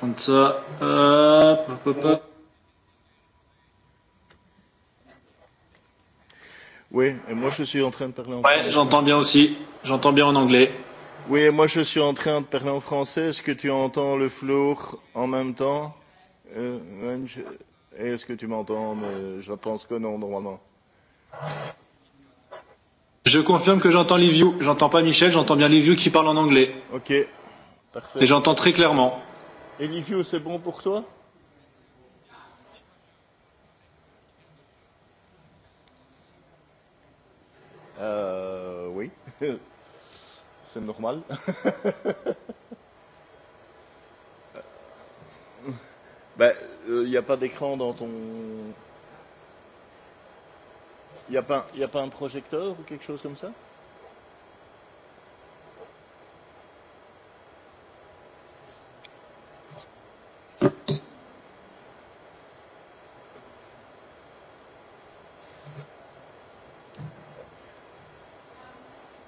von zur euh, Oui, et moi je suis en train de parler en ouais, français. j'entends bien aussi. J'entends bien en anglais. Oui, et moi je suis en train de parler en français. Est-ce que tu entends le flour en même temps euh, Est-ce que tu m'entends Mais Je pense que non, normalement. Je confirme que j'entends Liviu. J'entends pas Michel, j'entends bien Liviu qui parle en anglais. Ok. Parfait. Et j'entends très clairement. Et Livio, c'est bon pour toi euh, Oui, c'est normal. Euh, ben, il euh, n'y a pas d'écran dans ton. Il n'y a, pas, y a pas un projecteur ou quelque chose comme ça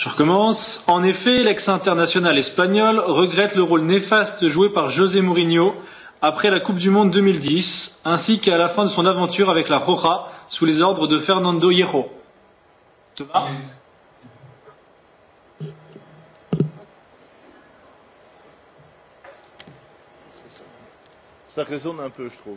Je recommence. En effet, l'ex-international espagnol regrette le rôle néfaste joué par José Mourinho après la Coupe du Monde 2010, ainsi qu'à la fin de son aventure avec la Roja sous les ordres de Fernando Hierro. Thomas Ça résonne un peu, je trouve.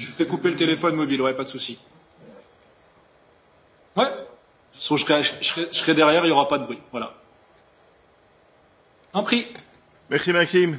Je fais couper le téléphone mobile, ouais, pas de souci. Ouais. Sauf je serai, je, serai, je serai derrière, il n'y aura pas de bruit. Voilà. Un prix. Merci Maxime.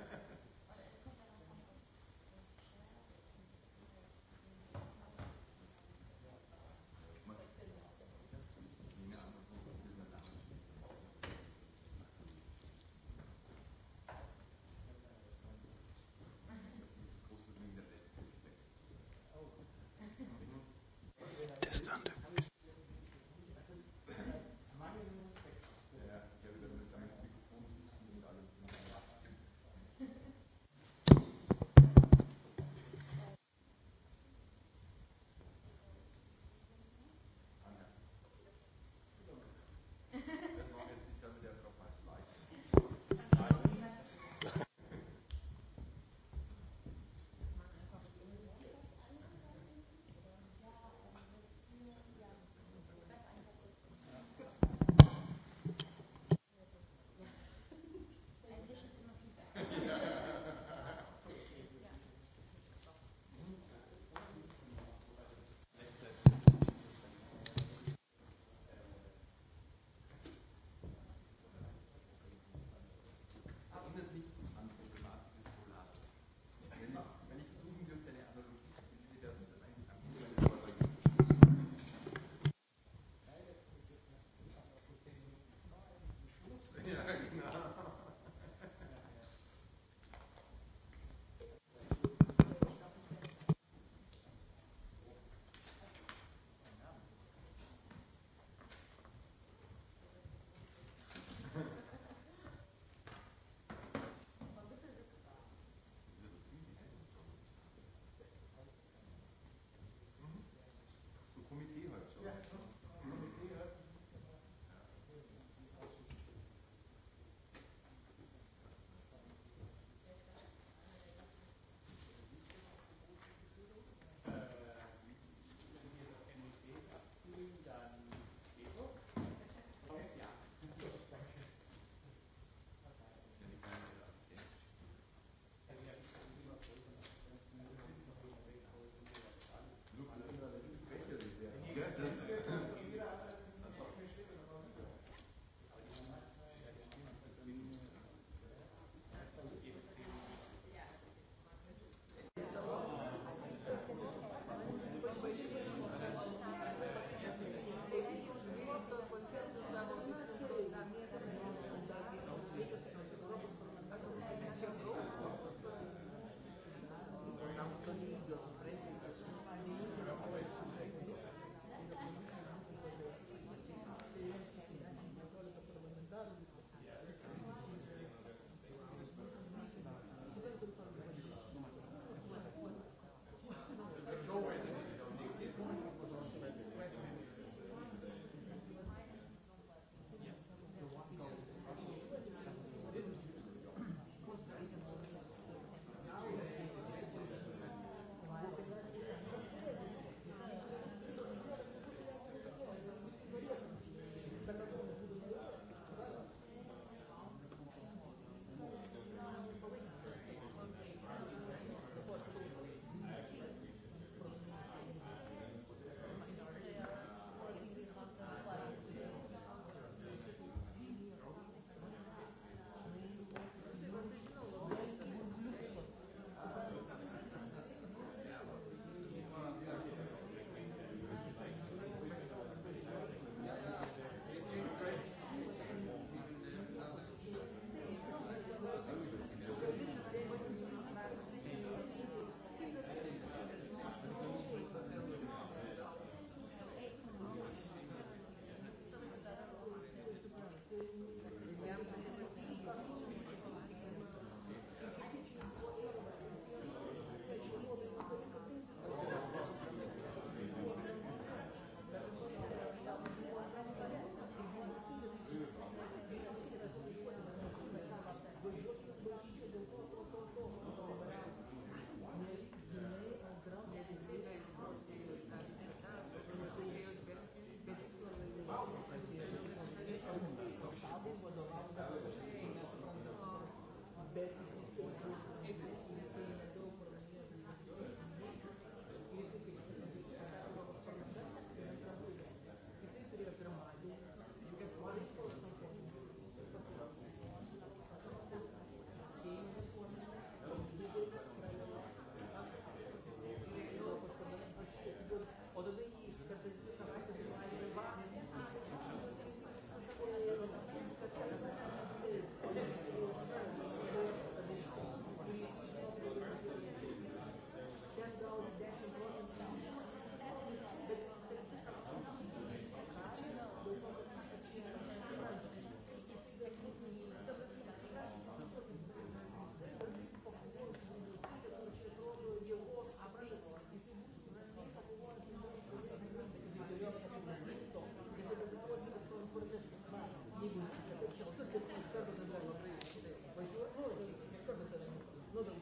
Jeigu čia toks šaltas, tai iš karto tada labai važiuoju, nu, iš karto tada, nu,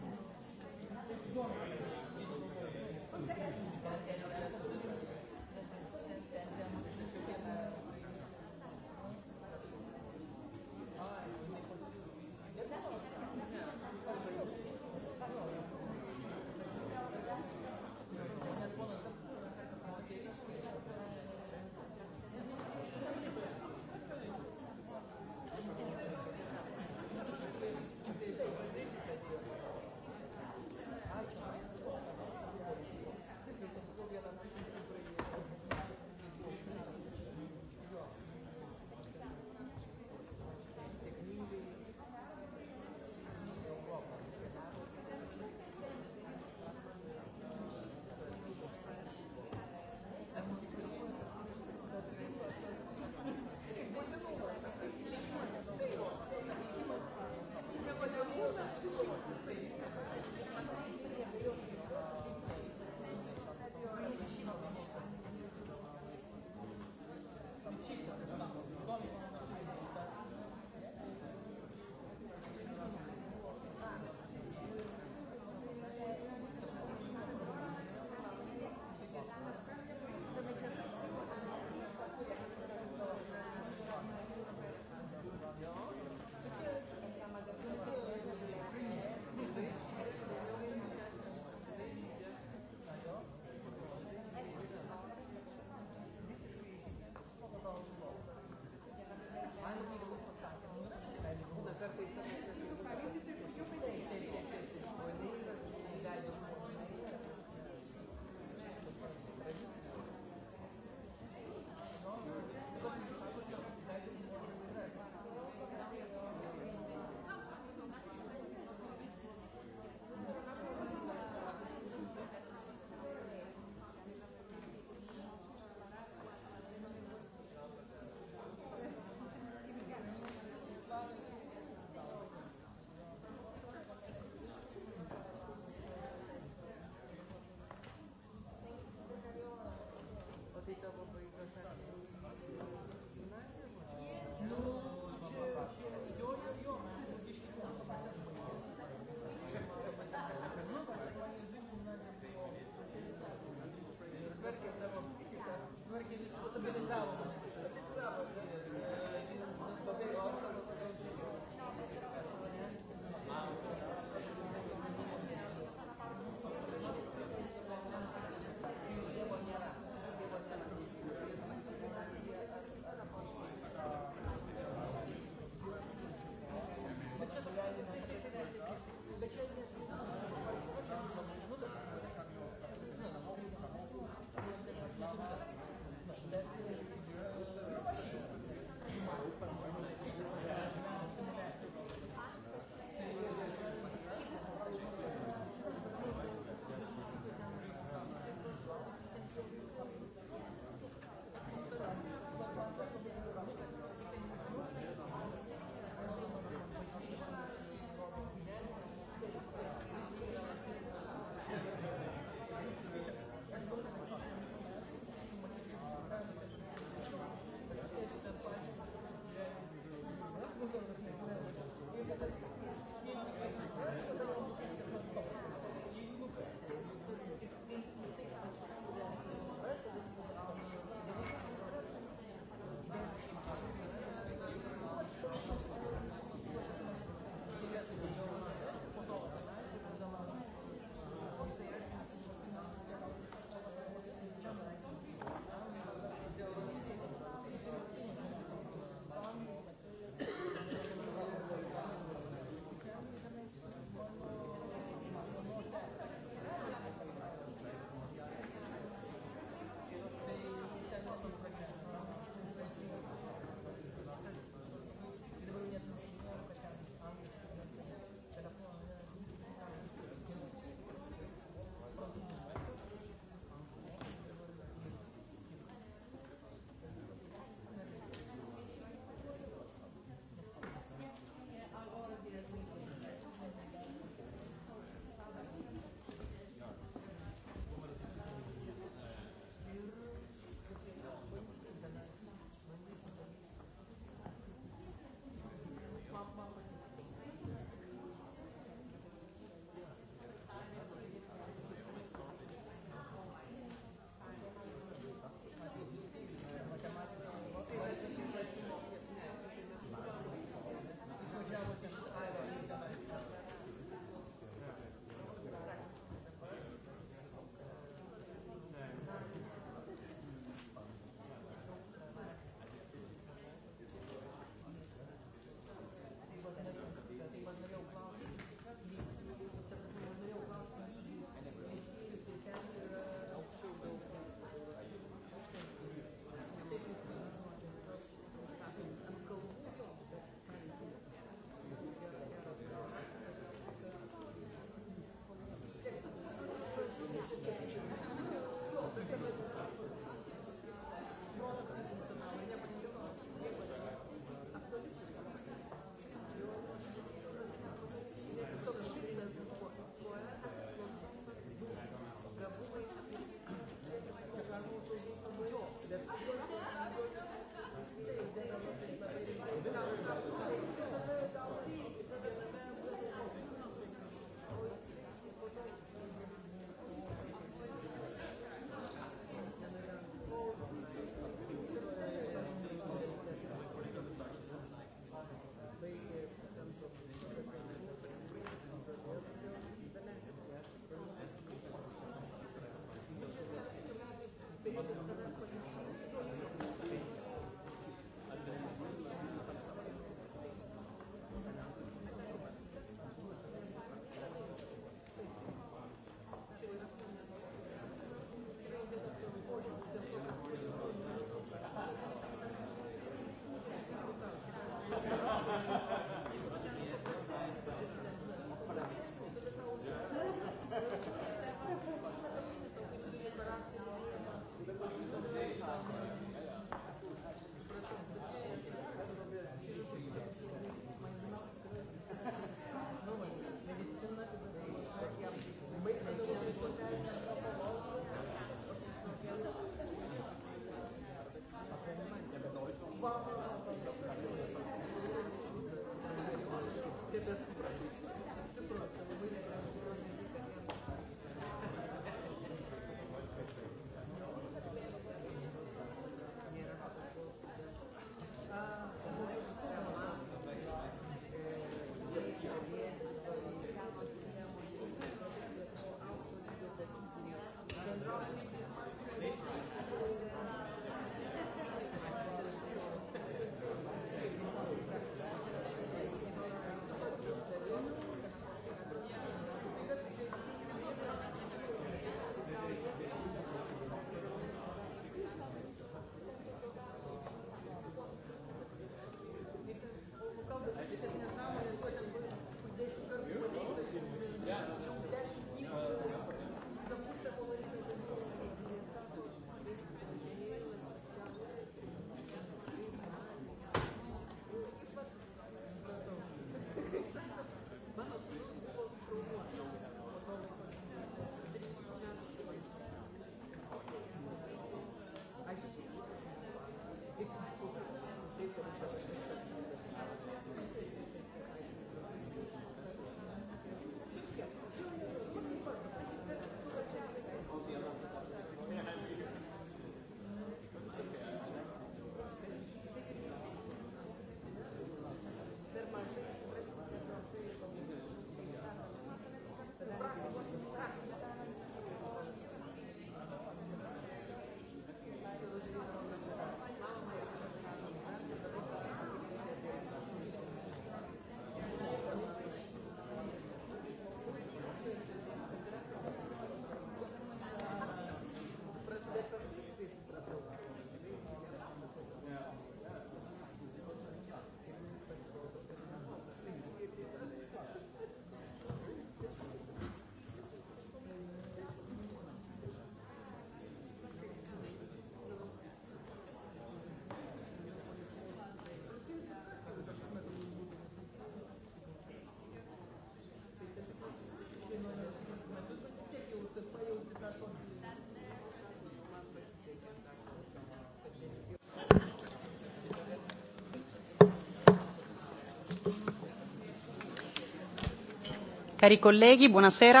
Cari colleghi, buonasera.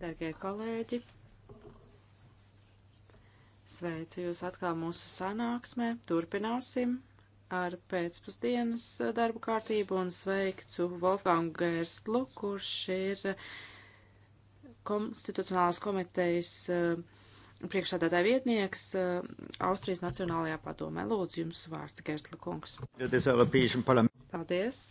Dargie kolēģi, sveicu jūs atkal mūsu sanāksmē. Turpināsim ar pēcpusdienas darbu kārtību un sveicu Wolfgangu Gērstlu, kurš ir konstitucionālas komitejas eh, priekšsādātāja vietnieks eh, Austrijas Nacionālajā padomē. Lūdzu, jums vārds, Gērstla kungs. Paldies.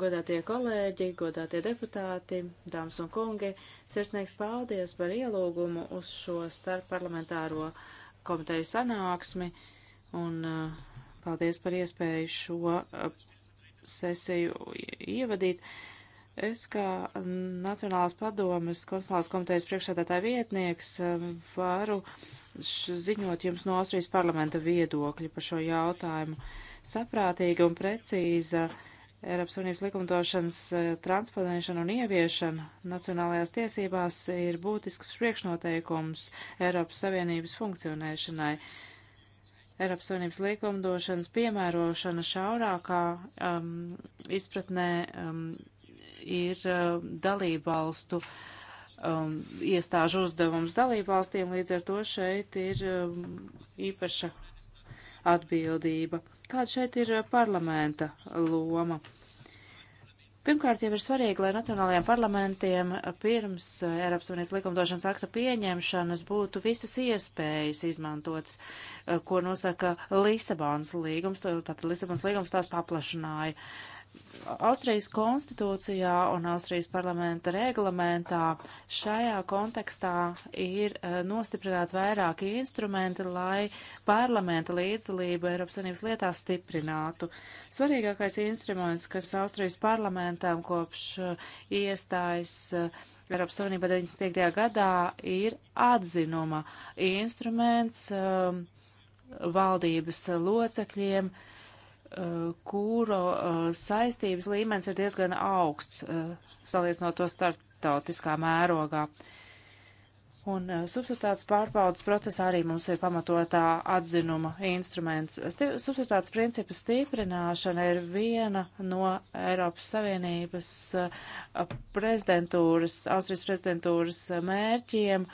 Godātie kolēģi, godātie deputāti, dāmas un kungi, sirsnīgs paldies par ielūgumu uz šo starpparlamentāro komiteju sanāksmi un uh, paldies par iespēju šo uh, sesiju ievadīt. Es kā Nacionālās padomes konsulārs komitejas priekšsēdētāja vietnieks uh, varu ziņot jums no Austrijas parlamenta viedokļa par šo jautājumu. Saprātīga un precīza uh, Eiropas Savienības likumdošanas eh, transponēšana un ieviešana nacionālajās tiesībās ir būtisks priekšnoteikums Eiropas Savienības funkcionēšanai. Eiropas Savienības likumdošanas piemērošana šaurākā um, izpratnē um, ir uh, dalībvalstu um, iestāžu uzdevums dalībvalstiem, līdz ar to šeit ir um, īpaša atbildība. Kāda šeit ir parlamenta loma? Pirmkārt, jau ir svarīgi, lai nacionālajiem parlamentiem pirms Eiropas Unības likumdošanas akta pieņemšanas būtu visas iespējas izmantotas, eh, ko nosaka Lisabonas līgums. Tātad Lisabonas līgums tās paplašināja. Uh, Austrijas konstitūcijā un Austrijas parlamenta reglamentā šajā kontekstā ir eh, nostiprināti vairāki instrumenti, lai parlamenta līdzdalību Eiropas Savienības lietās stiprinātu. Svarīgākais instruments, kas Austrijas parlamentam kopš eh, iestājas eh, Eiropas Savienībā 95. gadā, ir atzinuma instruments um, valdības locekļiem, uh, Eh, kūro eh, saistības līmenis ir diezgan augsts, eh, salīdzinot to starptautiskā mērogā. Un substatāts pārbaudas procesā arī mums ir pamatotā atzinuma instruments. Substatāts principa stiprināšana ir viena no Eiropas Savienības prezidentūras, Austrijas prezidentūras mērķiem,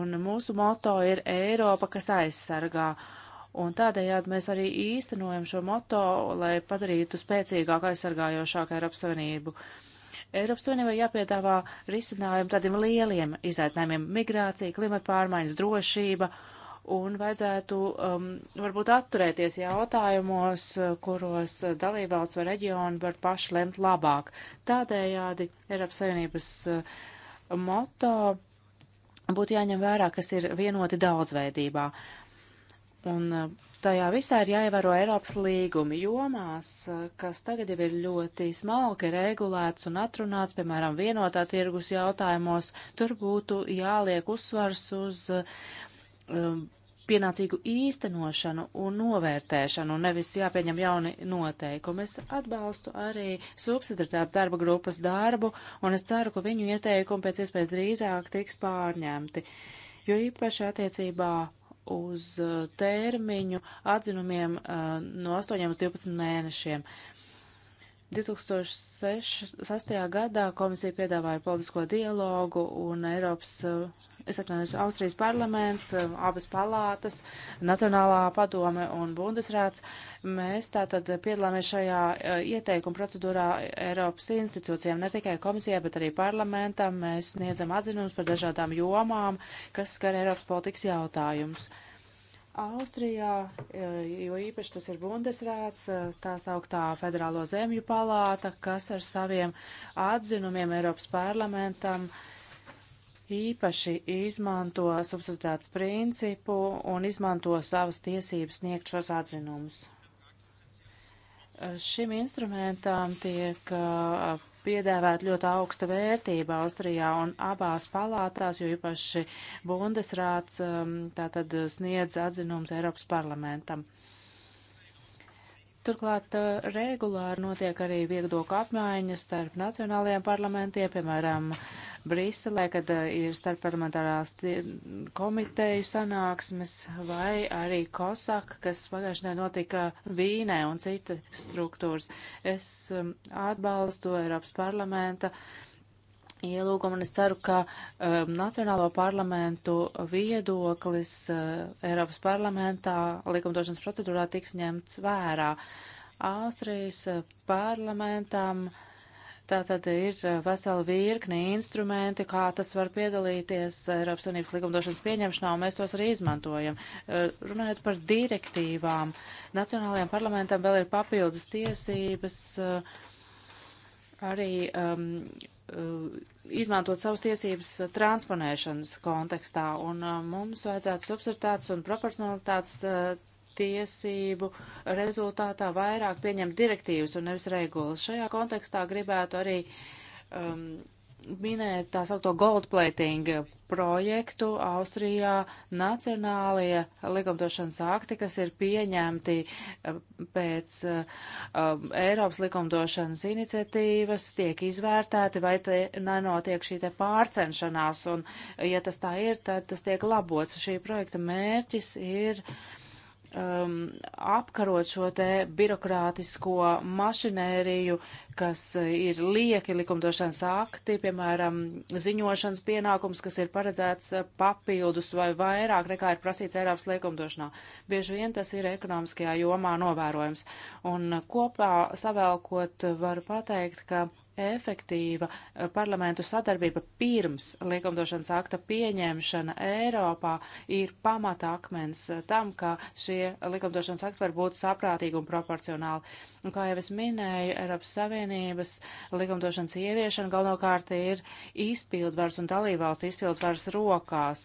un mūsu moto ir Eiropa, kas aizsargā. Uh, Un tādējādi mēs arī īstenojam šo moto, lai padarītu spēcīgāk aizsargājošāku Eiropas Savienību. Eiropas Savienībai jāpiedāvā risinājumi tādiem lieliem izaicinājumiem - migrācija, klimata pārmaiņas, drošība un vajadzētu um, varbūt atturēties jautājumos, kuros dalībvalsts vai reģioni var paši lemt labāk. Tādējādi Eiropas Savienības uh, moto būtu jāņem vērā, kas ir vienoti daudzveidībā. Un eh, tajā visā ir jāievēro Eiropas līgumi jomās, eh, kas tagad jau ir ļoti smalki regulēts un atrunāts, piemēram, vienotā tirgus jautājumos, tur būtu jāliek uzsvars uz eh, um, pienācīgu īstenošanu un novērtēšanu, un nevis jāpieņem jauni noteikumi. Es atbalstu arī subsidaritātes darba grupas darbu, un es ceru, ka viņu ieteikumi pēc iespējas drīzāk tiks pārņemti, jo īpaši attiecībā uz eh, termiņu atzinumiem eh, no 8 uz 12 mēnešiem. 2006. gadā komisija piedāvāja politisko dialogu un Eiropas eh, es atvainojos Austrijas parlaments, eh, abas palātas, Nacionālā padome un Bundesrāts. Mēs tātad piedalāmies šajā eh, ieteikuma procedūrā Eiropas institūcijām, ne tikai komisijai, bet arī parlamentam. Mēs sniedzam atzinumus par dažādām jomām, kas skar Eiropas politikas jautājumus. Austrijā, eh, jo īpaši tas ir Bundesrāts, tā sauktā Federālo zemju palāta, kas ar saviem atzinumiem Eiropas parlamentam uh, īpaši izmanto subsidētas principu un izmanto savas tiesības sniegt šos atzinumus. Šim instrumentam tiek uh, piedāvāt ļoti augsta vērtība Austrijā un abās palātās, jo īpaši Bundesrāts um, tātad sniedz atzinums Eiropas parlamentam. Turklāt eh, regulāri notiek arī viegdoku apmaiņu starp nacionālajiem parlamentiem, piemēram, Briselē, kad eh, ir starpparlamentārās komiteju sanāksmes, vai arī Kosak, kas pagājušajā notika Vīnē un citas struktūras. Es eh, atbalstu Eiropas parlamenta Ielūguma ceru, ka um, Nacionālo parlamentu viedoklis uh, Eiropas parlamentā likumdošanas procedūrā tiks ņemts vērā. Austrijas uh, parlamentam tātad ir uh, vesela virkni instrumenti, kā tas var piedalīties Eiropas Savienības likumdošanas pieņemšanā, un mēs tos arī izmantojam. Uh, runājot par direktīvām, Nacionālajiem parlamentam vēl ir papildus tiesības. Uh, arī um, Eh, izmantot savas tiesības transponēšanas kontekstā, un eh, mums vajadzētu subsidētas un proporcionalitātes eh, tiesību rezultātā vairāk pieņemt direktīvas un nevis regulas. Šajā kontekstā gribētu arī um, minēt tā saukto gold plating projektu Austrijā nacionālajie likumdošanas akti, kas ir pieņemti eh, pēc uh, Eiropas likumdošanas iniciatīvas, tiek izvērtēti, vai te nenotiek šī te pārcenšanās, un ja tas tā ir, tad tas tiek labots. Šī projekta mērķis ir uh, um, apkarot šo te birokrātisko mašinēriju, kas uh, ir lieki likumdošanas akti, piemēram, ziņošanas pienākums, kas ir paredzēts uh, papildus vai vairāk nekā ir prasīts Eiropas likumdošanā. Bieži vien tas ir ekonomiskajā jomā novērojams. Un uh, kopā savēlkot varu pateikt, ka efektīva eh, parlamentu sadarbība pirms likumdošanas akta pieņemšana Eiropā ir pamata akmens eh, tam, ka šie likumdošanas akti var būt saprātīgi un proporcionāli. Un, kā jau es minēju, Eiropas Savienības likumdošanas ieviešana galvenokārt ir izpildvars un dalībvalstu izpildvars rokās.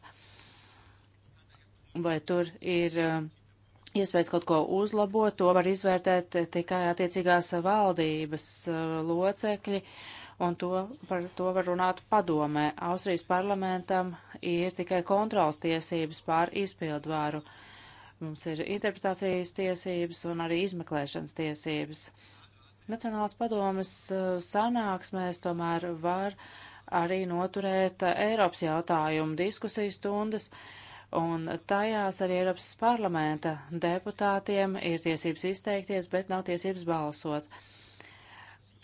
Vai tur ir uh, iespējas kaut ko uzlabot, to var izvērtēt tikai attiecīgās valdības eh, locekļi, un to, par to var runāt padomē. Austrijas parlamentam ir tikai kontrols tiesības pār izpildvāru. Mums ir interpretācijas tiesības un arī izmeklēšanas tiesības. Nacionālās padomas eh, sanāksmēs tomēr var arī noturēt eh, Eiropas jautājumu diskusiju stundas. Uh, un tajās arī Eiropas parlamenta deputātiem ir tiesības izteikties, bet nav tiesības balsot.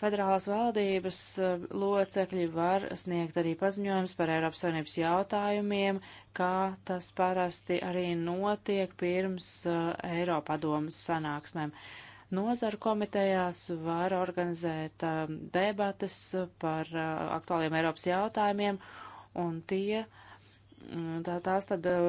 Federālās valdības eh, locekļi var sniegt arī paziņojums par Eiropas Savienības jautājumiem, kā tas parasti arī notiek pirms eh, Eiropadomas sanāksmēm. Nozaru komitejās var organizēt eh, debatas par aktuāliem Eiropas jautājumiem, un tie uh, Tā tās tad eh,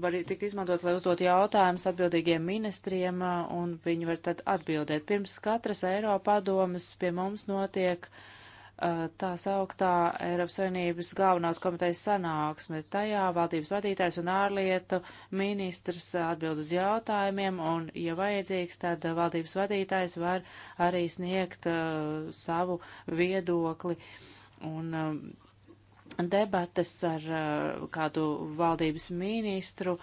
var tikt izmantotas, lai uzdot jautājumus atbildīgiem ministriem, eh, un viņi var tad atbildēt. Pirms katras Eiropadomas pie mums notiek eh, tā sauktā Eiropas Savienības galvenās komitejas sanāksme. Tajā valdības vadītājs un ārlietu ministrs atbild uz jautājumiem, un, ja vajadzīgs, tad valdības vadītājs var arī sniegt uh, savu viedokli. Un, uh, debatas ar eh, kādu valdības ministru.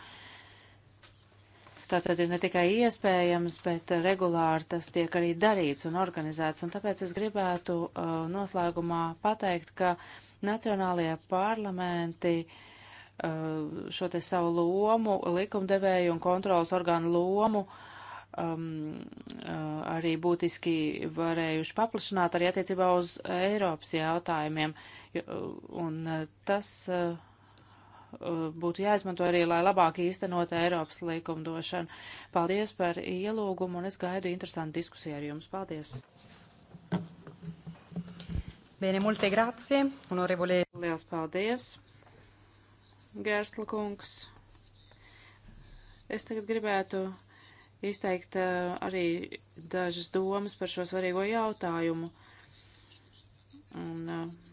Tātad ir ne tikai iespējams, bet regulāri tas tiek arī darīts un organizēts. Un tāpēc es gribētu uh, noslēgumā pateikt, ka nacionālajie parlamenti uh, šo te savu lomu, likumdevēju un kontrolas orgānu lomu uh, um, arī būtiski varējuši paplašināt arī attiecībā uz Eiropas jautājumiem. Uh, Un tas būtu jāizmanto arī, lai labāk īstenot Eiropas likumdošanu. Paldies par ielūgumu un es gaidu interesantu diskusiju ar jums. Paldies! Bene, multe grazie, onorevole. Liels paldies, Gērsla kungs. Es tagad gribētu izteikt arī dažas domas par šo svarīgo jautājumu. Un, uh,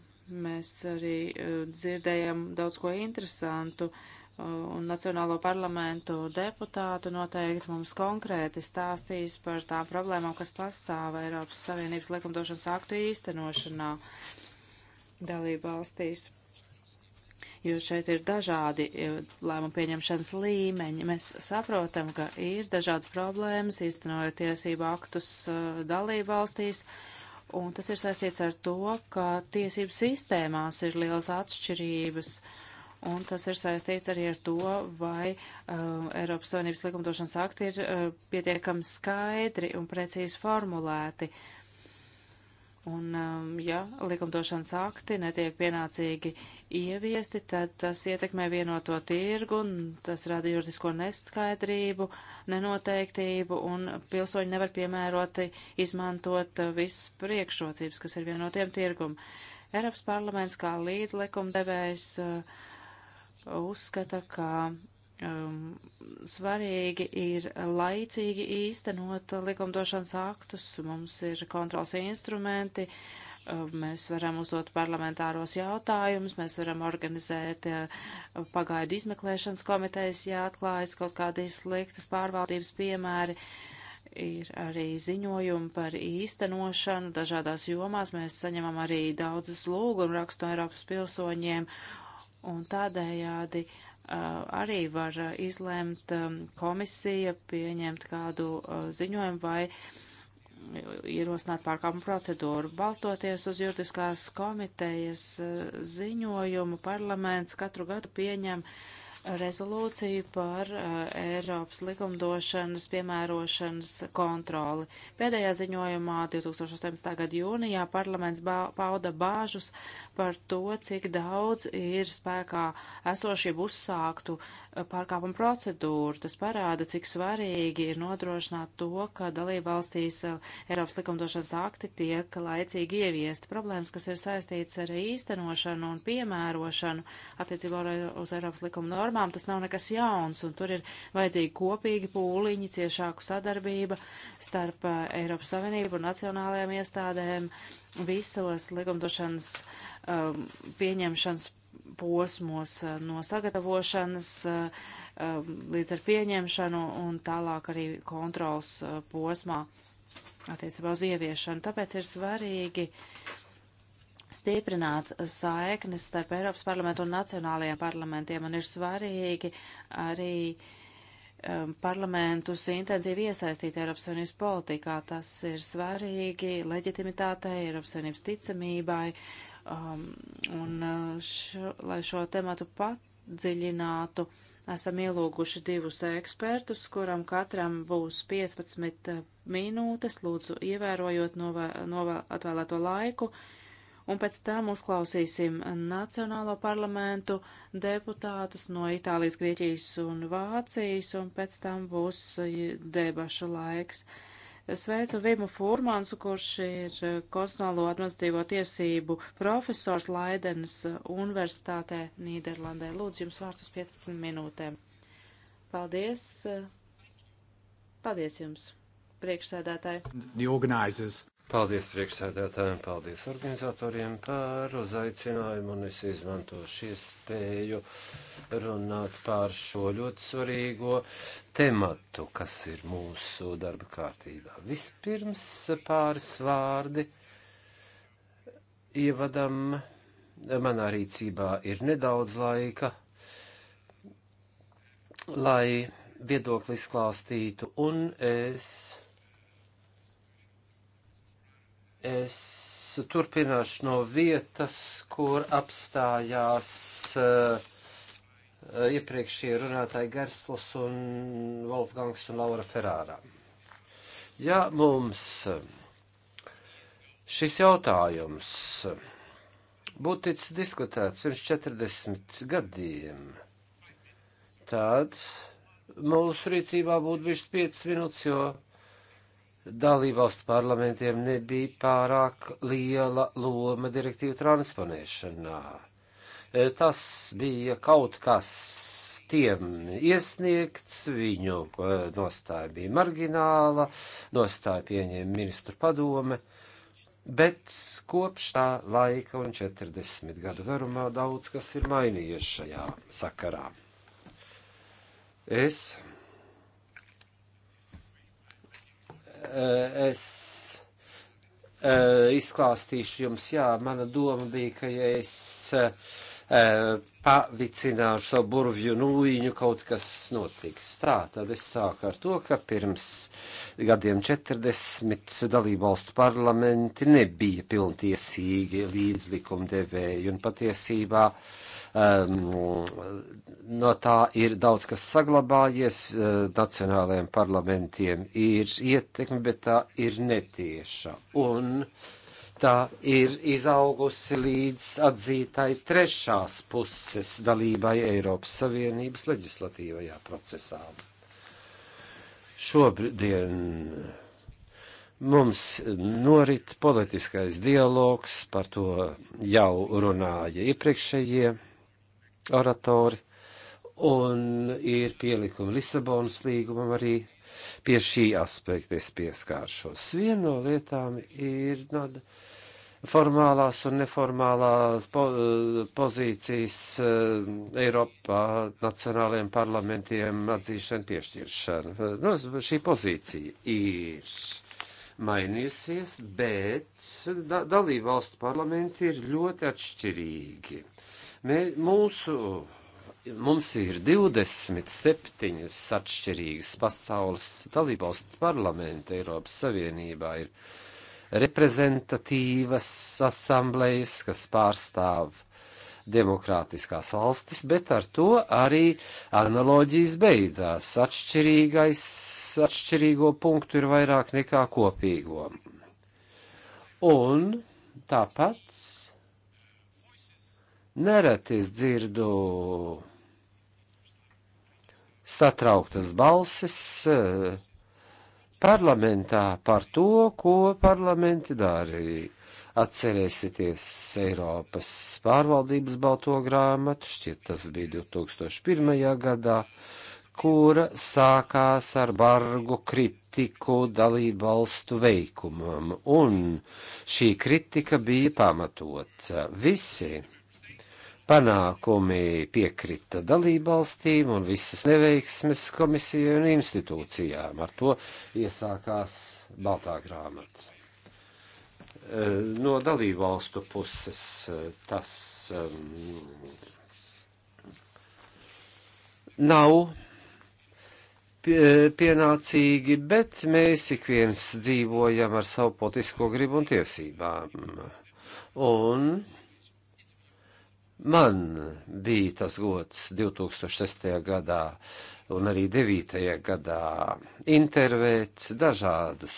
Mēs arī e, dzirdējam daudz ko interesantu, e, un Nacionālo parlamentu deputātu noteikti mums konkrēti stāstīs par tām problēmām, kas pastāv Eiropas Savienības likumdošanas aktu īstenošanā dalību valstīs jo šeit ir dažādi e, lēmumu pieņemšanas līmeņi. Mēs saprotam, ka ir dažādas problēmas īstenojot tiesību aktus dalību valstīs, un tas ir saistīts ar to, ka tiesību sistēmās ir lielas atšķirības. Un tas ir saistīts arī ar to, vai uh, Eiropas Savienības likumdošanas akti ir uh, pietiekami skaidri un precīzi formulēti. Uh, Un, um, ja likumdošanas akti netiek pienācīgi ieviesti, tad tas ietekmē vienoto tirgu, tas rada juridisko neskaidrību, nenoteiktību, un pilsoņi nevar piemēroti izmantot visas priekšrocības, kas ir vienotiem tirgum. Eiropas parlaments kā līdzlikumdevējs uh, uzskata, ka um, svarīgi ir laicīgi īstenot likumdošanas aktus, mums ir kontrols instrumenti, um, mēs varam uzdot parlamentāros jautājumus, mēs varam organizēt uh, pagaidu izmeklēšanas komitejas, ja atklājas kaut kādi sliktas pārvaldības piemēri. Ir arī ziņojumi par īstenošanu dažādās jomās. Mēs saņemam arī daudzus lūgumu rakstu no Eiropas pilsoņiem, un tādējādi uh, arī var izlemt komisija pieņemt kādu ziņojumu vai ierosināt pārkāpumu procedūru. Balstoties uz juridiskās komitejas ziņojumu, parlaments katru gadu pieņem rezolūciju par uh, Eiropas likumdošanas piemērošanas kontroli. Pēdējā ziņojumā 2018. gada jūnijā parlaments bā, pauda bāžus par to, cik daudz ir spēkā esošie uzsāktu pārkāpumu procedūru. Tas parāda, cik svarīgi ir nodrošināt to, ka dalībvalstīs Eiropas likumdošanas akti tiek laicīgi ieviesti. Problēmas, kas ir saistīts ar īstenošanu un piemērošanu attiecībā uz Eiropas likuma normām, tas nav nekas jauns, un tur ir vajadzīgi kopīgi pūliņi, ciešāku sadarbību starp Eiropas Savienību un nacionālajām iestādēm visos likumdošanas uh, Um, pieņemšanas posmos uh, no sagatavošanas uh, um, līdz ar pieņemšanu un tālāk arī kontrols uh, posmā attiecībā uz ieviešanu. Tāpēc ir svarīgi stiprināt saiknes starp Eiropas parlamentu un nacionālajiem parlamentiem, un ir svarīgi arī um, parlamentus intensīvi iesaistīt Eiropas Savienības politikā. Tas ir svarīgi leģitimitātei, Eiropas Savienības ticamībai Um, un uh, šo, lai šo tematu padziļinātu, esam ielūguši divus ekspertus, kuram katram būs 15 uh, minūtes, lūdzu, ievērojot novē, novē, atvēlēto laiku. Un pēc tam uzklausīsim Nacionālo parlamentu deputātus no Itālijas, Grieķijas un Vācijas, un pēc tam būs uh, debašu laiks. Uh, Sveicu Vimu Furmansu, kurš ir eh, konstitucionālo administratīvo tiesību profesors Laidenas universitātē Nīderlandē. Lūdzu, jums vārds uz 15 minūtēm. Paldies! Eh, paldies jums, priekšsēdētāji! Paldies priekšsēdētājiem, paldies organizatoriem par uzaicinājumu, un es izmantošu iespēju runāt par šo ļoti svarīgo tematu, kas ir mūsu darba kārtībā. Vispirms pāris vārdi ievadam. Manā rīcībā ir nedaudz laika, lai viedokli izklāstītu, un es Es turpināšu no vietas, kur apstājās uh, iepriekšējie runātāji Gerslas un Wolfgangs un Laura Ferārā. Ja mums eh, šis jautājums būtu ticis diskutēts pirms 40 gadiem, tad mūsu rīcībā būtu bijis 5 minūtes, jo dalībvalstu parlamentiem nebija pārāk liela loma direktīvu transponēšanā. E, tas bija kaut kas tiem iesniegts, viņu e, nostāja bija margināla, nostāja pieņēma ministru padome, bet kopš tā laika un 40 gadu garumā daudz kas ir mainījies šajā sakarā. Es es e, izklāstīšu jums, jā, mana doma bija, ka ja es e, pavicināšu savu burvju nūjiņu, kaut kas notiks. Tā, tad es sāku ar to, ka pirms gadiem 40 dalībvalstu parlamenti nebija pilntiesīgi līdzlikumdevēji un patiesībā uh, Ehm, no tā ir daudz kas saglabājies, eh, nacionālajiem parlamentiem ir ietekme, bet tā ir netieša. Un tā ir izaugusi līdz atzītai trešās puses dalībai Eiropas Savienības leģislatīvajā procesā. Šobrīd mums norit politiskais dialogs, par to jau runāja iepriekšējie. Ja oratori, un ir pielikumi Lisabonas līgumam arī pie šī aspekta es pieskāršos. Viena no lietām ir no, formālās un neformālās po, eh, pozīcijas uh, Eiropā nacionālajiem parlamentiem atzīšana, piešķiršana. No, šī pozīcija ir mainījusies, bet da, dalību valstu parlamenti ir ļoti atšķirīgi. Mē, mūsu, mums ir 27 atšķirīgas pasaules dalībvalstu parlamenta Eiropas Savienībā. Ir reprezentatīvas asamblejas, kas pārstāv demokrātiskās valstis, bet ar to arī analoģijas beidzās. Atšķirīgais, atšķirīgo punktu ir vairāk nekā kopīgo. Un tāpat Neretis dzirdu satrauktas balsis eh, parlamentā par to, ko parlamenti darīja. Atcerēsieties Eiropas pārvaldības balto grāmatu, šķiet tas bija 2001. gadā, kura sākās ar bargu kritiku dalību valstu veikumam, un šī kritika bija pamatota. Visi panākumi piekrita dalībvalstīm un visas neveiksmes komisijai un institūcijām. Ar to iesākās Baltā grāmata. Eh, no dalībvalstu puses eh, tas um, nav pienācīgi, bet mēs ik viens dzīvojam ar savu politisko gribu un tiesībām. Un Man bija tas gods 2006. gadā un arī 9. gadā intervēt dažādus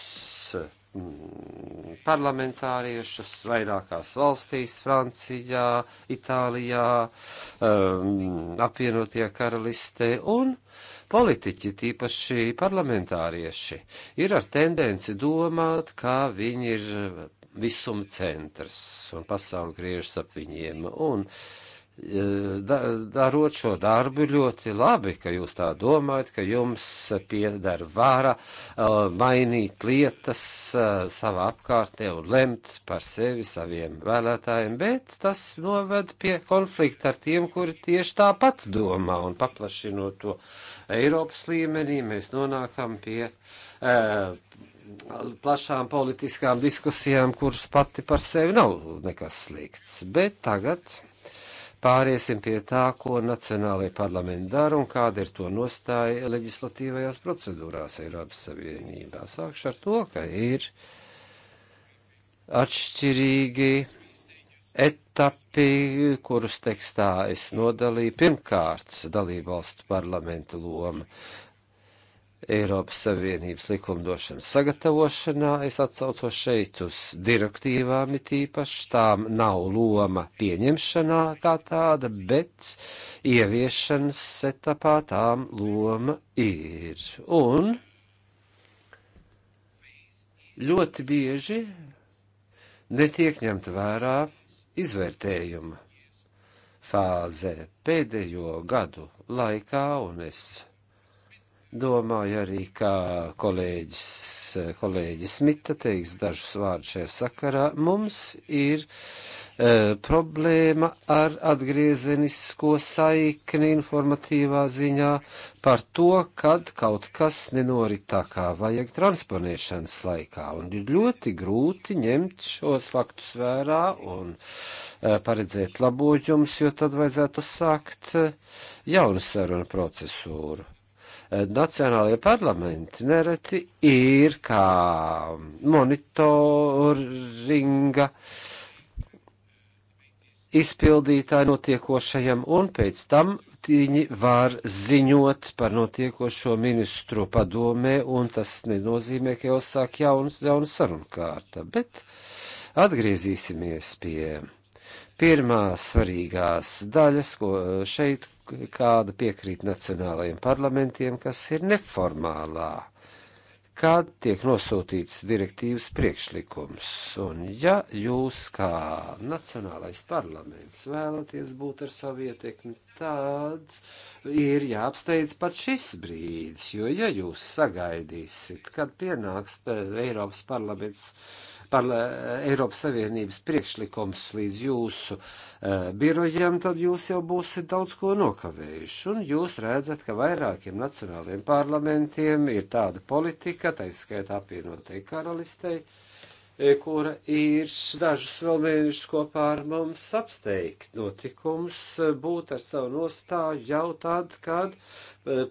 mm, parlamentāriešus vairākās valstīs, Francijā, Itālijā, um, ehm, apvienotie karalistē un politiķi, tīpaši parlamentārieši, ir ar tendenci domāt, ka viņi ir visuma centrs un pasauli griežas ap viņiem. Un, e, da, darot šo darbu ļoti labi, ka jūs tā domājat, ka jums pieder vara e, mainīt lietas e, savā apkārtnē un lemt par sevi saviem vēlētājiem, bet tas noved pie konflikta ar tiem, kuri tieši tāpat domā un paplašinot to Eiropas līmenī, mēs nonākam pie. Uh, plašām politiskām diskusijām, kuras pati par sevi nav nekas slikts. Bet tagad pāriesim pie tā, ko Nacionālajie parlamenti dara un kāda ir to nostāja leģislatīvajās procedūrās Eiropas Savienībā. Sākšu ar to, ka ir atšķirīgi etapi, kurus tekstā es nodalīju. Pirmkārt, dalībvalstu parlamentu loma. Eiropas Savienības likumdošanas sagatavošanā. Es atsaucos šeit uz direktīvām it īpaši, tām nav loma pieņemšanā kā tāda, bet ieviešanas etapā tām loma ir. Un ļoti bieži netiek ņemta vērā izvērtējuma fāze pēdējo gadu laikā, un es Domāju arī, kā kolēģis, kolēģis Mita teiks dažus vārdus šajā sakarā. Mums ir e, problēma ar atgriezenisko saikni informatīvā ziņā par to, kad kaut kas nenorit tā kā vajag transponēšanas laikā. Un ir ļoti grūti ņemt šos faktus vērā un e, paredzēt labojumus, jo tad vajadzētu sākt e, jaunu sarunu procesūru nacionālajie parlamenti nereti ir kā monitoringa izpildītāji notiekošajam, un pēc tam viņi var ziņot par notiekošo ministru padomē, un tas nenozīmē, ka jau sāk jaunas jauna sarunkārta, bet atgriezīsimies pie pirmās svarīgās daļas, ko šeit kāda piekrīt nacionālajiem parlamentiem, kas ir neformālā, kad tiek nosūtīts direktīvas priekšlikums. Un ja jūs kā nacionālais parlaments vēlaties būt ar savu ietekmi, tad ir jāapsteidz pat šis brīdis, jo ja jūs sagaidīsiet, kad pienāks eh, Eiropas parlaments, par eh, Eiropas Savienības priekšlikums līdz jūsu uh, birojiem, tad jūs jau būsiet daudz ko nokavējuši. Un jūs redzat, ka vairākiem nacionāliem parlamentiem ir tāda politika, taiskaitā apvienotai karalistei. Uh, E, kura ir dažus vēl mēnešus kopā ar mums apsteigt notikums, e, būt ar savu nostāju jau tad, kad e,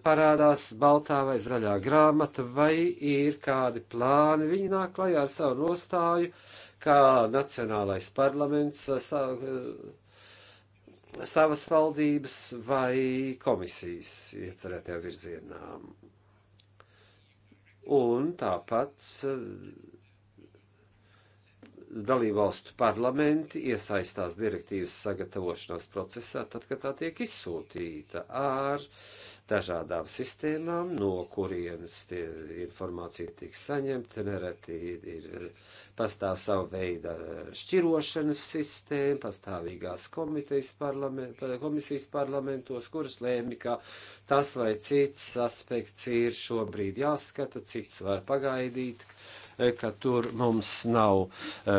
parādās baltā vai zaļā grāmata, vai ir kādi plāni, viņi nāk klajā ar savu nostāju, kā Nacionālais parlaments, sa, savas valdības vai komisijas iecerētajā virzienā. Un tāpat dalībvalstu parlamenti iesaistās direktīvas sagatavošanās procesā, tad, kad tā tiek izsūtīta ar dažādām sistēmām, no kurienes tie informācija tiek saņemta, nereti ir, ir pastāv savu veidu šķirošanas sistēma, pastāvīgās parlament, komisijas parlamentos, kuras lēmi, ka tas vai cits aspekts ir šobrīd jāskata, cits var pagaidīt, E, ka tur mums nav e,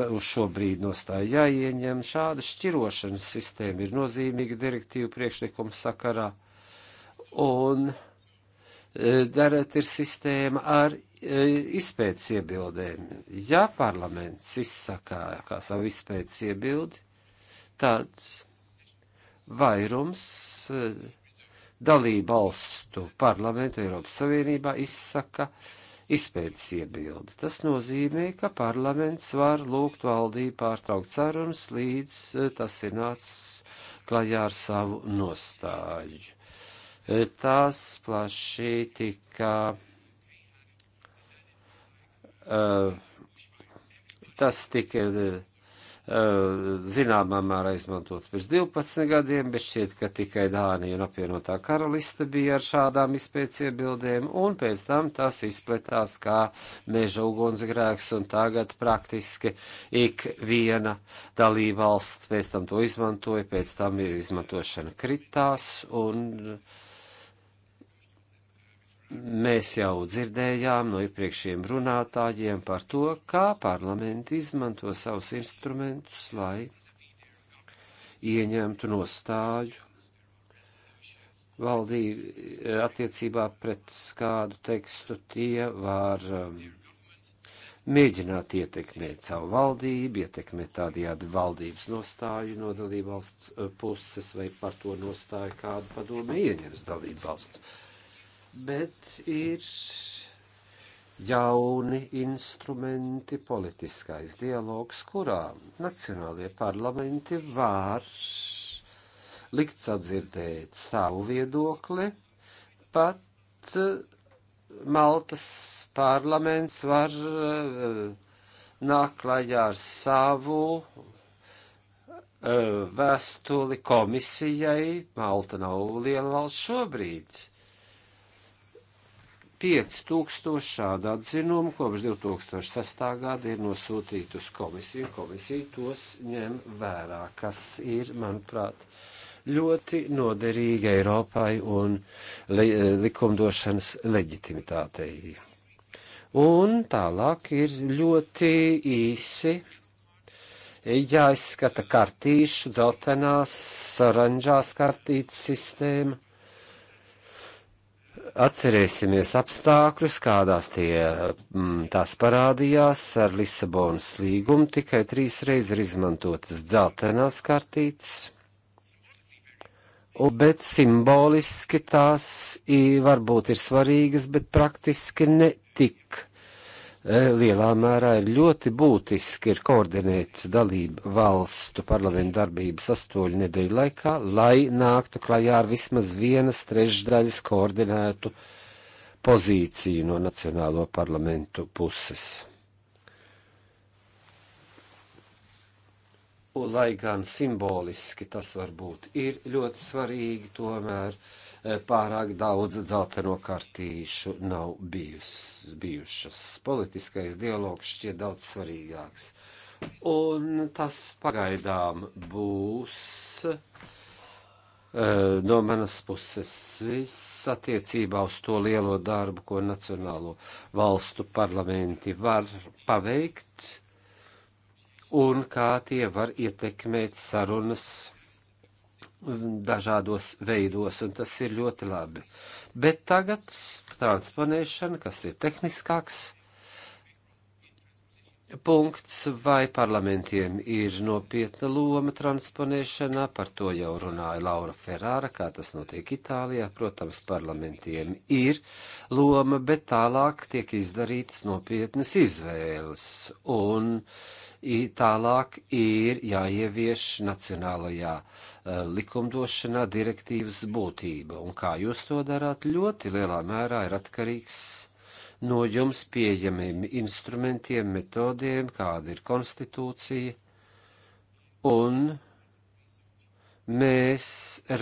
vēl šobrīd nostāja jāieņem. Šāda šķirošanas sistēma ir nozīmīga direktīvu priekšlikumu sakarā. Un e, darēt ir sistēma ar izpētes iebildēm. Ja parlaments izsakā kā savu izpētes iebildi, tad vairums dalību valstu parlamentu Eiropas Savienībā izsaka uh, izpētes iebildi. Tas nozīmē, ka parlaments var lūgt valdību pārtraukt sarunas, līdz e, tas ir nācis klajā ar savu nostāju. E, Tās plaši tika. Uh, tas tika. Uh, Eh, zināmā mērā izmantots pirms 12 gadiem, bet šķiet, ka tikai Dānija un apvienotā karalista bija ar šādām izpēc iebildēm, un pēc tam tas izplatās kā meža ugunsgrēks, un tagad praktiski ik viena dalībvalsts pēc tam to izmantoja, pēc tam izmantošana kritās, un uh, Mēs jau dzirdējām no iepriekšējiem runātājiem par to, kā parlamenti izmanto savus instrumentus, lai ieņemtu nostāju valdību eh, attiecībā pret kādu tekstu. Tie var um, mēģināt ietekmēt savu valdību, ietekmēt tādajādi valdības nostāju no dalībvalsts eh, puses vai par to nostāju, kādu padomu ieņems dalībvalsts bet ir jauni instrumenti politiskais dialogs, kurā nacionālie parlamenti var likt sadzirdēt savu viedokli, pat eh, Maltas parlaments var eh, nākt klajā ar savu eh, vēstuli komisijai. Malta nav liela valsts šobrīd 5000 šādu atzinumu kopš 2006. gada ir nosūtīti uz komisiju. Komisija tos ņem vērā, kas ir, manuprāt, ļoti noderīgi Eiropai un li likumdošanas leģitimitātei. Un tālāk ir ļoti īsi jāizskata kartīšu, dzeltenās, saranžās kartītes sistēma Atcerēsimies apstākļus, kādās tie mm, tās parādījās ar Lisabonas līgumu, tikai trīs reizes ir izmantotas dzeltenās kartītes, bet simboliski tās varbūt ir svarīgas, bet praktiski ne tik E, lielā mērā ir ļoti būtiski ir koordinēt dalību valstu parlamentu darbības astoļu nedēļu laikā, lai nāktu klajā ar vismaz vienas trešdaļas koordinētu pozīciju no nacionālo parlamentu puses. Un, lai gan simboliski tas varbūt ir ļoti svarīgi, tomēr uh, E, pārāk daudz dzelteno kartīšu nav bijus, bijušas. Politiskais dialogs šķiet daudz svarīgāks. Un tas pagaidām būs e, no manas puses viss attiecībā uz to lielo darbu, ko Nacionālo valstu parlamenti var paveikt un kā tie var ietekmēt sarunas dažādos veidos, un tas ir ļoti labi. Bet tagad transponēšana, kas ir tehniskāks punkts, vai parlamentiem ir nopietna loma transponēšanā, par to jau runāja Laura Ferrara, kā tas notiek Itālijā. Protams, parlamentiem ir loma, bet tālāk tiek izdarītas nopietnas izvēles. Un, uh, tālāk ir jāievieš nacionālajā e, likumdošanā direktīvas būtība, un kā jūs to darāt, ļoti lielā mērā ir atkarīgs no jums pieejamiem instrumentiem, metodiem, kāda ir konstitūcija, un mēs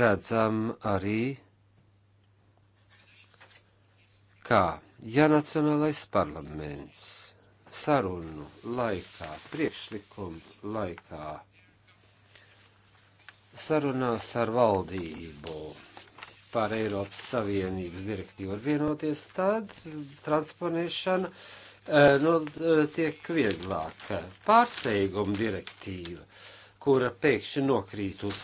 redzam arī, kā, ja Nacionālais parlaments sarunu laikā, priekšlikumu laikā, sarunās ar valdību par Eiropas Savienības direktīvu var vienoties, tad transponēšana e, nu, e, tiek vieglāk. Pārsteiguma direktīva, kura pēkšņi nokrīt uz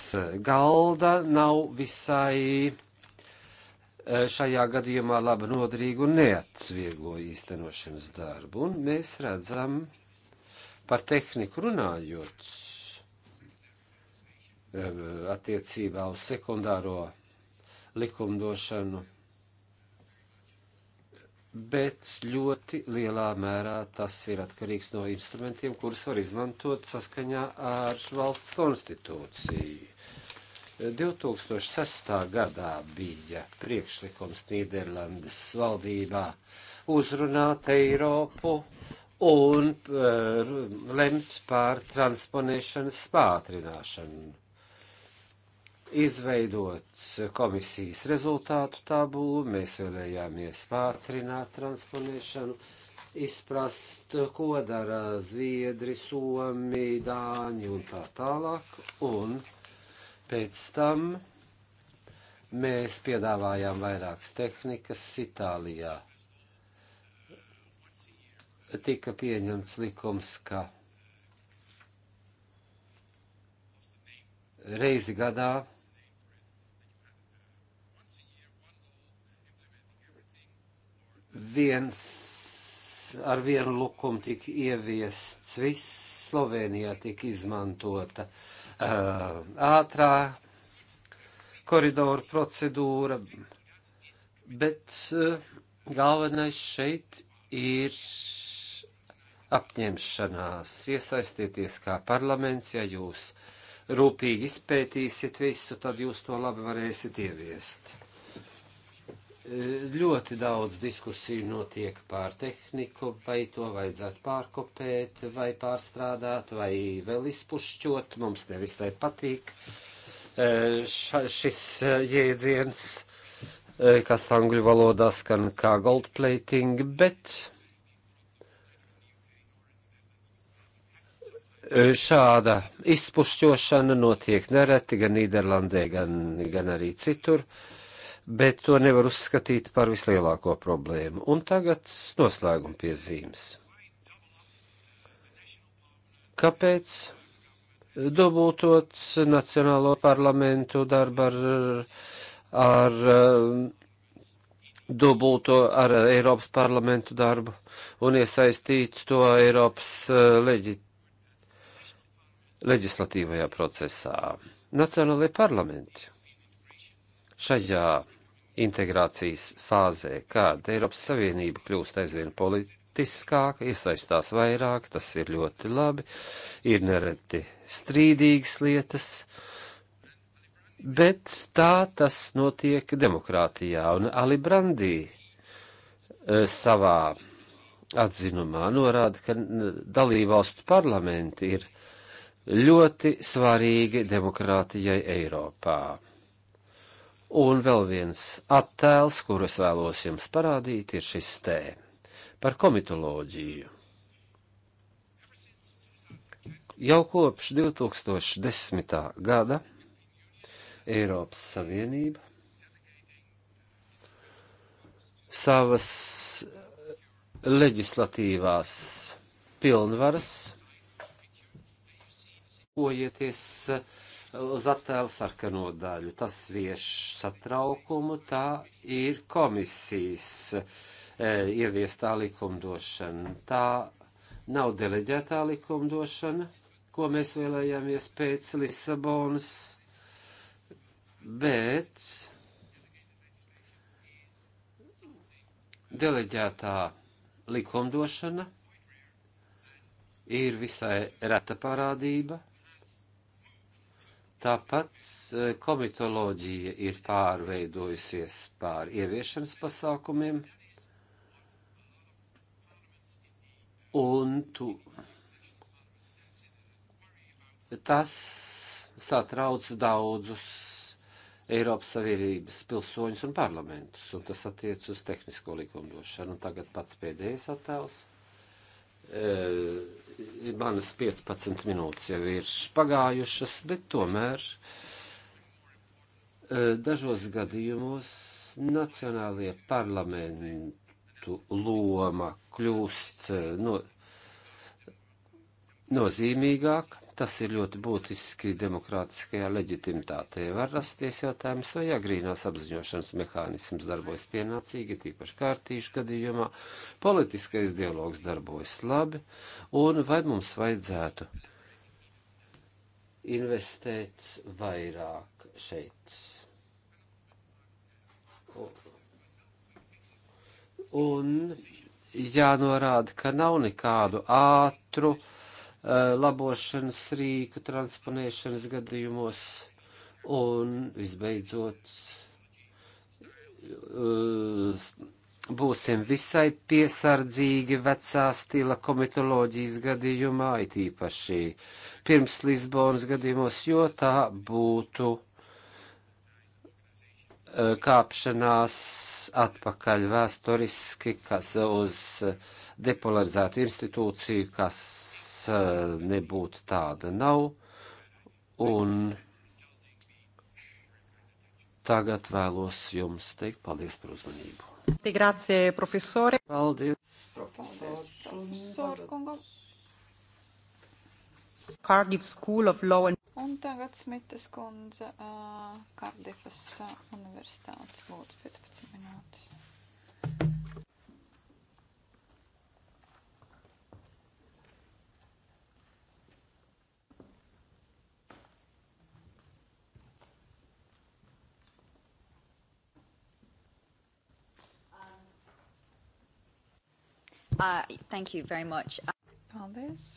galda, nav visai E, šajā gadījumā laba noderīga un neatvieglo īstenošanas darbu. Un mēs redzam, par tehniku runājot, e, attiecībā uz sekundāro likumdošanu, bet ļoti lielā mērā tas ir atkarīgs no instrumentiem, kurus var izmantot saskaņā ar valsts konstitūciju. 2006. gadā bija priekšlikums Nīderlandes valdībā uzrunāt Eiropu un uh, lemt pār transponēšanas pātrināšanu izveidot komisijas rezultātu tabulu, mēs vēlējāmies pātrināt transponēšanu, izprast, ko dara Zviedri, Somi, Dāņi un tā tālāk. Un Pēc tam mēs piedāvājām vairākas tehnikas Itālijā. Tika pieņemts likums, ka reizi gadā viens ar vienu lukumu tika ieviests viss, Slovenijā tika izmantota uh, ātrā eh, koridoru procedūra, bet eh, galvenais šeit ir apņemšanās iesaistīties kā parlaments, ja jūs rūpīgi izpētīsiet visu, tad jūs to labi varēsiet ieviest ļoti daudz diskusiju notiek pār tehniku, vai to vajadzētu pārkopēt, vai pārstrādāt, vai vēl izpušķot. Mums nevisai patīk e, Ša, šis e, jēdziens, e, kas angļu valodā skan kā gold plating, bet. Šāda izpušķošana notiek nereti gan Nīderlandē, gan, gan arī citur. Uh, bet to nevar uzskatīt par vislielāko problēmu. Un tagad noslēguma piezīmes. Kāpēc dubultot Nacionālo parlamentu darbu ar, ar dubulto ar Eiropas parlamentu darbu un iesaistīt to Eiropas leģi, leģislatīvajā procesā? Nacionālajie parlamenti šajā integrācijas fāzē, kad Eiropas Savienība kļūst aizvien politiskāka, iesaistās vairāk, tas ir ļoti labi, ir nereti strīdīgas lietas, bet tā tas notiek demokrātijā, un Ali Brandī e, savā atzinumā norāda, ka dalībvalstu parlamenti ir ļoti svarīgi demokrātijai Eiropā. Un vēl viens attēls, kuru es vēlos jums parādīt, ir šis tē par komitoloģiju. Jau kopš 2010. gada Eiropas Savienība savas leģislatīvās pilnvaras, ojieties uh, uz attēla sarkano daļu. Tas vieš satraukumu, tā ir komisijas e, ieviestā likumdošana. Tā nav deleģētā likumdošana, ko mēs vēlējāmies pēc Lisabonas, bet deleģētā likumdošana ir visai reta parādība Tāpat e, komitoloģija ir pārveidojusies pār ieviešanas pasākumiem, un tu, tas satrauc daudzus Eiropas Savienības pilsoņus un parlamentus, un tas attiec uz tehnisko likumdošanu. Un tagad pats pēdējais attēls. E, manas 15 minūtes jau ir pagājušas, bet tomēr eh, dažos gadījumos nacionālajie parlamentu loma kļūst eh, no, nozīmīgāka Tas ir ļoti būtiski demokrātiskajā leģitimitātei. Var rasties jautājums, vai agrīnās apziņošanas mehānisms darbojas pienācīgi, tīpaši kārtīšu gadījumā, politiskais dialogs darbojas labi, un vai mums vajadzētu investēt vairāk šeit. Un jānorāda, ka nav nekādu ātru, uh, Eh, labošanas rīku transponēšanas gadījumos un visbeidzot eh, būsim visai piesardzīgi vecā stila komitoloģijas gadījumā, it īpaši pirms Lisbonas gadījumos, jo tā būtu eh, kāpšanās atpakaļ vēsturiski, kas uz depolarizētu institūciju, kas E, nebūtu tāda nav. Un tagad vēlos jums teikt paldies par uzmanību. Grazie, profesori. Paldies, profesors. profesor. Cardiff School of Law and Un tagad Smitas kundze uh, Kardifas uh, universitātes lūdzu 15 minūtes. Uh, thank you very much. Paldies.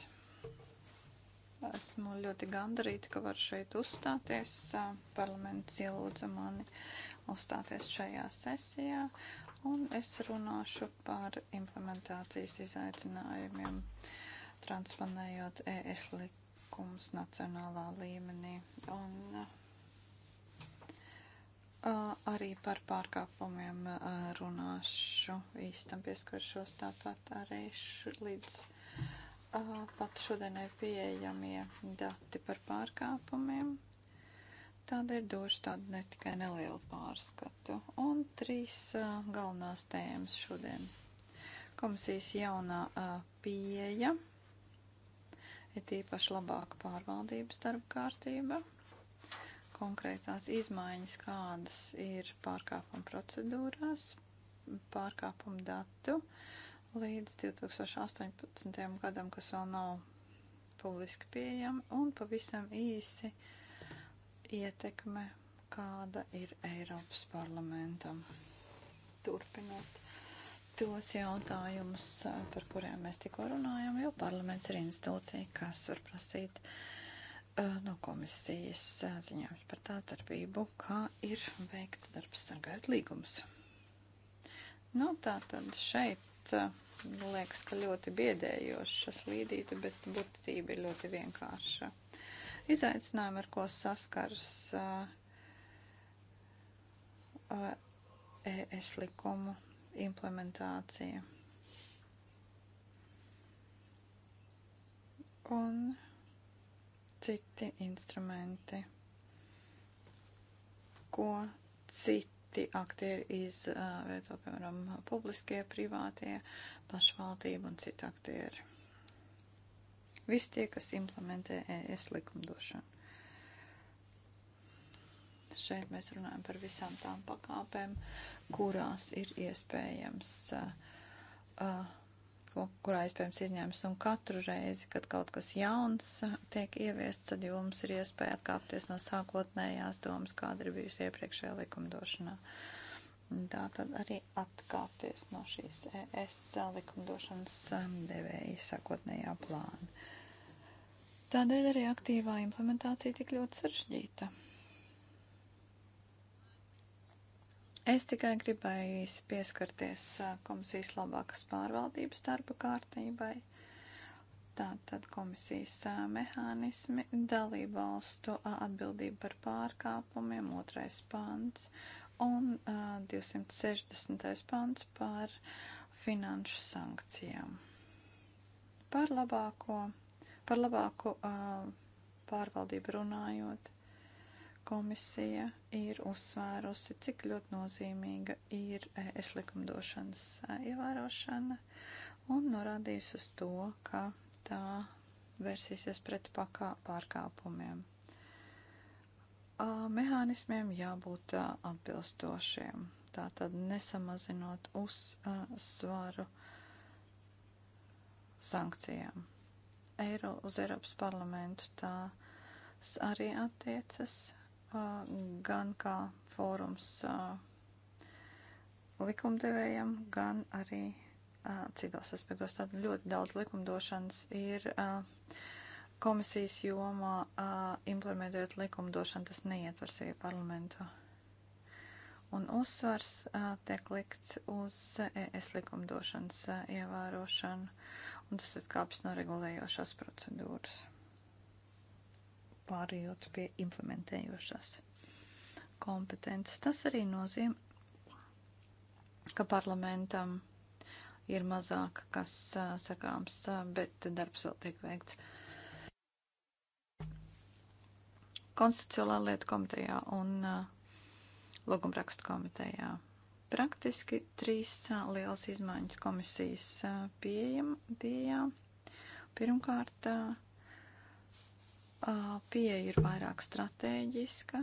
Esmu ļoti gandarīta, ka varu šeit uzstāties. Parlaments ielūdza mani uzstāties šajā sesijā, un es runāšu par implementācijas izaicinājumiem, transponējot ES likumus nacionālā līmenī. Un, uh, Arī par pārkāpumiem runāšu, īstam pieskaršos tāpat arī š, līdz pat šodienai pieejamie dati par pārkāpumiem. Tādēļ došu tādu ne tikai nelielu pārskatu. Un trīs uh, galvenās tēmas šodien. Komisijas jaunā uh, pieeja ir tīpaši labāka pārvaldības darba kārtība konkrētās izmaiņas, kādas ir pārkāpuma procedūrās, pārkāpuma datu līdz 2018. gadam, kas vēl nav publiski pieejami, un pavisam īsi ietekme, kāda ir Eiropas parlamentam. Turpinot tos jautājumus, par kuriem mēs tikko runājam, jo parlaments ir institūcija, kas var prasīt uh, Eh, no komisijas eh, ziņojums par tā darbību, kā ir veikts darbs sargājot līgumus. Nu, tā tad šeit eh, liekas, ka ļoti biedējoša slīdīta, bet būtība ir ļoti vienkārša. Izaicinājumi, ar ko saskars ES e likumu implementācija. Un citi instrumenti, ko citi aktieri izveido, piemēram, publiskie, privātie, pašvaldība un citi aktieri. Visi tie, kas implementē ES likumdošanu. Šeit mēs runājam par visām tām pakāpēm, kurās ir iespējams uh, uh, ko, kurā iespējams izņēmis, un katru reizi, kad kaut kas jauns tiek ieviests, tad jums ir iespēja atkāpties no sākotnējās domas, kāda ir bijusi iepriekšējā likumdošanā. Tā tad arī atkāpties no šīs ES likumdošanas um, devēja sākotnējā plāna. Tādēļ arī aktīvā implementācija tik ļoti sarežģīta. Es tikai gribēju pieskarties komisijas labākas pārvaldības darba kārtībai. Tātad komisijas mehānismi, dalību valstu atbildība par pārkāpumiem, otrais pants un a, 260. pants par finanšu sankcijām. Par labāko, par labāko a, pārvaldību runājot, komisija ir uzsvērusi, cik ļoti nozīmīga ir eh, es likumdošanas eh, ievērošana un norādījusi uz to, ka tā vērsīsies pret pakā, pārkāpumiem. Mehānismiem jābūt atbilstošiem, tātad nesamazinot uzsvaru sankcijām. Eiro uz Eiropas parlamentu tās arī attiecas gan kā fórums likumdevējiem, gan arī citos aspektos. Tad ļoti daudz likumdošanas ir komisijas jomā implementējot likumdošanu, tas neietver sevi parlamentu. Un uzsvars tiek likts uz ES likumdošanas ievērošanu, un tas atkāpjas no regulējošās procedūras pārējot pie implementējošās kompetences. Tas arī nozīmē, ka parlamentam ir mazāk, kas sakāms, bet darbs vēl tiek veikts. Konstitucionālā lieta komitejā un logumrakstu komitejā. Praktiski trīs lielas izmaiņas komisijas pieejam, pieejā. Pirmkārt, pieeja ir vairāk stratēģiska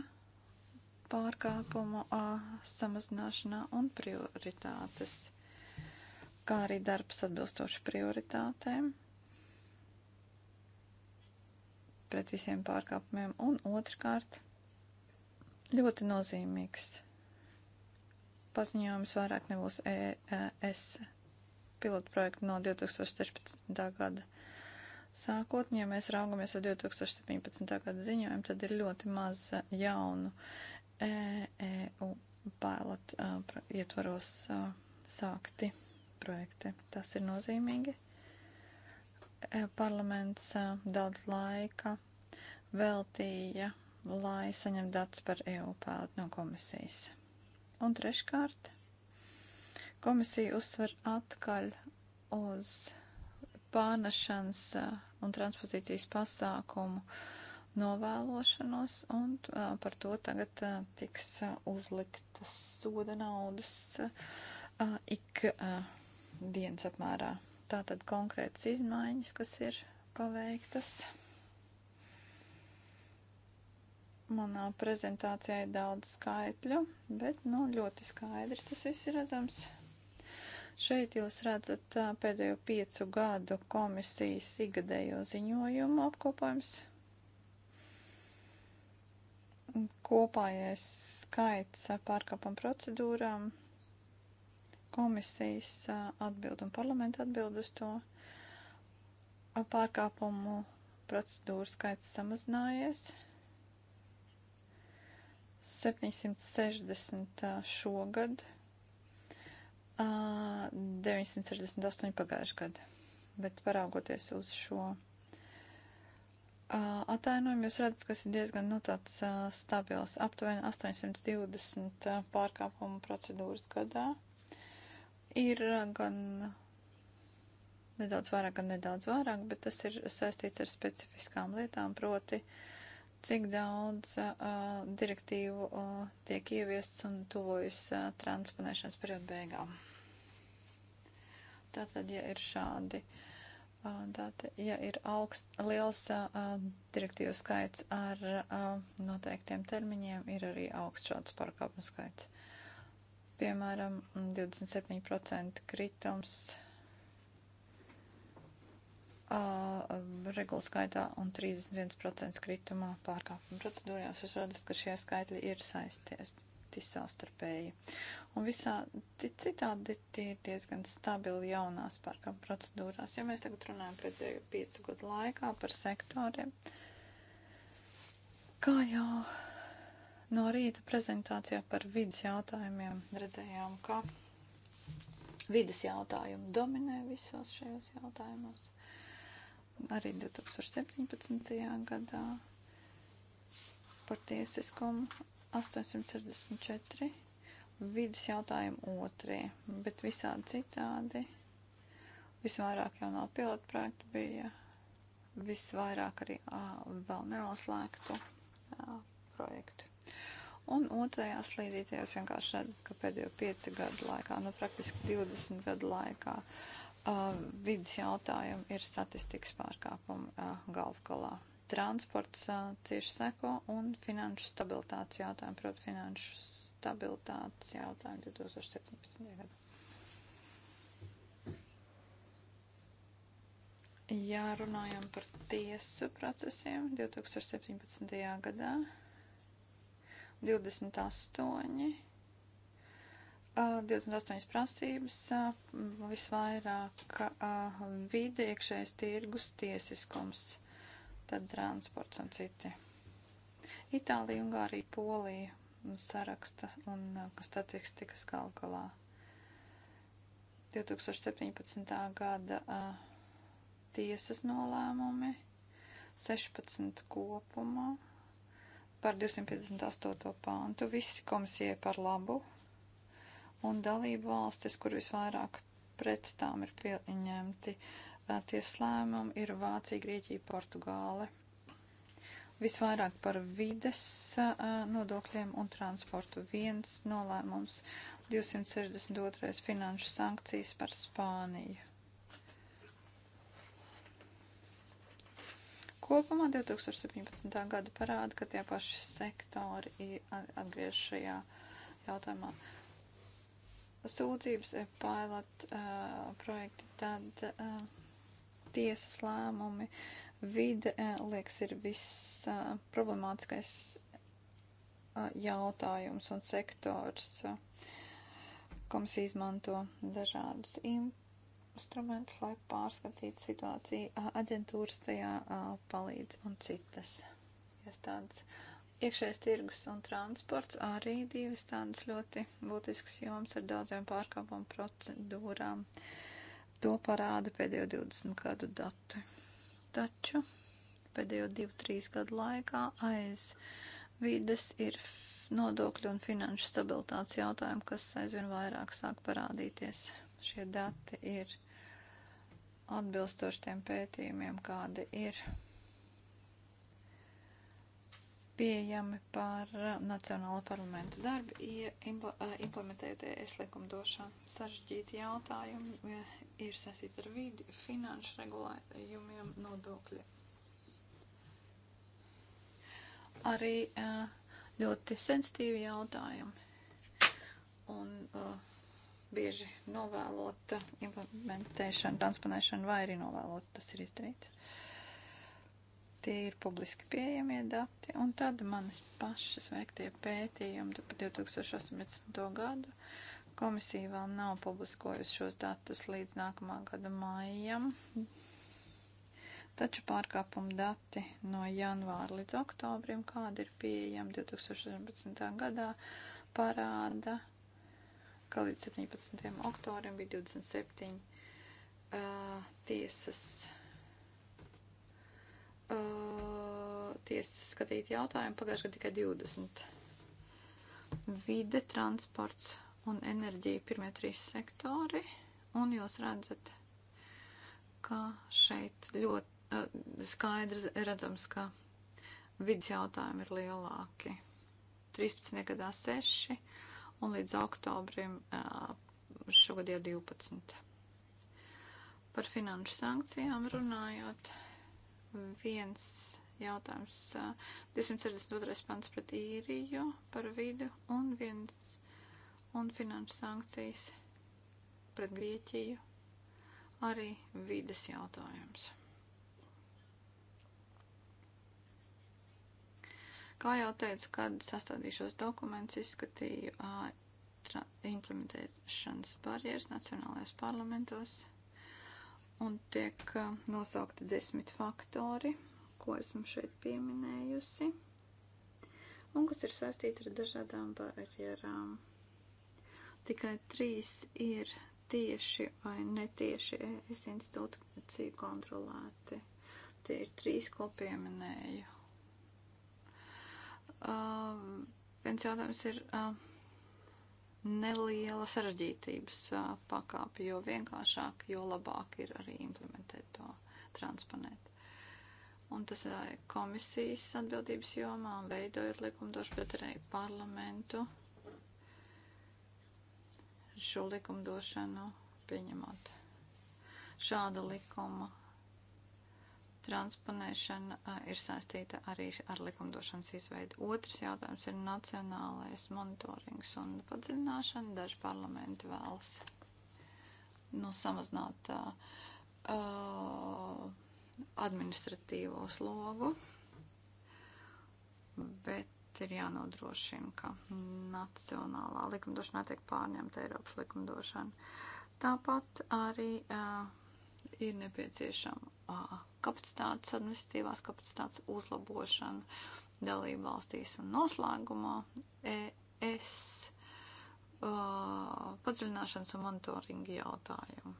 pārkāpumu samazināšanā un prioritātes, kā arī darbs atbilstoši prioritātēm pret visiem pārkāpumiem. Un otrkārt, ļoti nozīmīgs paziņojums vairāk nebūs ES e pilotprojektu no 2016. gada sākotnē, ja mēs raugamies ar 2017. gadu ziņojumu, tad ir ļoti maz eh, jaunu EU eh, e e pilot uh, ietvaros uh, sākti projekti. Tas ir nozīmīgi. E, parlaments uh, daudz laika veltīja, lai saņemtu datus par EU pilotu no komisijas. Un treškārt, komisija uzsver atkal uz pārnešanas eh, un transpozīcijas pasākumu novēlošanos, un eh, par to tagad eh, tiks uzliktas soda naudas ik dienas apmērā. Tātad konkrētas izmaiņas, kas ir paveiktas. Manā prezentācijā ir daudz skaitļu, bet nu, ļoti skaidri tas viss ir redzams. Šeit jūs redzat pēdējo piecu gadu komisijas ikgadējo ziņojumu apkopojums. Kopējais skaits pārkāpuma procedūrām, komisijas atbild un parlamenta atbild uz to. Pārkāpumu procedūru skaits samazinājies. 760 šogad 968 pagājuši gadu. Bet paraugoties uz šo atainojumu, jūs redzat, kas ir diezgan nu, tāds stabils. Aptuveni 820 pārkāpumu procedūras gadā ir gan nedaudz vairāk, gan nedaudz vairāk, bet tas ir saistīts ar specifiskām lietām, proti, cik daudz uh, direktīvu uh, tiek ieviests un tuvojas uh, transponēšanas periodu beigām. Tātad, ja ir šādi dati, ja ir augst, liels direktīvu skaits ar a, noteiktiem termiņiem, ir arī augsts šāds pārkāpuma skaits. Piemēram, 27% kritums regulu skaitā un 31% kritumā pārkāpuma procedūrās. Es redzu, ka šie skaitļi ir saisties, ļoti savstarpēji. Un visā citādi tie ir diezgan stabili jaunās pārkāpuma procedūrās. Ja mēs tagad runājam pēdējo piecu gadu laikā par sektoriem, kā jau no rīta prezentācijā par vidas jautājumiem redzējām, ka vidas jautājumi dominē visos šajos jautājumos. Arī 2017. gadā par tiesiskumu 864 vidas jautājumu otrī, bet visādi citādi. Visvairāk jau no pilotu projektu bija, visvairāk arī a, vēl nenoslēgtu a, projektu. Un otrajā slīdītē jūs vienkārši redzat, ka pēdējo pieci gadu laikā, nu praktiski 20 gadu laikā, a, vidas jautājumi ir statistikas pārkāpumi galvkalā transports cieši seko un finanšu stabilitātes jautājumu, proti finanšu stabilitātes jautājumu 2017. gadā. Jā, runājam par tiesu procesiem 2017. gadā. 28. 28 prasības, visvairāk vide, iekšējais tirgus, tiesiskums. Tad transports un citi. Itālija, Ungārija, Polija saraksta un uh, statistikas gal galā. 2017. gada a, uh, tiesas nolēmumi 16 kopumā par 258. pāntu, visi komisijai par labu, un dalību valstis, kur visvairāk pret tām ir pieņemti uh, ties lēmumu ir Vācija, Grieķija, Portugāle. Visvairāk par vides nodokļiem un transportu viens nolēmums, 262. finanšu sankcijas par Spāniju. Kopumā 2017. gada parāda, ka tie paši sektori atgriež šajā jautājumā. Sūdzības e pilot uh, projekti tad uh, tiesas lēmumi, vide, e, liekas, ir viss e, problemātiskais e, jautājums un sektors. Komisija izmanto dažādus instrumentus, lai pārskatītu situāciju. Aģentūras tajā palīdz un citas iestādes. Iekšējais tirgus un transports arī divas tādas ļoti būtiskas jomas ar daudziem pārkāpumu procedūrām. Uh, To parāda pēdējo 20 gadu dati. Taču pēdējo 2-3 gadu laikā aiz vides ir nodokļu un finanšu stabilitātes jautājumi, kas aizvien vairāk sāk parādīties. Šie dati ir atbilstoši tiem pētījumiem, kādi ir pieejami par uh, Nacionālo parlamentu darbu, uh, implementējot ES likumdošanu. Sažģīti jautājumi ir sasīti ar vidi, finanšu regulējumiem, nodokļi. Arī uh, ļoti sensitīvi jautājumi un bieži novēlot implementēšanu, transponēšanu vai arī novēlot, tas ir izdarīts. Tie ir publiski pieejamie dati, un tad manas pašas veiktie pētījumi par 2018. gadu. Komisija vēl nav publiskojusi šos datus līdz nākamā gada maijam, taču pārkāpuma dati no janvāra līdz oktobrim, kāda ir pieejama 2018. gadā, parāda, ka līdz 17. oktobrim bija 27 uh, tiesas uh, tiesas skatīt jautājumu, pagājušajā gadā tikai 20. Vide, transports un enerģija pirmie trīs sektori, un jūs redzat, ka šeit ļoti uh, skaidrs redzams, ka vidas jautājumi ir lielāki. 13. gadā 6 un līdz oktobrim uh, šogad jau 12. Par finanšu sankcijām runājot viens jautājums 262. pants pret īriju par vidu un viens un finanšu sankcijas pret Grieķiju arī vides jautājums. Kā jau teicu, kad sastādīšos dokumentus, izskatīju implementēšanas barjeras nacionālajās parlamentos un tiek nosaukti desmit faktori, ko esmu šeit pieminējusi, un kas ir saistīti ar dažādām barjerām. Tikai trīs ir tieši vai netieši es institūciju kontrolēti. Tie ir trīs, ko pieminēju. Uh, viens jautājums ir, uh, neliela sarežģītības pakāpe, jo vienkāršāk, jo labāk ir arī implementēt to, transponēt. Un tas ir komisijas atbildības jomā, veidojot likumdošu, bet arī parlamentu šo likumdošanu pieņemot. Šāda likuma transponēšana ir saistīta arī ar likumdošanas izveidu. Otrs jautājums ir nacionālais monitorings un padziļināšana. Daži parlamenti vēlas nu, samazināt uh, administratīvo slogu, bet ir jānodrošina, ka nacionālā likumdošana tiek pārņemta Eiropas likumdošana. Tāpat arī uh, ir nepieciešama kapacitātes, administratīvās kapacitātes uzlabošanu dalību valstīs un noslēgumā ES padziļināšanas un monitoringa jautājumu.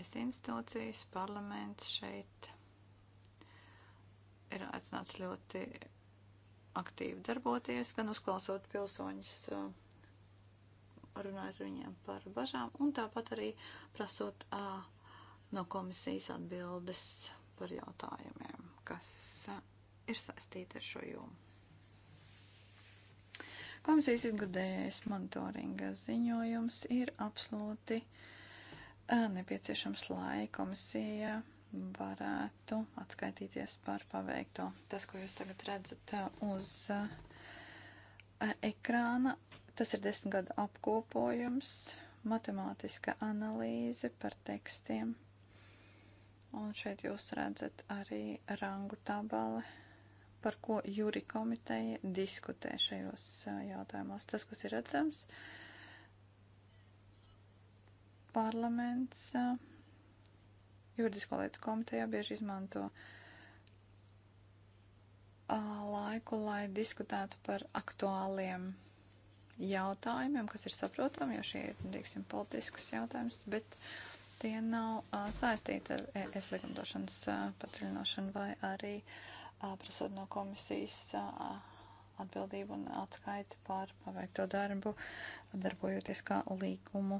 ES institūcijas, parlaments šeit ir aicināts ļoti aktīvi darboties, gan uzklausot pilsoņus. Uh, runājot ar viņiem par bažām, un tāpat arī prasot uh, no komisijas atbildes par jautājumiem, kas uh, ir saistīti ar šo jomu. Komisijas ikgadējais monitoringa ziņojums ir absolūti uh, nepieciešams, lai komisija varētu atskaitīties par paveikto. Tas, ko jūs tagad redzat uz ekrāna, Tas ir desmit gadu apkopojums, matemātiska analīze par tekstiem. Un šeit jūs redzat arī rangu tabali, par ko jūri komiteja diskutē šajos jautājumos. Tas, kas ir redzams, parlaments juridisko lietu komitejā bieži izmanto laiku, lai diskutētu par aktuāliem jautājumiem jautājumiem, kas ir saprotami, jo šie ir, teiksim, politisks jautājums, bet tie nav a, saistīti ar ES likumdošanas patriļināšanu vai arī a, prasot no komisijas a, atbildību un atskaiti par paveikto darbu, darbojoties kā līgumu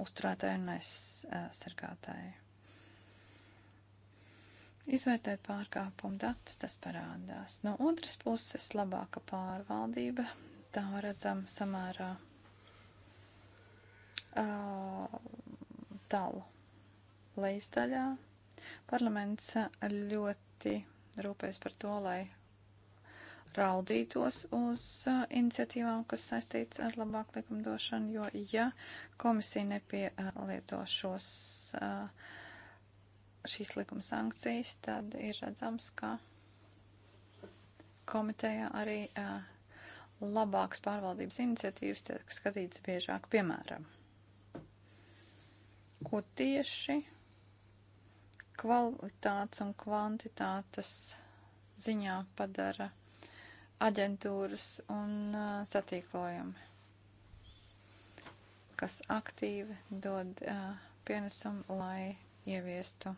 uzturētāju un aizsargātāju. Izvērtēt pārkāpumu datus tas parādās. No otras puses, labāka pārvaldība tā redzam samērā tālu lejasdaļā. Parlaments ļoti rūpēs par to, lai raudzītos uz iniciatīvām, kas saistīts ar labāku likumdošanu, jo ja komisija nepielieto šos, šīs likuma sankcijas, tad ir redzams, ka komitejā arī uh, labākas pārvaldības iniciatīvas tiek skatītas biežāk, piemēram, ko tieši kvalitātes un kvantitātes ziņā padara aģentūras un uh, satīklojumi, kas aktīvi dod uh, pienesumu, lai ieviestu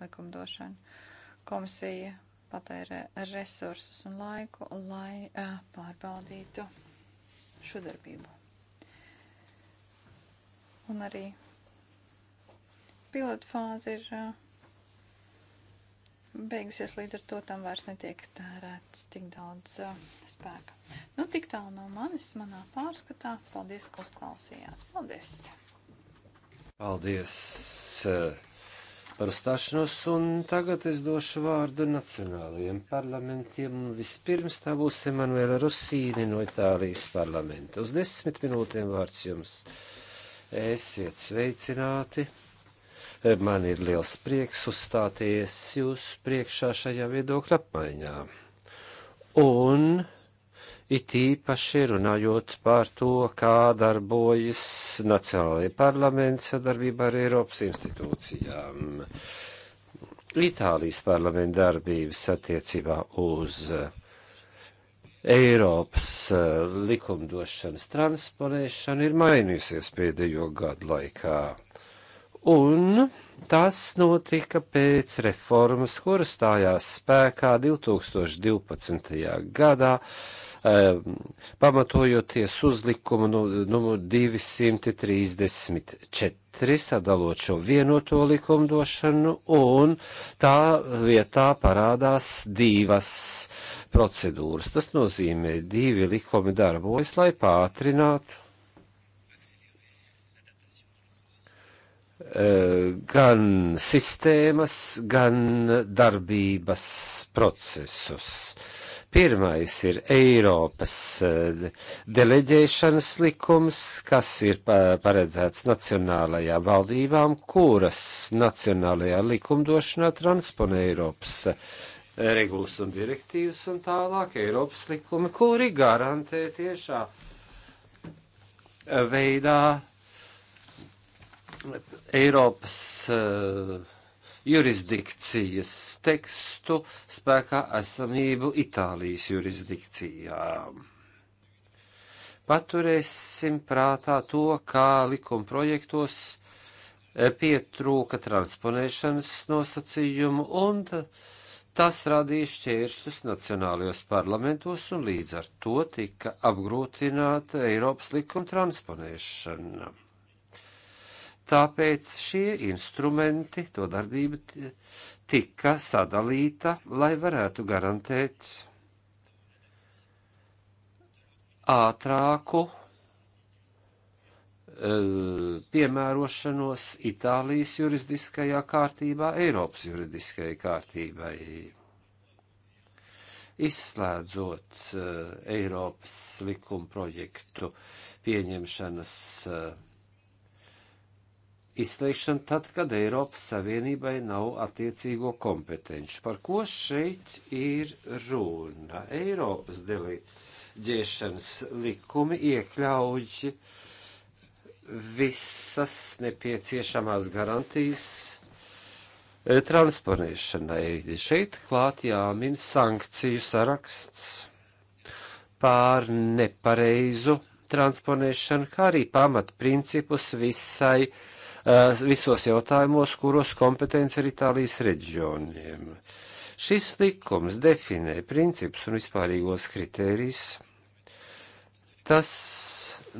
likumdošanu. Komisija patērē resursus un laiku, lai uh, pārbaudītu šo darbību. Un arī pilotu fāze ir uh, beigusies, līdz ar to tam vairs netiek tērēts tik daudz uh, spēka. Nu, tik tālu no manis, manā pārskatā. Paldies, ka uzklausījāt. Paldies! Paldies! Uh par stāšanos, un tagad es došu vārdu nacionālajiem parlamentiem. Vispirms tā būs Emanuela Rusīni no Itālijas parlamenta. Uz desmit minūtēm vārds jums. Esiet sveicināti. Man ir liels prieks uzstāties jūs priekšā šajā viedokļa apmaiņā. Un It īpaši runājot par to, kā darbojas Nacionālajie parlamenti sadarbībā ar Eiropas institūcijām. Itālijas parlamenta darbības attiecībā uz Eiropas eh, likumdošanas transponēšanu ir mainījusies pēdējo gadu laikā. Un tas notika pēc reformas, kuras stājās spēkā 2012. gadā Ehm, pamatojoties uz likumu numur 234 sadalot šo vienoto likumdošanu, un tā vietā parādās divas procedūras. Tas nozīmē, divi likumi darbojas, lai pātrinātu e, gan sistēmas, gan darbības procesus. Pirmais ir Eiropas eh, deleģēšanas likums, kas ir paredzēts nacionālajām valdībām, kuras nacionālajā likumdošanā transponē Eiropas eh, regulas un direktīvas un tālāk Eiropas likumi, kuri garantē tiešā eh, veidā Eiropas uh, jurisdikcijas tekstu spēkā esamību Itālijas jurisdikcijā. Paturēsim prātā to, kā likuma projektos e, pietrūka transponēšanas nosacījumu un tas radīja šķēršļus nacionālajos parlamentos un līdz ar to tika apgrūtināta Eiropas likuma transponēšana. Tāpēc šie instrumenti, to darbība tika sadalīta, lai varētu garantēt ātrāku e, piemērošanos Itālijas juridiskajā kārtībā, Eiropas juridiskajai kārtībai, izslēdzot e, Eiropas likuma projektu pieņemšanas uh, izslēgšanu tad, kad Eiropas Savienībai nav attiecīgo kompetenci. Par ko šeit ir runa? Eiropas deleģēšanas likumi iekļauj visas nepieciešamās garantijas e, transponēšanai. Šeit klāt jāmin sankciju saraksts pār nepareizu transponēšanu, kā arī pamatprincipus visai uh, Eh, visos jautājumos, kuros kompetence ir Itālijas reģioniem. Šis likums definē principus un vispārīgos kritērijus. Tas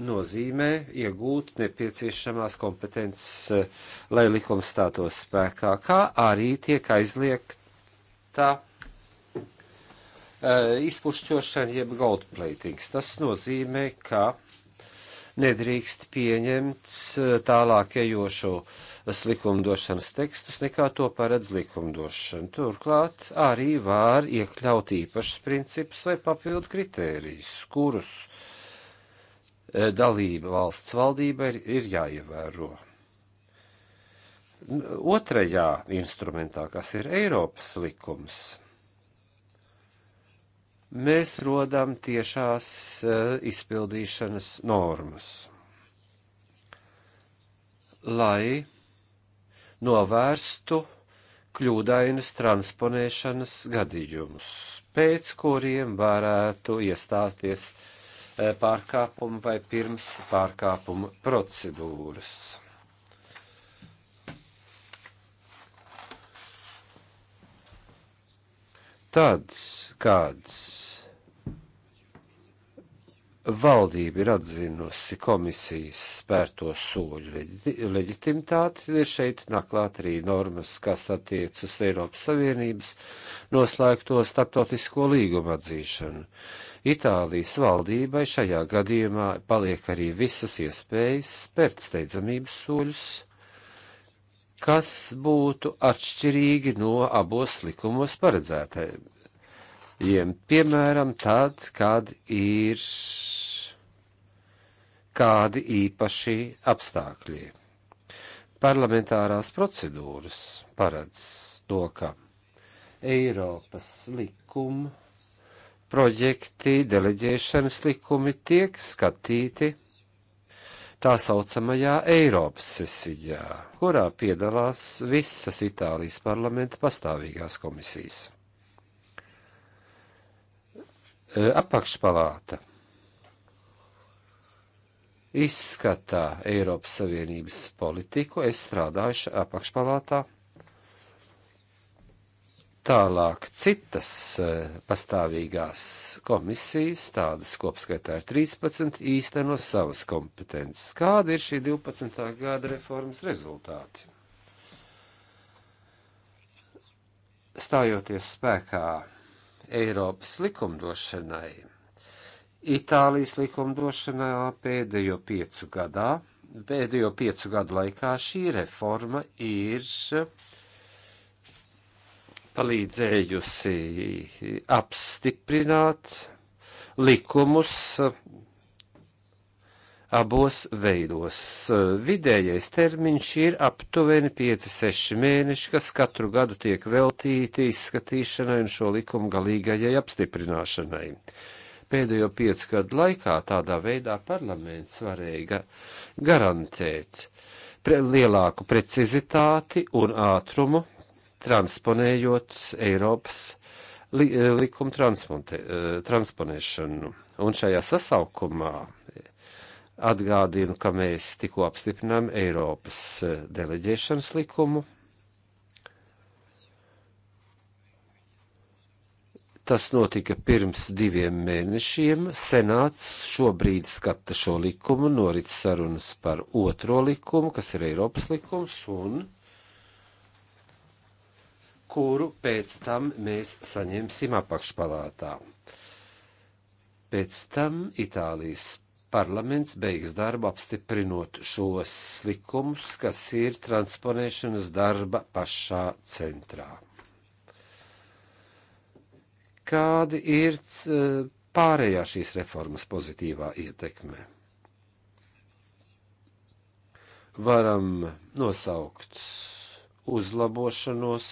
nozīmē iegūt nepieciešamās kompetences, eh, lai likums stātos spēkā, kā arī tiek aizliegta uh, izpušķošana jeb goldplatings. Tas nozīmē, ka nedrīkst pieņemt e, tālāk ejošo likumdošanas tekstus, nekā to paredz likumdošana. Turklāt arī var iekļaut īpašas principus vai papildu kritērijus, kurus e, dalība valsts valdība ir, ir jāievēro. Otrajā instrumentā, kas ir Eiropas likums, mēs rodam tiešās e, izpildīšanas normas, lai novērstu kļūdainas transponēšanas gadījumus, pēc kuriem varētu iestāties e, pārkāpumu vai pirms pārkāpumu procedūras. Tāds, kāds valdība ir atzinusi komisijas spērto soļu leģitimitāti, ir šeit naklāt arī normas, kas attiec uz Eiropas Savienības noslēgto starptautisko līgumu atzīšanu. Itālijas valdībai šajā gadījumā paliek arī visas iespējas spērt steidzamības soļus kas būtu atšķirīgi no abos likumos paredzētajiem. Piemēram, tad, kad ir kādi īpaši apstākļi. Parlamentārās procedūras paredz to, ka Eiropas likuma projekti, deleģēšanas likumi tiek skatīti tā saucamajā Eiropas sesijā, kurā piedalās visas Itālijas parlamenta pastāvīgās komisijas. E, apakšpalāta izskatā Eiropas Savienības politiku, es strādājuši apakšpalātā Tālāk citas e, pastāvīgās komisijas, tādas kopskaitā ir 13, īsteno savas kompetences. Kāda ir šī 12. gada reformas rezultāti? Stājoties spēkā Eiropas likumdošanai, Itālijas likumdošanā pēdējo piecu gadā, pēdējo piecu gadu laikā šī reforma ir palīdzējusi apstiprināt likumus abos veidos. Vidējais termiņš ir aptuveni 5-6 mēneši, kas katru gadu tiek veltīti izskatīšanai un šo likumu galīgajai apstiprināšanai. Pēdējo piecu gadu laikā tādā veidā parlaments varēja garantēt pre lielāku precizitāti un ātrumu transponējot Eiropas li, eh, likuma eh, transponēšanu. Un šajā sasaukumā eh, atgādinu, ka mēs tikko apstiprinām Eiropas deleģēšanas likumu. Tas notika pirms diviem mēnešiem. Senāts šobrīd skata šo likumu, norit sarunas par otro likumu, kas ir Eiropas likums, un kuru pēc tam mēs saņemsim apakšpalātā. Pēc tam Itālijas parlaments beigs darbu apstiprinot šos likumus, kas ir transponēšanas darba pašā centrā. Kādi ir eh, pārējā šīs reformas pozitīvā ietekme? Varam nosaukt uzlabošanos,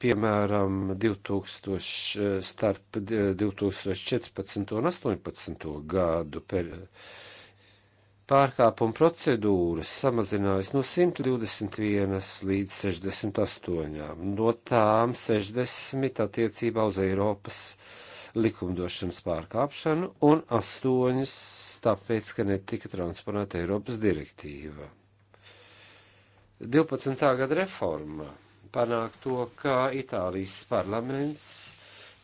piemēram, 2000, starp 2014 un 2018 gadu per, pārkāpuma procedūras samazinājas no 121 līdz 68, no tām 60 attiecībā uz Eiropas likumdošanas pārkāpšanu un 8 tāpēc, ka netika transponēta Eiropas direktīva. 12. gada reforma panākt to, ka Itālijas parlaments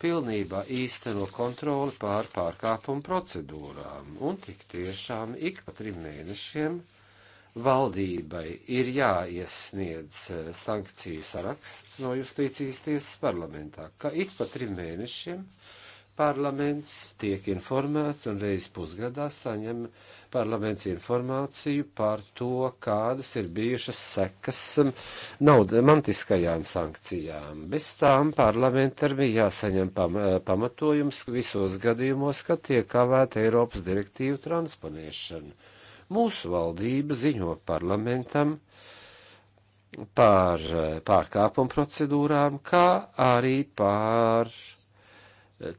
pilnībā īsteno kontroli pār pārkāpumu procedūrām. Un tik tiešām ik pa trim mēnešiem valdībai ir jāiesniedz eh, sankciju saraksts no justīcijas tiesas parlamentā, ka ik pa trim mēnešiem uh, Parlaments tiek informēts un reiz pusgadā saņem parlaments informāciju par to, kādas ir bijušas sekas naudamantiskajām sankcijām. Bez tām parlamentam ir jāsaņem pam eh, pamatojums visos gadījumos, kad tiek kavēta Eiropas direktīvu transponēšana. Mūsu valdība ziņo parlamentam par eh, pārkāpumu procedūrām, kā arī par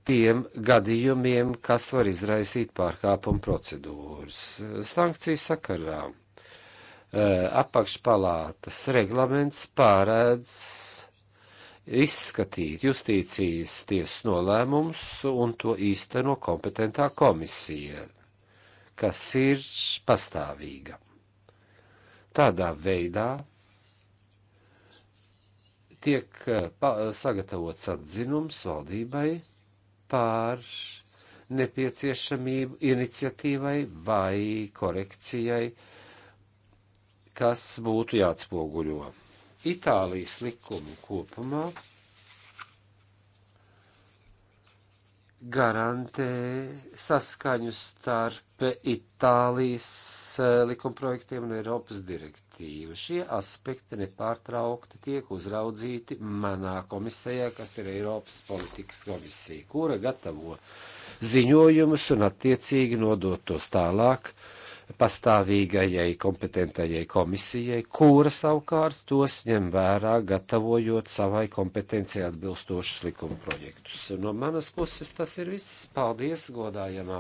tiem gadījumiem, kas var izraisīt pārkāpumu procedūras. Sankciju sakarā e, apakšpalātas reglaments pārēdz izskatīt justīcijas tiesas nolēmumus un to īsteno kompetentā komisija, kas ir pastāvīga. Tādā veidā tiek e, sagatavots atzinums valdībai pār nepieciešamību iniciatīvai vai korekcijai, kas būtu jāatspoguļo. Itālijas likumi kopumā garantē saskaņu starp Itālijas eh, likumprojektiem un Eiropas direktīvu. Šie aspekti nepārtraukti tiek uzraudzīti manā komisijā, kas ir Eiropas politikas komisija, kura gatavo ziņojumus un attiecīgi nodot tos tālāk uh, pastāvīgajai kompetentajai komisijai, kura savukārt tos ņem vērā, gatavojot savai kompetencijai atbilstošus likuma projektus. No manas puses tas ir viss. Paldies, godājamā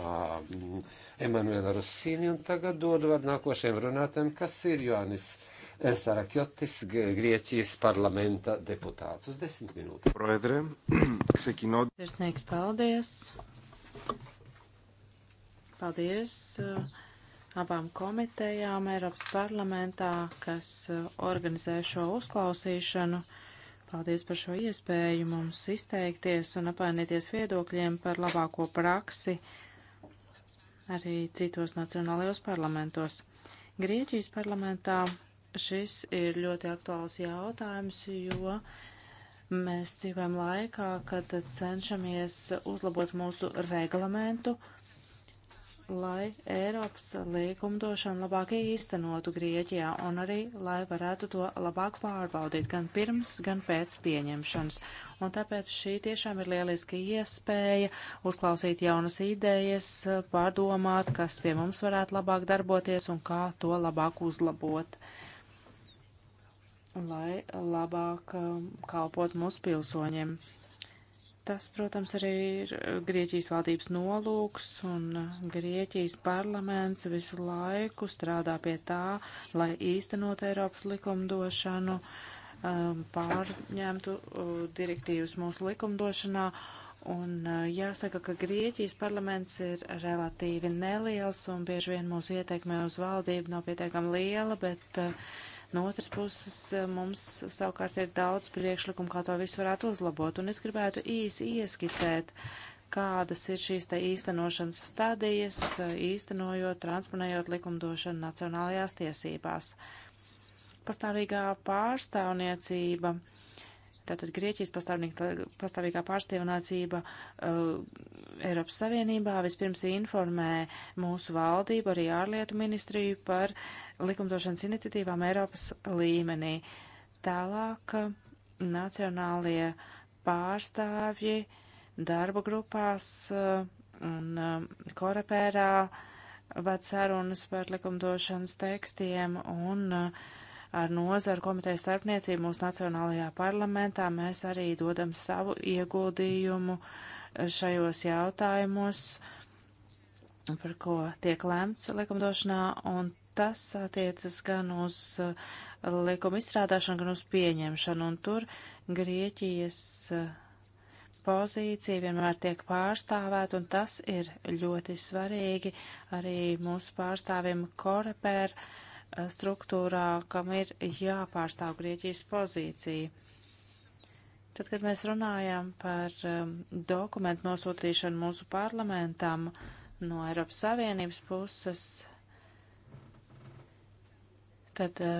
mm, Emanuela Rusīni, un tagad dodu vārdu nākošajam runātājam, kas ir Joannis. Σαρακιώτης, eh, Grieķijas parlamenta deputāts. Uz desmit minūtēm. Proedre, ξεκινώντας... Sirsnīgs paldies. Paldies. Uh, abām komitejām Eiropas parlamentā, kas uh, organizē šo uzklausīšanu. Paldies par šo iespēju mums izteikties un apainieties viedokļiem par labāko praksi arī citos nacionālajos parlamentos. Grieķijas parlamentā šis ir ļoti aktuāls jautājums, jo mēs dzīvojam laikā, kad cenšamies uzlabot mūsu reglamentu lai Eiropas likumdošanu labāk īstenotu Grieķijā un arī, lai varētu to labāk pārbaudīt gan pirms, gan pēc pieņemšanas. Un tāpēc šī tiešām ir lieliska iespēja uzklausīt jaunas idejas, pārdomāt, kas pie mums varētu labāk darboties un kā to labāk uzlabot lai labāk um, kalpot mūsu pilsoņiem. Tas, protams, arī ir Grieķijas valdības nolūks, un Grieķijas parlaments visu laiku strādā pie tā, lai īstenot Eiropas likumdošanu, um, pārņemtu uh, direktīvas mūsu likumdošanā. Un uh, jāsaka, ka Grieķijas parlaments ir relatīvi neliels, un bieži vien mūsu ietekme uz valdību nav pietiekami liela, bet uh, No otras puses, eh, mums savukārt ir daudz priekšlikumu, kā to visu varētu uzlabot, un es gribētu īsi ieskicēt, kādas ir šīs te īstenošanas stadijas, eh, īstenojot, transponējot likumdošanu nacionālajās tiesībās. Pastāvīgā pārstāvniecība, tātad Grieķijas pastāvīgā pārstāvniecība uh, Eiropas Savienībā vispirms informē mūsu valdību, arī ārlietu ministriju par uh, likumdošanas iniciatīvām Eiropas līmenī. Tālāk nacionālie pārstāvji darba grupās eh, un eh, korepērā ved sarunas par likumdošanas tekstiem un eh, ar nozaru komiteju starpniecību mūsu nacionālajā parlamentā mēs arī dodam savu ieguldījumu šajos jautājumos, par ko tiek lemts likumdošanā, un tas attiecas gan uz eh, likuma izstrādāšanu, gan uz pieņemšanu, un tur Grieķijas eh, pozīcija vienmēr tiek pārstāvēta, un tas ir ļoti svarīgi arī mūsu pārstāvim Korepēr eh, struktūrā, kam ir jāpārstāv Grieķijas pozīcija. Tad, kad mēs runājam par dokumentu nosūtīšanu mūsu parlamentam no Eiropas Savienības puses, tad e,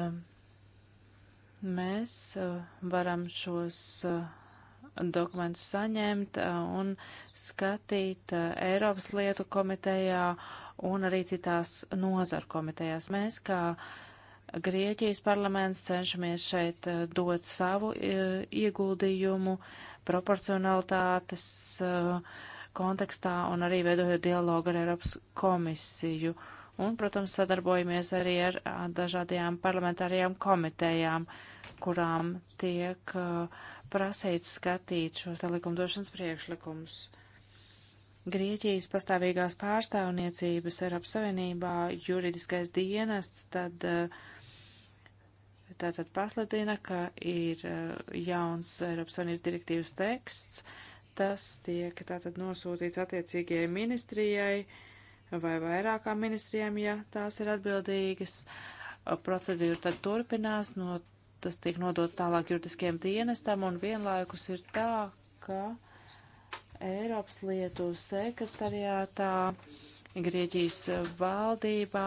mēs e, varam šos e, dokumentus saņemt un skatīt Eiropas lietu komitejā un arī citās nozaru komitejās. Mēs kā Grieķijas parlaments cenšamies šeit dot savu ieguldījumu proporcionalitātes kontekstā un arī veidojot dialogu ar Eiropas komisiju. Uh, Un, protams, sadarbojamies arī ar dažādajām parlamentārajām komitejām, kurām tiek uh, prasīts skatīt šos likumdošanas priekšlikumus. Grieķijas pastāvīgās pārstāvniecības Eiropas Savienībā juridiskais dienests tad uh, tātad pasludina, ka ir uh, jauns Eiropas Savienības direktīvas teksts. Tas tiek tātad nosūtīts attiecīgajai ministrijai. Uh, vai vairākām ministrijām, ja tās ir atbildīgas. Procedūra tad turpinās, no, tas tiek nodots tālāk juridiskiem dienestam, un vienlaikus ir tā, ka Eiropas lietu sekretariātā, Grieķijas valdībā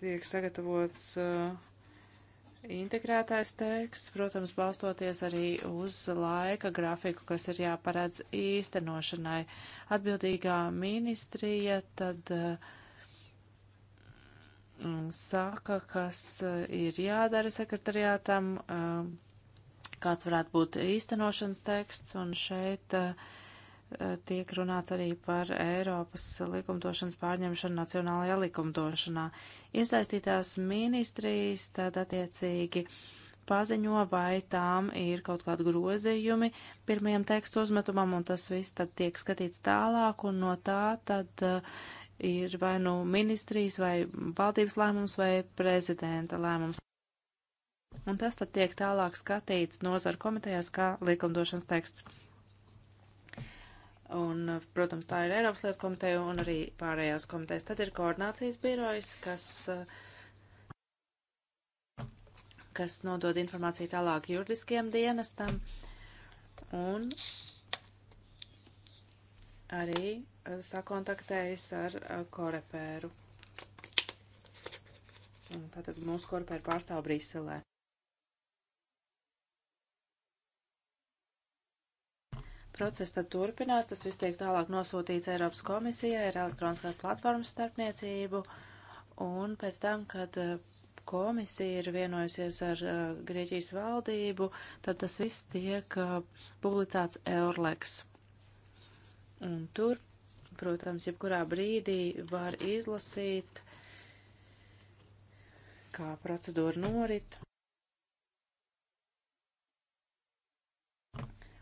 tiek sagatavots uh, integrētais teksts, protams, balstoties arī uz laika grafiku, kas ir jāparedz īstenošanai. Atbildīgā ministrija tad uh, saka, kas eh, ir jādara sekretariātam, uh, kāds varētu būt īstenošanas teksts, un šeit uh, E, tiek runāts arī par Eiropas likumdošanas pārņemšanu nacionālajā likumdošanā. Iesaistītās ministrijas tad attiecīgi paziņo, vai tām ir kaut kādi grozījumi pirmajam tekstu uzmetumam, un tas viss tad tiek skatīts tālāk, un no tā tad e, ir vai nu ministrijas, vai valdības lēmums, vai prezidenta lēmums. Un tas tad tiek tālāk skatīts nozaru komitejās kā likumdošanas teksts. Un, protams, tā ir Eiropas lietu komiteja un arī pārējās komitejas. Tad ir koordinācijas birojas, kas, kas nodod informāciju tālāk juridiskiem dienestam. Un arī eh, sakontaktējas ar eh, korepēru. Un tātad mūsu korepēru pārstāv Brīselē. Process tad turpinās, tas viss tiek tālāk nosūtīts Eiropas komisijai ar elektroniskās platformas starpniecību, un pēc tam, kad eh, komisija ir vienojusies ar uh, Grieķijas valdību, tad tas viss tiek uh, publicēts Eurleks. Un tur, protams, jebkurā brīdī var izlasīt, kā procedūra norit.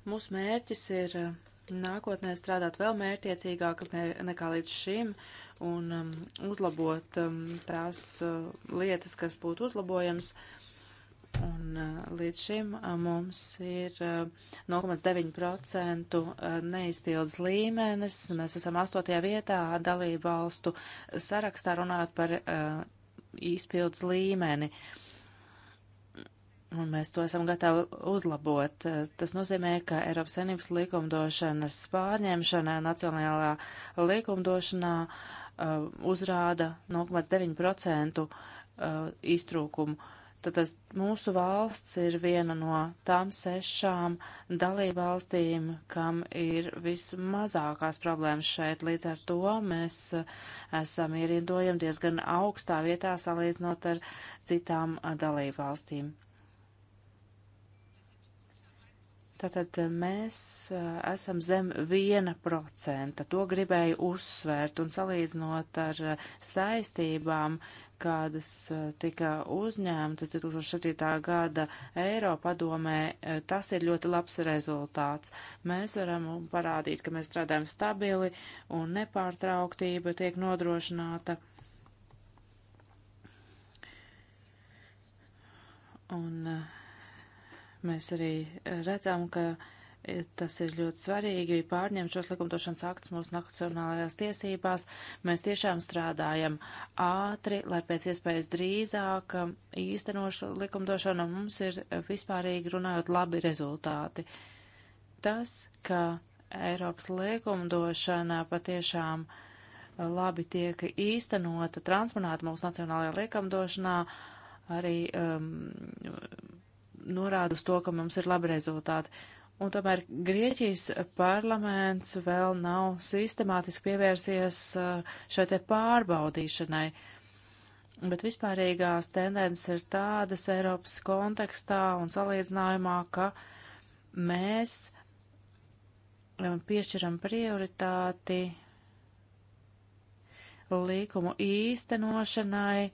Mūsu mērķis ir eh, nākotnē strādāt vēl mērķiecīgāk ne, nekā līdz šim un um, uzlabot um, tās uh, lietas, kas būtu uzlabojams. Un uh, līdz šim uh, mums ir uh, 0,9% uh, neizpildes līmenis. Mēs esam 8. vietā dalību valstu sarakstā runāt par uh, izpildes līmeni. Uh, Un mēs to esam gatavi uzlabot. Tas nozīmē, ka Eiropas Savienības likumdošanas pārņemšana nacionālā likumdošanā uh, uzrāda 0,9% uh, iztrūkumu. Tātad mūsu valsts ir viena no tām sešām dalībvalstīm, kam ir vismazākās problēmas šeit. Līdz ar to mēs uh, esam ierindojami diezgan augstā vietā salīdzinot ar citām uh, dalībvalstīm. Tātad eh, mēs eh, esam zem 1%. To gribēju uzsvērt un salīdzinot ar eh, saistībām, kādas tika uzņēmtas 2007. gada Eiropadomē, tas ir ļoti labs rezultāts. Mēs varam parādīt, ka mēs strādājam stabili un nepārtrauktība tiek nodrošināta. Un uh, Mēs arī redzam, ka tas ir ļoti svarīgi pārņemt šos likumdošanas aktus mūsu nacionālajās tiesībās. Mēs tiešām strādājam ātri, lai pēc iespējas drīzāk īstenošu likumdošanu mums ir vispārīgi runājot labi rezultāti. Tas, ka Eiropas likumdošana patiešām labi tiek īstenota, transponēta mūsu nacionālajā likumdošanā, arī um, norāda uz to, ka mums ir labi rezultāti. Un tomēr Grieķijas parlaments vēl nav sistemātiski pievērsies uh, šai te pārbaudīšanai. Bet vispārīgās tendences ir tādas Eiropas kontekstā un salīdzinājumā, ka mēs um, piešķiram prioritāti līkumu īstenošanai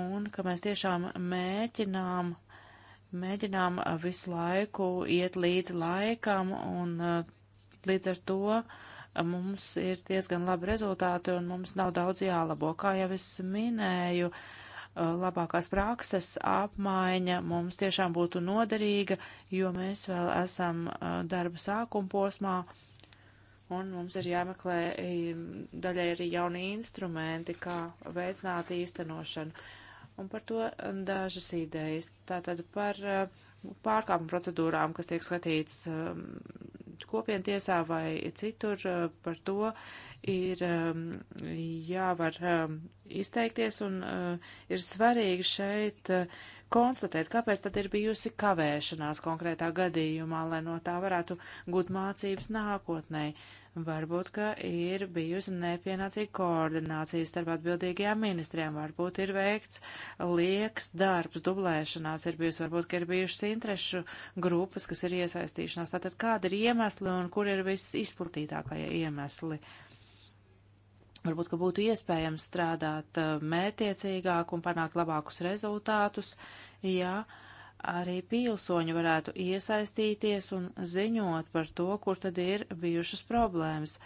un ka mēs tiešām mēķinām mēģinām visu laiku iet līdz laikam, un līdz ar to mums ir diezgan labi rezultāti, un mums nav daudz jālabo. Kā jau es minēju, labākās prakses apmaiņa mums tiešām būtu noderīga, jo mēs vēl esam darba sākuma posmā. Un mums ir jāmeklē daļai arī jauni instrumenti, kā veicināt īstenošanu. Uh, Un par to dažas idejas. Tātad par eh, pārkāpumu procedūrām, kas tiek skatīts eh, kopienu tiesā vai citur, eh, par to ir jāvar izteikties un ir svarīgi šeit konstatēt, kāpēc tad ir bijusi kavēšanās konkrētā gadījumā, lai no tā varētu gūt mācības nākotnē. Varbūt, ka ir bijusi nepienācīga koordinācija starp atbildīgajām ministriem, varbūt ir veikts lieks darbs, dublēšanās ir bijusi, varbūt, ka ir bijušas interešu grupas, kas ir iesaistīšanās. Tātad, kāda ir iemesli un kur ir visizplatītākie iemesli? Varbūt, ka būtu iespējams strādāt uh, mētiecīgāk un panākt labākus rezultātus, ja. Uh, arī pilsoņi varētu iesaistīties un ziņot par to, kur tad ir bijušas problēmas.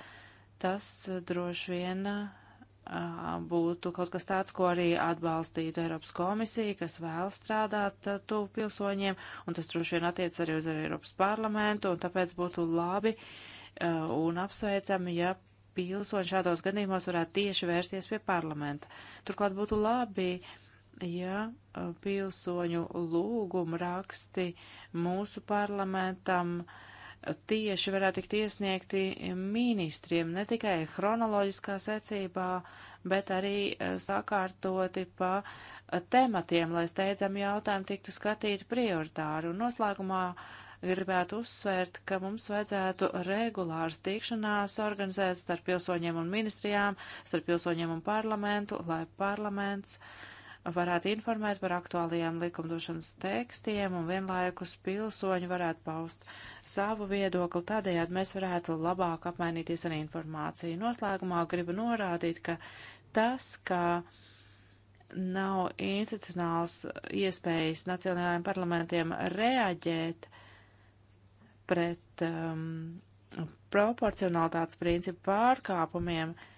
Tas eh, droši vien eh, būtu kaut kas tāds, ko arī atbalstītu Eiropas komisija, kas vēl strādāt eh, tuvu pilsoņiem, un tas droši vien attiec arī uz Eiropas parlamentu, un tāpēc būtu labi un apsveicami, ja pilsoņi šādos gadījumos varētu tieši vērsties pie parlamenta. Turklāt būtu labi, uh, ja pilsoņu lūgumu raksti mūsu parlamentam tieši varētu tikt iesniegti ministriem, ne tikai chronoloģiskā secībā, bet arī sakārtoti pa tematiem, lai steidzami jautājumi tiktu skatīti prioritāri. Un noslēgumā gribētu uzsvērt, ka mums vajadzētu regulārs tikšanās organizēt starp pilsoņiem un ministrijām, starp pilsoņiem un parlamentu, lai parlaments uh, varētu informēt par aktuālajiem likumdošanas tekstiem un vienlaikus pilsoņi varētu paust savu viedokli, tādējādi mēs varētu labāk apmainīties ar informāciju. Noslēgumā gribu norādīt, ka tas, ka nav institucionāls iespējas nacionālajiem parlamentiem reaģēt pret um, proporcionalitātes principu pārkāpumiem, uh,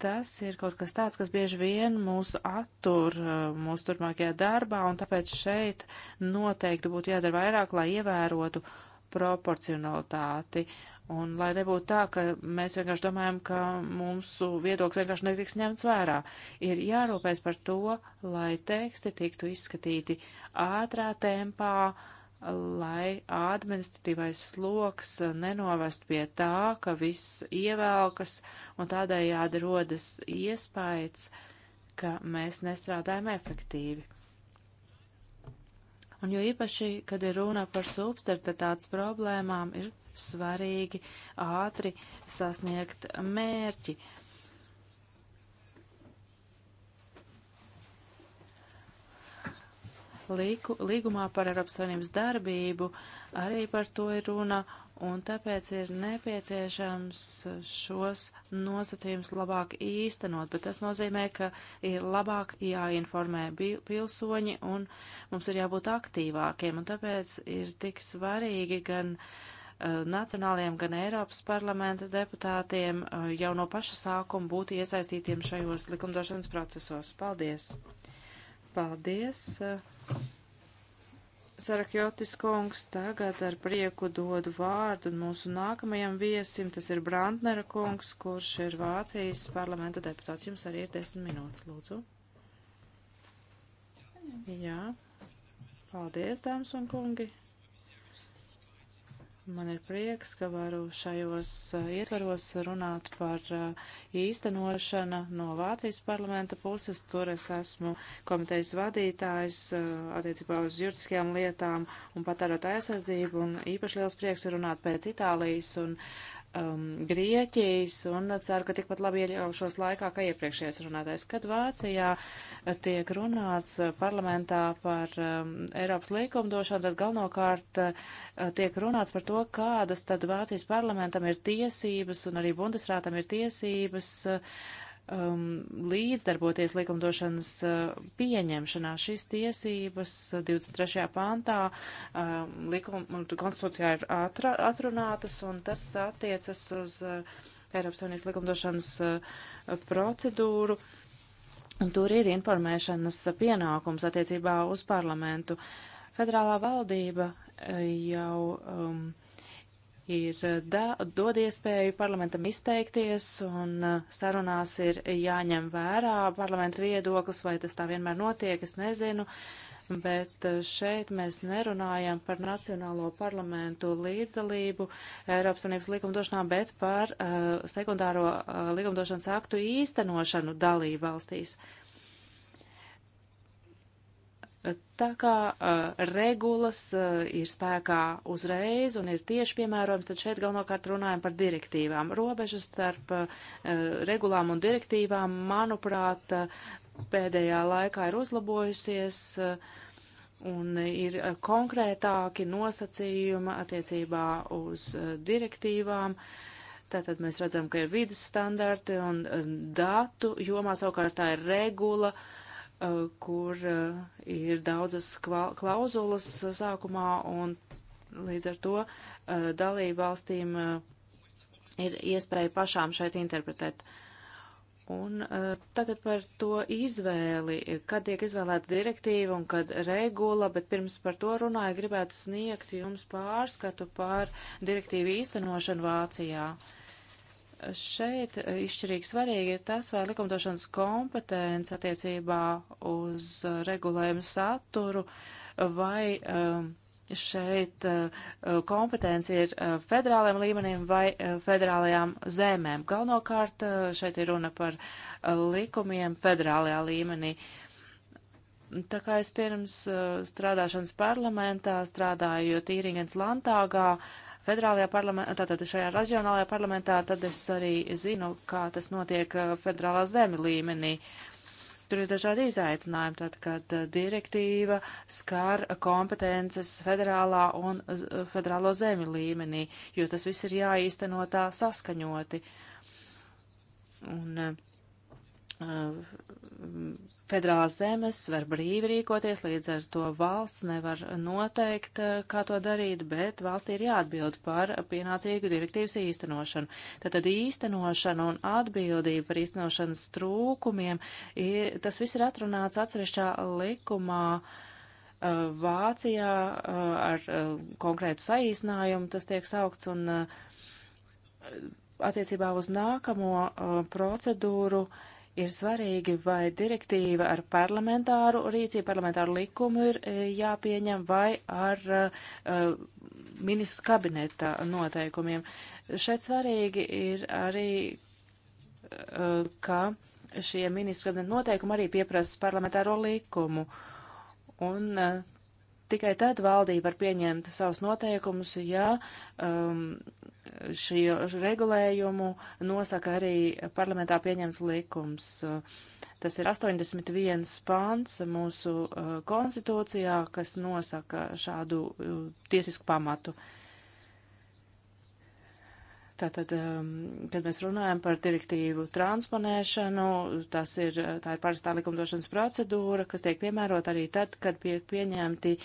tas ir kaut kas tāds, kas bieži vien mūs attur uh, mūsu turpmākajā darbā, un tāpēc šeit noteikti būtu jādara vairāk, lai ievērotu proporcionalitāti. Un lai nebūtu tā, ka mēs vienkārši domājam, ka mūsu viedoklis vienkārši netiks ņemts vērā, ir jārūpēs par to, lai teksti tiktu izskatīti ātrā tempā, uh, lai administratīvais sloks nenovest pie tā, ka viss ievelkas un tādējādi rodas iespējas, ka mēs nestrādājam efektīvi. Un jo īpaši, kad ir runa par substertatāts problēmām, ir svarīgi ātri sasniegt mērķi, Līku, līgumā par Eiropas Savienības darbību arī par to ir runa, un tāpēc ir nepieciešams šos nosacījumus labāk īstenot, bet tas nozīmē, ka ir labāk jāinformē pilsoņi, un mums ir jābūt aktīvākiem, un tāpēc ir tik svarīgi gan eh, nacionāliem, gan Eiropas parlamenta deputātiem eh, jau no paša sākuma būt iesaistītiem šajos likumdošanas procesos. Paldies! Paldies! Eh, Sarakjotis kungs, tagad ar prieku dodu vārdu mūsu nākamajam viesim, tas ir Brantnera kungs, kurš ir Vācijas parlamenta deputāts. Jums arī ir desmit minūtes, lūdzu. Jā. Paldies, dāmas un kungi. Man ir prieks, ka varu šajos eh, ietvaros runāt par eh, īstenošanu no Vācijas parlamenta puses. Tur es esmu komitejas vadītājs eh, attiecībā uz juridiskajām lietām un patērot aizsardzību. Un īpaši liels prieks runāt pēc Itālijas un uh, um, Grieķijas un ceru, ka tikpat labi iejaušos laikā, kā iepriekšējais runātais, kad Vācijā tiek runāts parlamentā par um, Eiropas likumdošanu, tad galvenokārt uh, tiek runāts par to, kādas tad Vācijas parlamentam ir tiesības un arī Bundesrātam ir tiesības uh, um, līdzdarboties likumdošanas uh, pieņemšanā. Šīs tiesības 23. pāntā um, likum, konstitūcijā ir atra, atrunātas, un tas attiecas uz uh, Eiropas Savienības likumdošanas uh, procedūru. Un tur ir informēšanas pienākums attiecībā uz parlamentu. Federālā valdība uh, jau. Um, ir eh, da, dod iespēju parlamentam izteikties, un eh, sarunās ir jāņem vērā parlamenta viedoklis, vai tas tā vienmēr notiek, es nezinu, bet eh, šeit mēs nerunājam par nacionālo parlamentu līdzdalību Eiropas Unības likumdošanā, bet par uh, sekundāro uh, likumdošanas aktu īstenošanu dalību valstīs. Uh, Tā kā uh, regulas uh, ir spēkā uzreiz un ir tieši piemērojams, tad šeit galvenokārt runājam par direktīvām. Robežas starp uh, regulām un direktīvām, manuprāt, uh, pēdējā laikā ir uzlabojusies. Uh, Un ir uh, konkrētāki nosacījumi attiecībā uz uh, direktīvām. Tātad mēs redzam, ka ir vidas standarti un datu jomā savukārt tā ir regula uh, Eh, kur eh, ir daudzas klauzulas sākumā, un līdz ar to eh, dalību valstīm ir iespēja pašām šeit interpretēt. Un tagad par to izvēli, kad tiek izvēlēta direktīva un kad regula, bet pirms par to runāju, gribētu sniegt jums pārskatu par direktīvu īstenošanu Vācijā. Uh, šeit izšķirīgi svarīgi ir tas, vai likumdošanas kompetence attiecībā uz regulējumu saturu vai um, šeit uh, kompetence ir uh, federāliem līmenim vai uh, federālajām zemēm. Galvenokārt šeit ir runa par likumiem federālajā līmenī. Tā kā es pirms strādāšanas parlamentā strādāju Tīringens Lantāgā, uh, federālajā parlamentā, tātad šajā reģionālajā parlamentā, tad es arī zinu, kā tas notiek uh, federālā zemi līmenī. Tur ir dažādi izaicinājumi, tad, kad uh, direktīva skar kompetences federālā un uh, federālo zemi līmenī, jo tas viss ir jāīsteno tā saskaņoti. Un, uh, federālās zemes var brīvi rīkoties, līdz ar to valsts nevar noteikt, kā to darīt, bet valstī ir jāatbild par pienācīgu direktīvas īstenošanu. Tātad īstenošana un atbildība par īstenošanas trūkumiem, ir, tas viss ir atrunāts atsevišķā likumā. Uh, Vācijā uh, ar uh, konkrētu saīsinājumu tas tiek saukts un attiecībā uz nākamo procedūru uh, ir svarīgi, vai direktīva ar parlamentāru rīcību, parlamentāru likumu ir e, jāpieņem, vai ar uh, ministru kabineta noteikumiem. Šeit svarīgi ir arī, uh, ka šie ministru kabineta noteikumi arī pieprasa parlamentāro likumu. Un uh, tikai tad valdība var pieņemt savus noteikumus, ja um, šī regulējumu nosaka arī parlamentā pieņemts likums. Tas ir 81 pāns mūsu uh, konstitūcijā, kas nosaka šādu uh, tiesisku pamatu. Tātad, um, kad mēs runājam par direktīvu transponēšanu, tas ir, uh, tā ir parastā likumdošanas procedūra, kas tiek piemērot arī tad, kad tiek pieņemti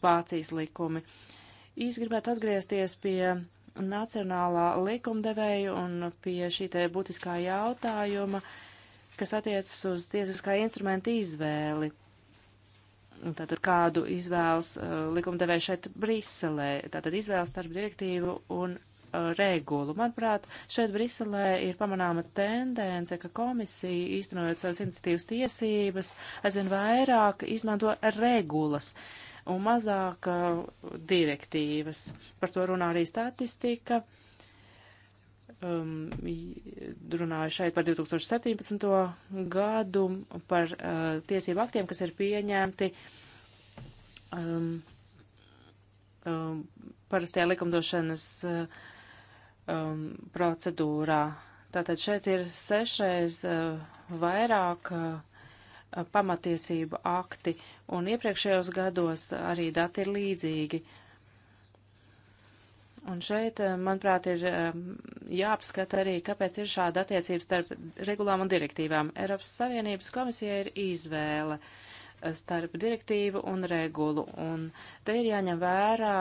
Vācijas likumi. Īsti gribētu atgriezties pie nacionālā likumdevēja un pie šī te būtiskā jautājuma, kas attiecas uz tiesiskā instrumenta izvēli. Tātad kādu izvēles uh, likumdevēja šeit Briselē, tātad izvēles starp direktīvu un uh, regulu. Manuprāt, šeit Briselē ir pamanāma tendence, ka komisija, īstenojot savas iniciatīvas tiesības, aizvien vairāk izmanto regulas. Uh, un mazāk direktīvas. Par to runā arī statistika. Um, runāju šeit par 2017. gadu, par uh, tiesību aktiem, kas ir pieņemti um, um, parastajā likumdošanas uh, um, procedūrā. Tātad šeit ir sešreiz uh, vairāk uh, pamatiesību akti, un iepriekšējos gados arī dati ir līdzīgi. Un šeit, manuprāt, ir jāapskata arī, kāpēc ir šāda attiecības starp regulām un direktīvām. Eiropas Savienības komisija ir izvēle starp direktīvu un regulu, un te ir jāņem vērā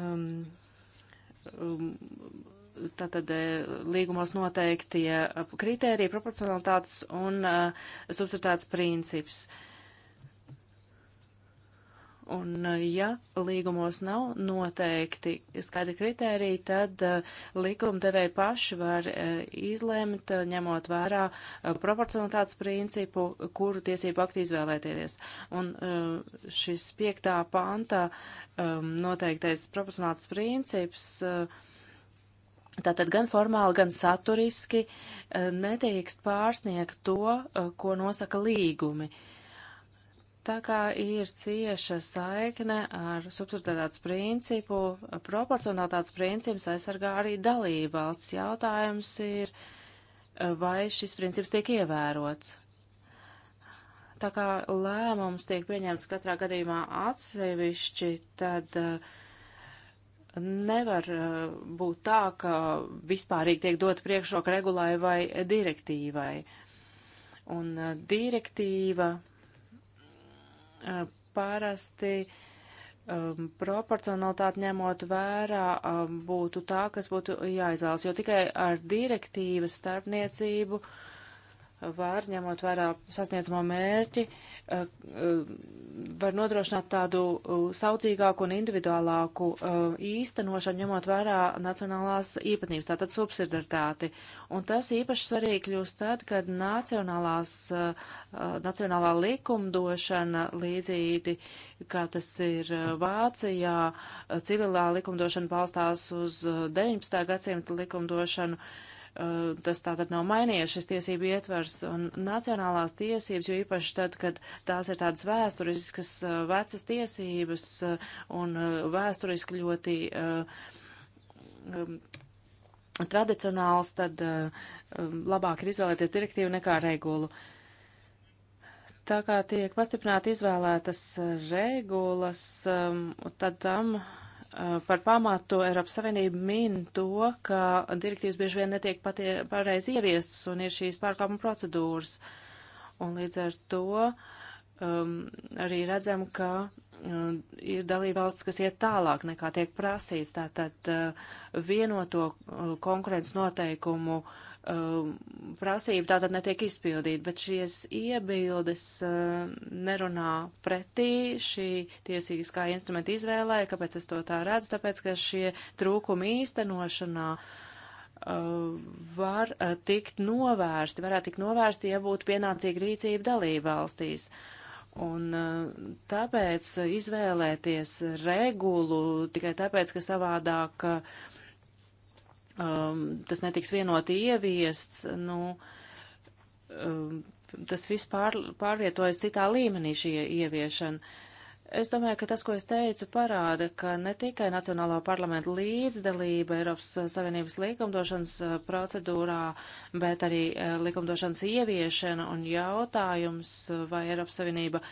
um, um, tātad e, līgumos noteiktie e, kritērija, proporcionalitātes un uh, e, subsidētātes princips. Un ja līgumos nav noteikti skaidri kritēriji, tad uh, likumdevēji paši var uh, izlemt, uh, ņemot vērā proporcionalitātes principu, kuru tiesību aktu izvēlēties. Un šis piektā panta um, noteiktais proporcionalitātes princips uh, Tātad gan formāli, gan saturiski eh, neteikst pārsniegt to, eh, ko nosaka līgumi. Tā kā ir cieša saikne ar subsidiaritātes principu, proporcionalitātes princips aizsargā arī dalību valsts. Jautājums ir, eh, vai šis princips tiek ievērots. Tā kā lēmums tiek pieņemts katrā gadījumā atsevišķi, tad uh, Nevar eh, būt tā, ka vispārīgi tiek dot priekšroka regulai vai direktīvai. Un eh, direktīva eh, parasti um, proporcionalitāti ņemot vērā um, būtu tā, kas būtu jāizvēlas, jo tikai ar direktīvas starpniecību uh, var, ņemot vērā sasniedzamo mērķi, e, e, var nodrošināt tādu saudzīgāku un individuālāku e, īstenošanu, ņemot vērā nacionālās īpatnības, tātad subsidaritāti. Un tas īpaši svarīgi kļūst tad, kad nacionālās, nacionālā likumdošana līdzīgi, kā tas ir Vācijā, civilā likumdošana balstās uz 19. gadsimta likumdošanu, Eh, tas tātad nav mainījies šis tiesību ietvers un nacionālās tiesības, jo īpaši tad, kad tās ir tādas vēsturiskas eh, vecas tiesības eh, un vēsturiski ļoti um, tradicionāls, tad um, labāk ir izvēlēties direktīvu nekā regulu tā kā tiek pastiprināti izvēlētas regulas, tad tam par pamatu Eiropas Savienība min to, ka direktīvas bieži vien netiek patie, pareizi ieviestas un ir šīs pārkāpuma procedūras. Un līdz ar to um, arī redzam, ka um, ir dalībvalsts, kas iet tālāk nekā tiek prasīts. Tātad uh, vienoto uh, konkurences noteikumu uh, Um, prasība tātad netiek izpildīta, bet šīs iebildes uh, nerunā pretī šī tiesīgiskā instrumenta izvēlē, kāpēc es to tā redzu, tāpēc, ka šie trūkumi īstenošanā uh, var uh, tikt novērsti, varētu tikt novērsti, ja būtu pienācīga rīcība dalība valstīs. Un tāpēc izvēlēties regulu tikai tāpēc, ka savādāk uh, um, tas netiks vienoti ieviests, nu, um, tas viss pār, pārvietojas citā līmenī šī ieviešana. Es domāju, ka tas, ko es teicu, parāda, ka ne tikai Nacionālā parlamenta līdzdalība Eiropas Savienības likumdošanas eh, procedūrā, bet arī eh, likumdošanas ieviešana un jautājums, eh, vai Eiropas Savienība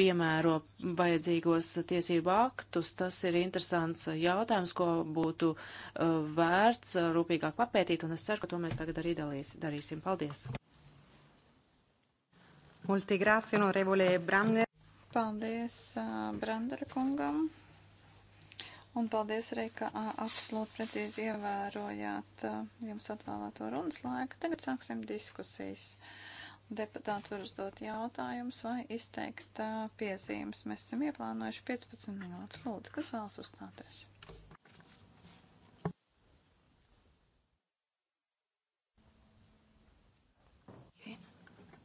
piemēro vajadzīgos tiesību aktus, tas ir interesants jautājums, ko būtu vērts rūpīgāk papētīt, un es ceru, ka to mēs tagad arī dalīs, darīsim. Paldies! Multi grazie, onorevole Brandner. Paldies Brandeļa kungam. Un paldies arī, ka absolūti precīzi ievērojāt a, jums atvēlēto runas laiku. Tagad sāksim diskusijas. Deputāti var uzdot jautājumus vai izteikt a, piezīmes. Mēs esam ieplānojuši 15 minūtes. Lūdzu, kas vēlas uzstāties?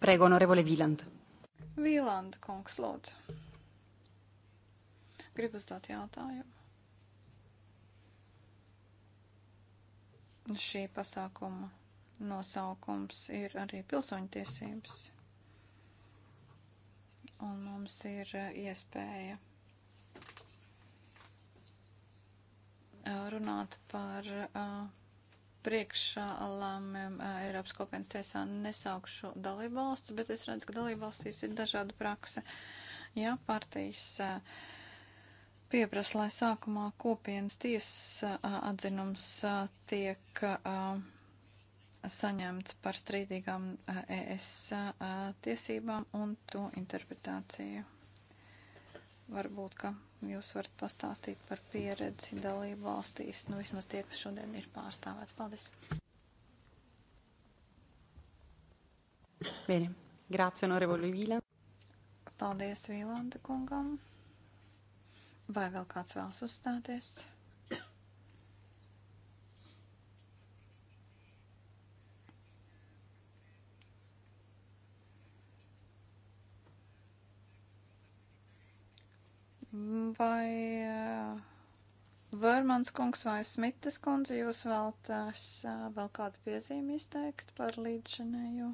Prego, onorevole Viland. Vīlanda kungs, lūdzu. Gribu uzdot jautājumu. Šī pasākuma nosaukums ir arī pilsoņtiesības. Un mums ir iespēja runāt par uh, priekšā lēmumiem Eiropas kopienas tiesā nesaukšu dalībvalsts, bet es redzu, ka dalībvalstīs ir dažāda prakse. Jā, partijas pieprasa, lai sākumā kopienas tiesas atzinums tiek saņemts par strīdīgām ES tiesībām un to interpretāciju varbūt, ka jūs varat pastāstīt par pieredzi dalību valstīs, nu vismaz tie, kas šodien ir pārstāvēts. Paldies! Bene, grazie onorevole Vīla. Paldies Vīlanda kungam. Vai vēl kāds vēlas uzstāties? Vai eh, Vērmans kungs vai Smitas kundze jūs vēltās eh, vēl kādu piezīmi izteikt par līdzšanējo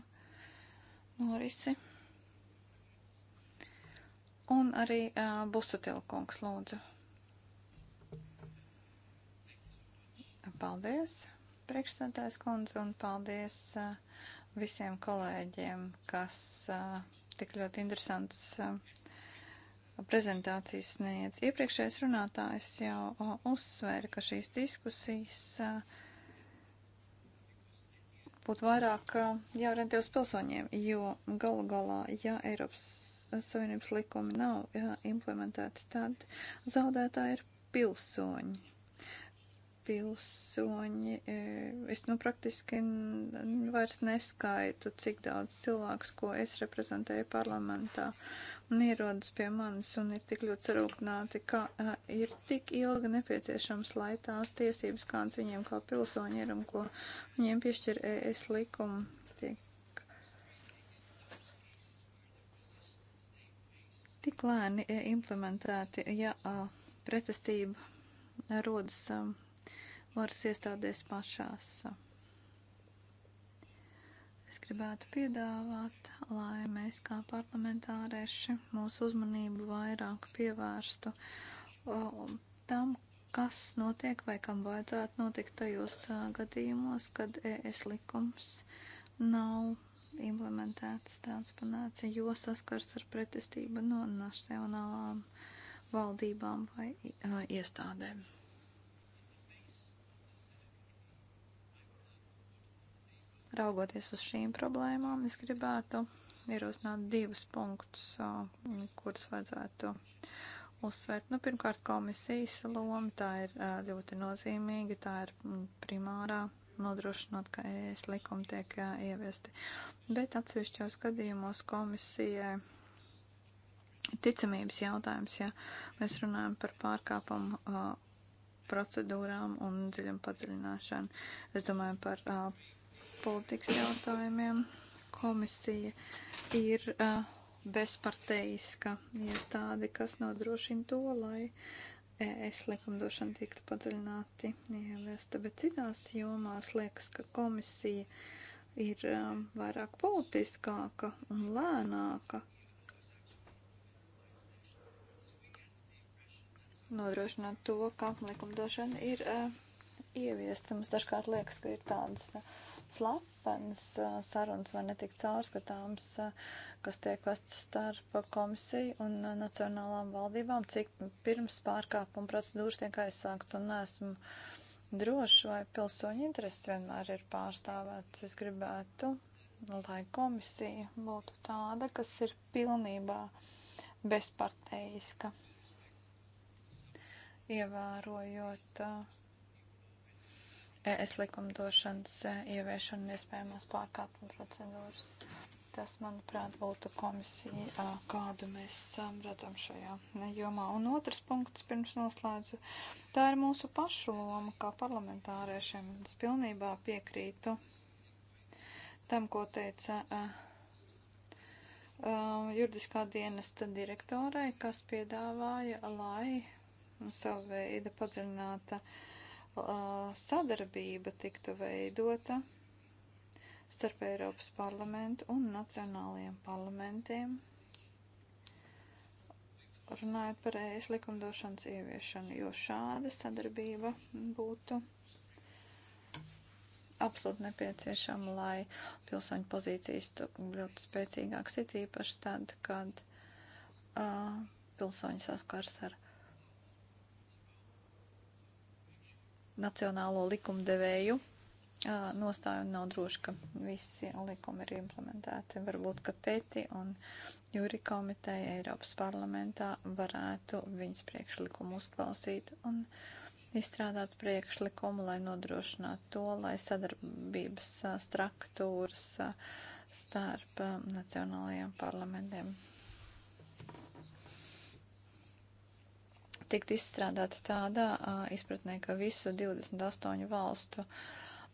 norisi? Un arī eh, Busutila kungs lūdzu. Paldies, priekšstādājs kundze, un paldies visiem kolēģiem, kas tik ļoti interesants prezentācijas sniedz. Iepriekšējais runātājs jau uzsvēra, ka šīs diskusijas būtu vairāk jārentē uz pilsoņiem, jo galu galā, ja Eiropas Savienības likumi nav jā, implementēti, tad zaudētāji ir pilsoņi pilsoņi. E, es nu praktiski vairs neskaitu, cik daudz cilvēks, ko es reprezentēju parlamentā, un ierodas pie manis un ir tik ļoti sarūknāti, ka uh, ir tik ilgi nepieciešams, lai tās tiesības, kāds viņiem kā pilsoņi ir un ko viņiem piešķir ES likumu, tiek tik lēni e, implementēti, ja uh, pretestība rodas. Um, varas iestādēs pašās. Es gribētu piedāvāt, lai mēs kā parlamentārieši mūsu uzmanību vairāk pievērstu tam, kas notiek vai kam vajadzētu notikt tajos gadījumos, kad ES likums nav implementētas, transponēts, jo saskars ar pretestību no nacionālām valdībām vai a, iestādēm. Raugoties uz šīm problēmām, es gribētu ierosināt divus punktus, kurus vajadzētu uzsvērt. Nu, pirmkārt, komisijas loma, tā ir ļoti nozīmīga, tā ir primārā nodrošinot, ka ES likumi tiek ieviesti. Bet atsevišķos gadījumos komisijai ticamības jautājums, ja mēs runājam par pārkāpumu uh, procedūrām un dziļumu padziļināšanu. Es domāju par uh, politikas jautājumiem. Komisija ir uh, bezparteiska iestāde, kas nodrošina to, lai ES likumdošana tiktu padziļināti ieviesta, bet citās jomās liekas, ka komisija ir um, vairāk politiskāka un lēnāka. Nodrošināt to, ka likumdošana ir uh, ieviesta. Mums dažkārt liekas, ka ir tādas uh, slepenas sarunas var netikt caurskatāms, kas tiek vestas starp komisiju un nacionālām valdībām, cik pirms pārkāpuma procedūras tiek aizsākts un esmu droši, vai pilsoņu intereses vienmēr ir pārstāvēts. Es gribētu, lai komisija būtu tāda, kas ir pilnībā bezparteiska, ievērojot uh, ES likumdošanas e, ieviešanu un iespējamos pārkāpuma procedūras. Tas, manuprāt, būtu komisija, kādu mēs redzam šajā jomā. Un otrs punkts, pirms noslēdzu, tā ir mūsu pašu loma kā parlamentāriešiem. Es pilnībā piekrītu tam, ko teica juridiskā dienesta direktorai, kas piedāvāja, lai savu veidu padziļināta uh, sadarbība tiktu veidota starp Eiropas parlamentu un nacionālajiem parlamentiem, runājot par ēs e likumdošanas ieviešanu, jo šāda sadarbība būtu absolūti nepieciešama, lai pilsoņu pozīcijas ļoti spēcīgākas ir īpaši tad, kad uh, pilsoņi saskars ar nacionālo likumdevēju nostāju un nav droši, ka visi likumi ir implementēti. Varbūt, ka pēti un jūri komiteja Eiropas parlamentā varētu viņas priekšlikumu uzklausīt un izstrādāt priekšlikumu, lai nodrošinātu to, lai sadarbības struktūras starp nacionālajiem parlamentiem tiktu izstrādāta tādā a, izpratnē, ka visu 28 valstu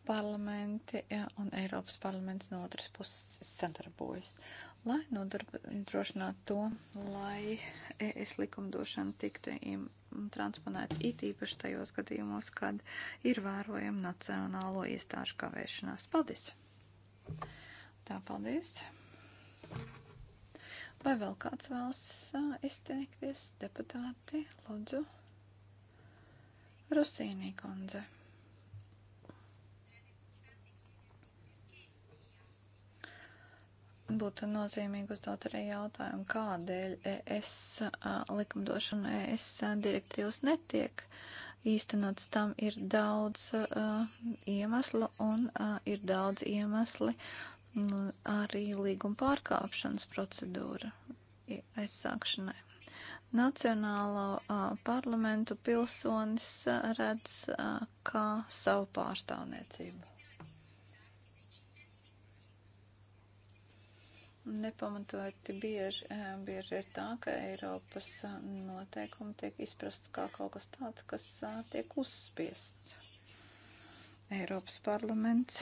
parlamenti jā, un Eiropas parlaments no otras puses sadarbojas, lai nodrošinātu to, lai ES likumdošana tiktu transponēta it īpaši tajos gadījumos, kad ir vērojama nacionālo iestāžu kavēšanās. Paldies! Tā, paldies! Thank you. Vai vēl kāds vēlas izteikties? Deputāti, lūdzu. Rusīnī kundze. Būtu nozīmīgi uzdot arī jautājumu, kādēļ ES likumdošana, ES direktīvas netiek īstenots. Tam ir daudz uh, iemeslu un uh, ir daudz iemesli. Uh, Nu, arī līguma pārkāpšanas procedūra aizsākšanai. Nacionālo a, parlamentu pilsonis redz a, kā savu pārstāvniecību. Nepamatoti bieži, bieži ir tā, ka Eiropas noteikumi tiek izprasts kā kaut kas tāds, kas tiek uzspiests. Eiropas parlaments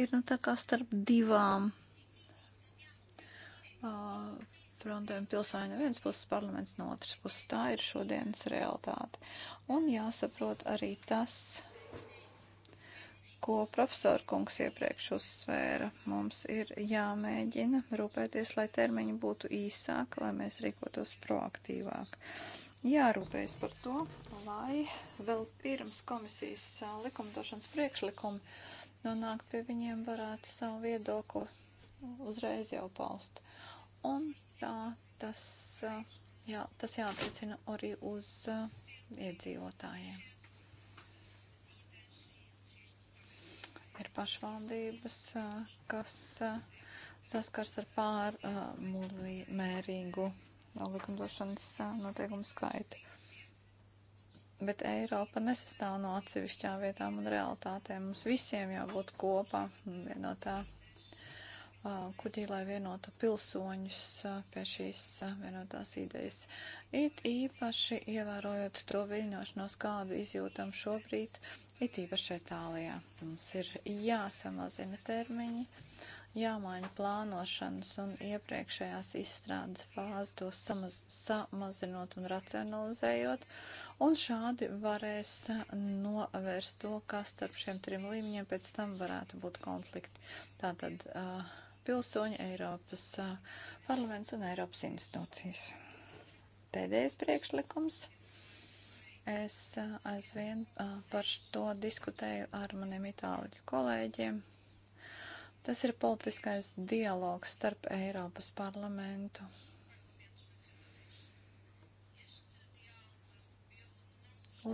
ir nu tā kā starp divām uh, frontēm pilsēņa no vienas puses parlaments no otras puses. Tā ir šodienas realitāte. Un jāsaprot arī tas, ko profesora kungs iepriekš uzsvēra. Mums ir jāmēģina rūpēties, lai termiņi būtu īsāki, lai mēs rīkotos proaktīvāk. Jārūpējas par to, lai vēl pirms komisijas likumdošanas priekšlikumi nonākt nu, pie viņiem, varētu savu viedokli uzreiz jau paust. Un tā tas, jā, tas jātiecina arī uz iedzīvotājiem. Ir pašvaldības, kas saskars ar pārmērīgu likumdošanas noteikumu skaitu. Bet Eiropa nesastāv no atsevišķām vietām un realitātēm. Mums visiem jābūt kopā, vienotā kuģī, lai vienotu pilsoņus pie šīs vienotās idejas. It īpaši ievērojot to viļņošanos, kādu izjūtam šobrīd, it īpaši Itālijā. Mums ir jāsamazina termiņi jāmaina plānošanas un iepriekšējās izstrādes fāzi, to samaz, samazinot un racionalizējot. Un šādi varēs novērst to, kas starp šiem trim līmeņiem pēc tam varētu būt konflikti. Tātad uh, pilsoņi, Eiropas uh, parlaments un Eiropas institūcijas. Pēdējais priekšlikums. Es uh, aizvien uh, par to diskutēju ar maniem itāļu kolēģiem. Tas ir politiskais dialogs starp Eiropas parlamentu.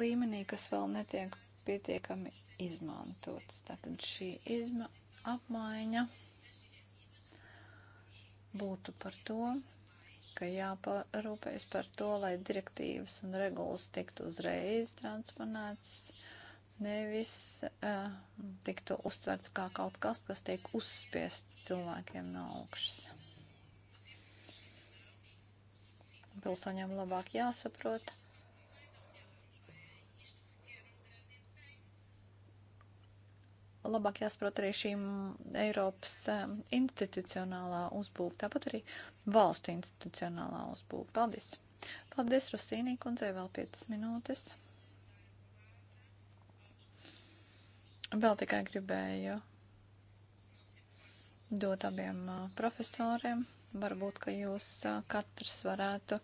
Līmenī, kas vēl netiek pietiekami izmantots. Tātad šī izma apmaiņa būtu par to, ka jāparūpējas par to, lai direktīvas un regulas tiktu uzreiz transponētas nevis uh, tiktu uztverts kā kaut kas, kas tiek uzspiests cilvēkiem no augšas. Pilsoņiem labāk jāsaprot. Labāk jāsaprot arī šīm Eiropas uh, institucionālā uzbūve, tāpat arī valstu institucionālā uzbūve. Paldies! Paldies, Rosīnī kundzei, vēl 5 minūtes. Vēl tikai gribēju dot abiem profesoriem. Varbūt, ka jūs katrs varētu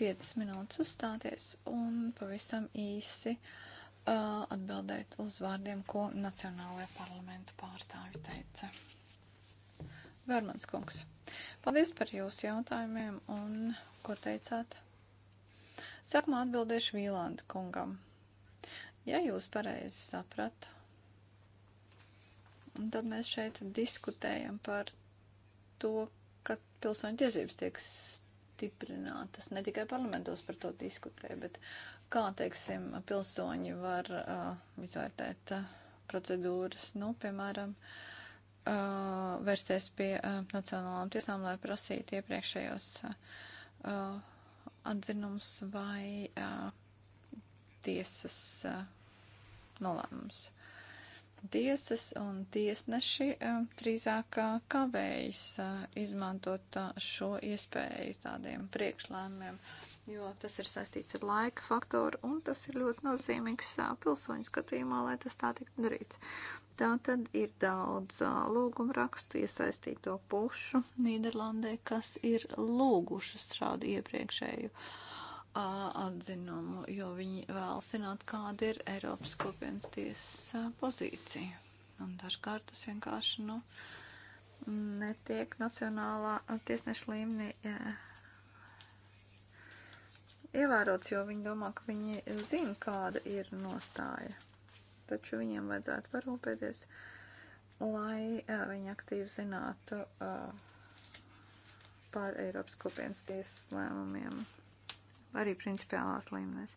5 minūtes uzstāties un pavisam īsi atbildēt uz vārdiem, ko Nacionālajā parlamentu pārstāvi teica. Vērmans kungs, paldies par jūsu jautājumiem un ko teicāt? Sākumā atbildēšu Vīlanda kungam. Ja jūs pareizi sapratu, Un tad mēs šeit diskutējam par to, ka pilsoņu tiesības tiek stiprinātas. Ne tikai parlamentos par to diskutē, bet kā, teiksim, pilsoņi var uh, izvērtēt uh, procedūras, nu, piemēram, uh, vērsties pie uh, nacionālām tiesām, lai prasītu iepriekšējos uh, atzinums vai uh, tiesas uh, nolēmums. Uh, Tiesas un tiesneši e, drīzāk e, kavējas e, izmantot šo iespēju tādiem priekšlēmumiem, jo tas ir saistīts ar laika faktoru un tas ir ļoti nozīmīgs pilsoņu skatījumā, lai tas tā tiktu darīts. Tā tad ir daudz lūgumu rakstu iesaistīto pušu Nīderlandē, kas ir lūgušas šādu iepriekšēju uh, atzinumu, jo viņi vēl zināt, kāda ir Eiropas kopienas tiesas pozīcija. Un dažkārt tas vienkārši, nu, netiek nacionālā tiesneša līmenī jā, ievērots, jo viņi domā, ka viņi zina, kāda ir nostāja. Taču viņiem vajadzētu parūpēties, lai jā, viņi aktīvi zinātu. Uh, par Eiropas kopienas tiesas lēmumiem arī principiālās līmenēs.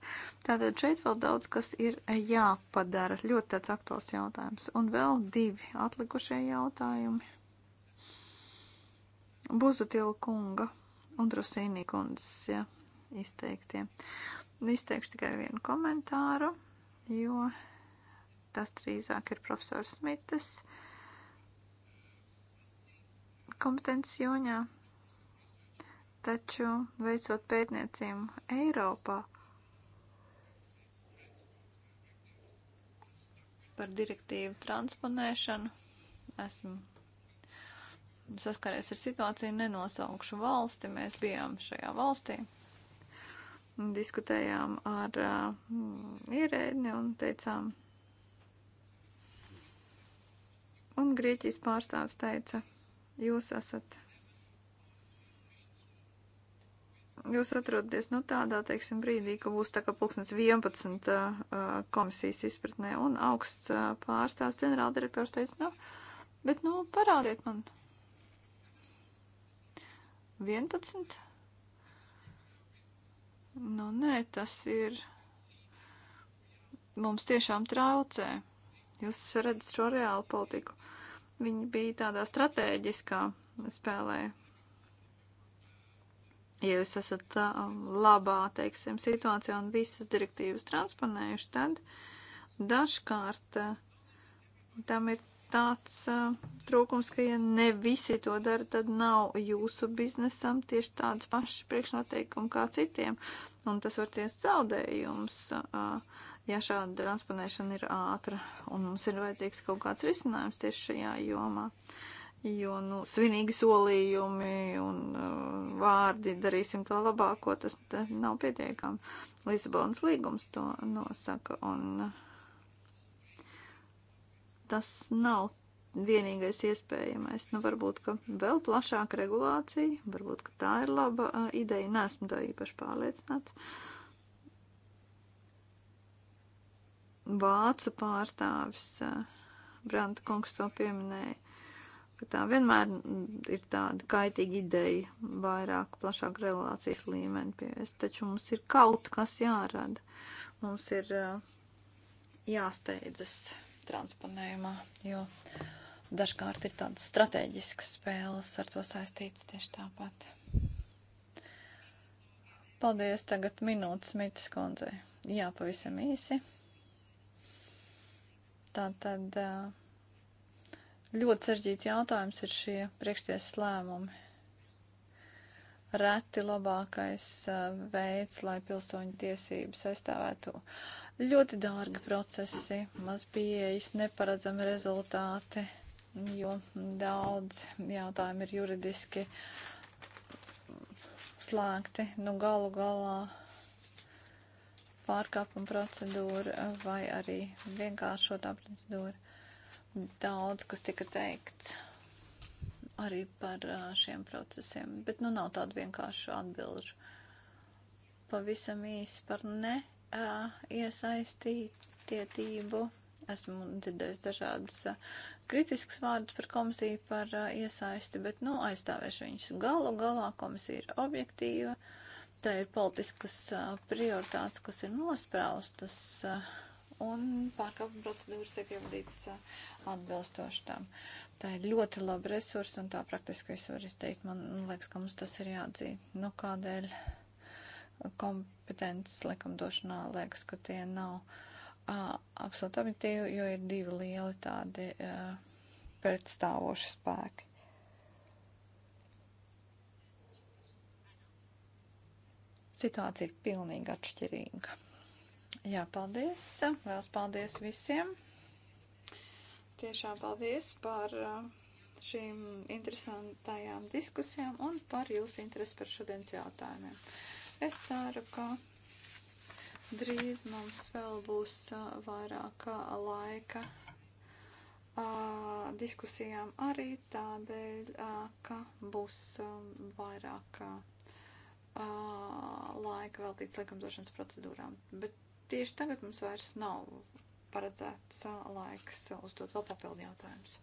Tātad šeit vēl daudz, kas ir jāpadara. Ļoti tāds aktuāls jautājums. Un vēl divi atlikušie jautājumi. Buzutila kunga un Drusīnī kundas ja, izteiktie. Izteikšu tikai vienu komentāru, jo tas drīzāk ir profesors Smitas kompetences joņā. Taču, veicot pētniecību Eiropā par direktīvu transponēšanu, esmu saskaries ar situāciju, nenosaukšu valsti, mēs bijām šajā valstī, diskutējām ar uh, ierēdni un teicām, un Grieķijas pārstāvs teica, jūs esat jūs atrodaties, nu, tādā, teiksim, brīdī, ka būs tā kā pulksnes 11 uh, komisijas izpratnē un augsts uh, pārstāvs ģenerāldirektors teica, nu, bet, nu, parādiet man. 11? Nu, nē, tas ir. Mums tiešām traucē. Jūs redzat šo reālu politiku. Viņi bija tādā stratēģiskā spēlē Ja jūs esat labā, teiksim, situācijā un visas direktīvas transponējuši, tad dažkārt tam ir tāds uh, trūkums, ka ja ne visi to dara, tad nav jūsu biznesam tieši tāds pašs priekšnoteikumi kā citiem. Un tas var ciest zaudējums, uh, ja šāda transponēšana ir ātra. Un mums ir vajadzīgs kaut kāds risinājums tieši šajā jomā jo nu, svinīgi solījumi un uh, vārdi darīsim to labāko, tas nav pietiekami. Lisabonas līgums to nosaka, un uh, tas nav vienīgais iespējamais. Nu, varbūt, ka vēl plašāka regulācija, varbūt, ka tā ir laba uh, ideja, nesmu tā īpaši pārliecināts. Vācu pārstāvis uh, Branta kungs to pieminēja ka tā vienmēr ir tāda kaitīga ideja vairāk, plašāk relācijas līmeni pievies. Taču mums ir kaut kas jārada. Mums ir jāsteidzas transponējumā, jo dažkārt ir tādas strateģiskas spēles ar to saistīts tieši tāpat. Paldies, tagad minūtes Mitas kundzei. Jā, pavisam īsi. Tātad. Uh, Ļoti saržģīts jautājums ir šie priekštiesas lēmumi. Reti labākais uh, veids, lai pilsoņu tiesības aizstāvētu. Ļoti dārgi procesi, maz pieejas, neparedzami rezultāti, jo daudz jautājumu ir juridiski slēgti. Nu, galu galā pārkāpuma procedūra vai arī vienkāršotā procedūra Daudz, kas tika teikts arī par šiem procesiem, bet nu nav tādu vienkāršu atbilžu. Pavisam īsi par ne iesaistītību. Esmu dzirdējis dažādas kritiskas vārdas par komisiju, par iesaisti, bet, nu, aizstāvēšu viņus. Galu galā komisija ir objektīva, tā ir politiskas prioritātes, kas ir nospraustas. Uh, un pārkāpuma procedūras tiek ievadītas atbilstoši tam. Tā ir ļoti laba resursa un tā praktiski visu var izteikt. Man liekas, ka mums tas ir jāatzīt. Nu, kādēļ kompetences likumdošanā liekas, ka tie nav a, absolūti objektīvi, jo ir divi lieli tādi a, pretstāvoši spēki. Situācija ir pilnīgi atšķirīga. Jā, paldies. Vēlas paldies visiem. Tiešām paldies par uh, šīm interesantajām diskusijām un par jūsu interesi par šodienas jautājumiem. Es ceru, ka drīz mums vēl būs uh, vairāk uh, laika diskusijām arī tādēļ, ka būs um, vairāk laika veltīts likumdošanas procedūrām. Bet Tieši tagad mums vairs nav paredzēts laiks uzdot vēl papildu jautājumus.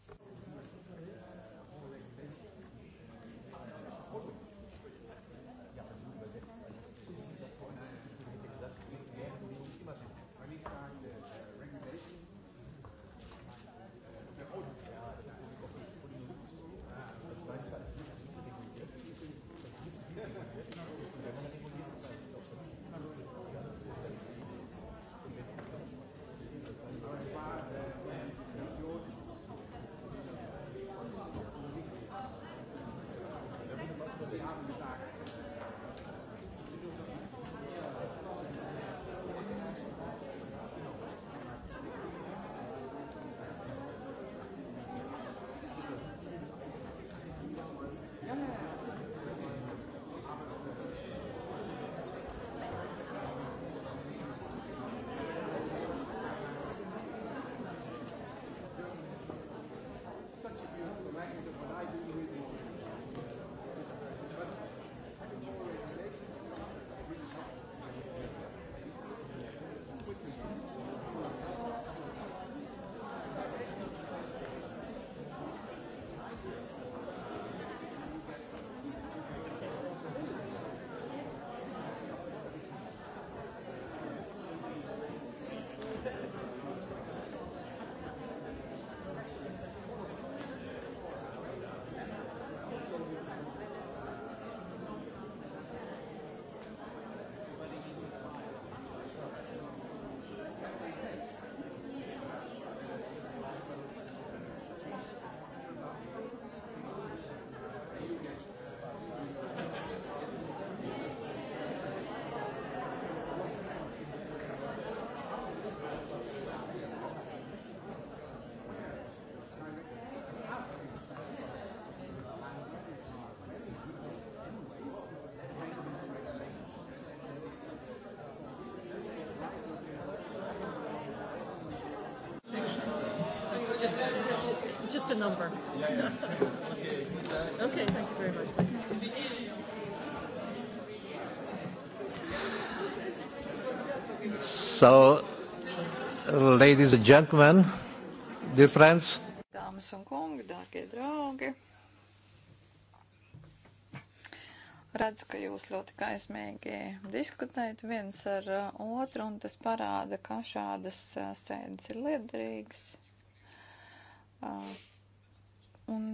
a number. Yeah, yeah. okay. okay, thank you very much. Thanks. So, ladies and gentlemen, dear friends. Dāmas un kungi, dārgie draugi. redzu, ka jūs ļoti kaismīgi diskutējat viens ar uh, otru, un tas parāda, ka šādas uh, sēdes ir liederīgas. Uh, Un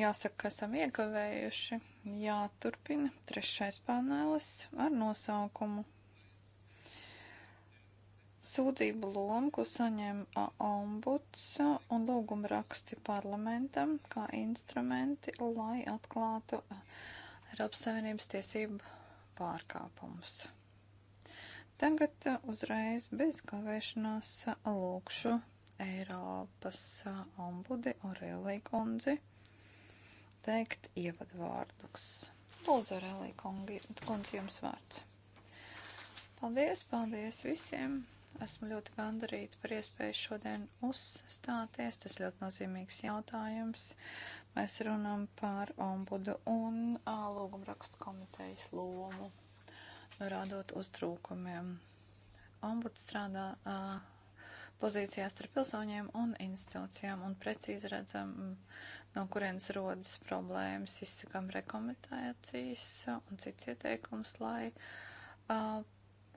jāsaka, esam iekavējuši. Jāturpina trešais panelis ar nosaukumu. Sūdzību lomu, ko saņem ombuds un lūguma raksti parlamentam kā instrumenti, lai atklātu Eiropas Savienības tiesību pārkāpumus. Tagad uzreiz bez kavēšanās lūkšu Eiropas ombudi Orēlai kundzi teikt ievadvārdus. Lūdzu, Orēlai kundzi, jums vārds. Paldies, paldies visiem! Esmu ļoti gandarīta par iespēju šodien uzstāties. Tas ļoti nozīmīgs jautājums. Mēs runam par ombudu un lūgumu rakstu komitejas lomu, norādot uz trūkumiem. Ombuds strādā. A, pozīcijās starp pilsoņiem un institūcijām un precīzi redzam, mm, no kurienes rodas problēmas, izsakam rekomendācijas un cits ieteikums, lai uh,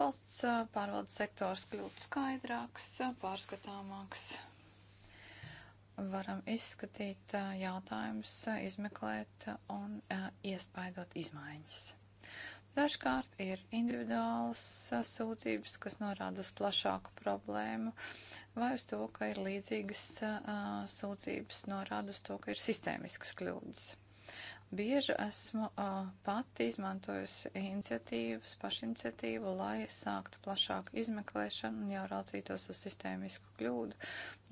valsts pārvaldes sektors kļūtu skaidrāks, pārskatāmāks. Varam izskatīt jautājumus, izmeklēt un iespaidot izmaiņas. Dažkārt ir individuāls sūdzības, kas norāda uz plašāku problēmu, vai uz to, ka ir līdzīgas a, sūdzības, norāda uz to, ka ir sistēmiskas kļūdas. Bieži esmu uh, pati izmantojusi iniciatīvas, pašiniciatīvu, lai sāktu plašāku izmeklēšanu un jau raucītos uz sistēmisku kļūdu,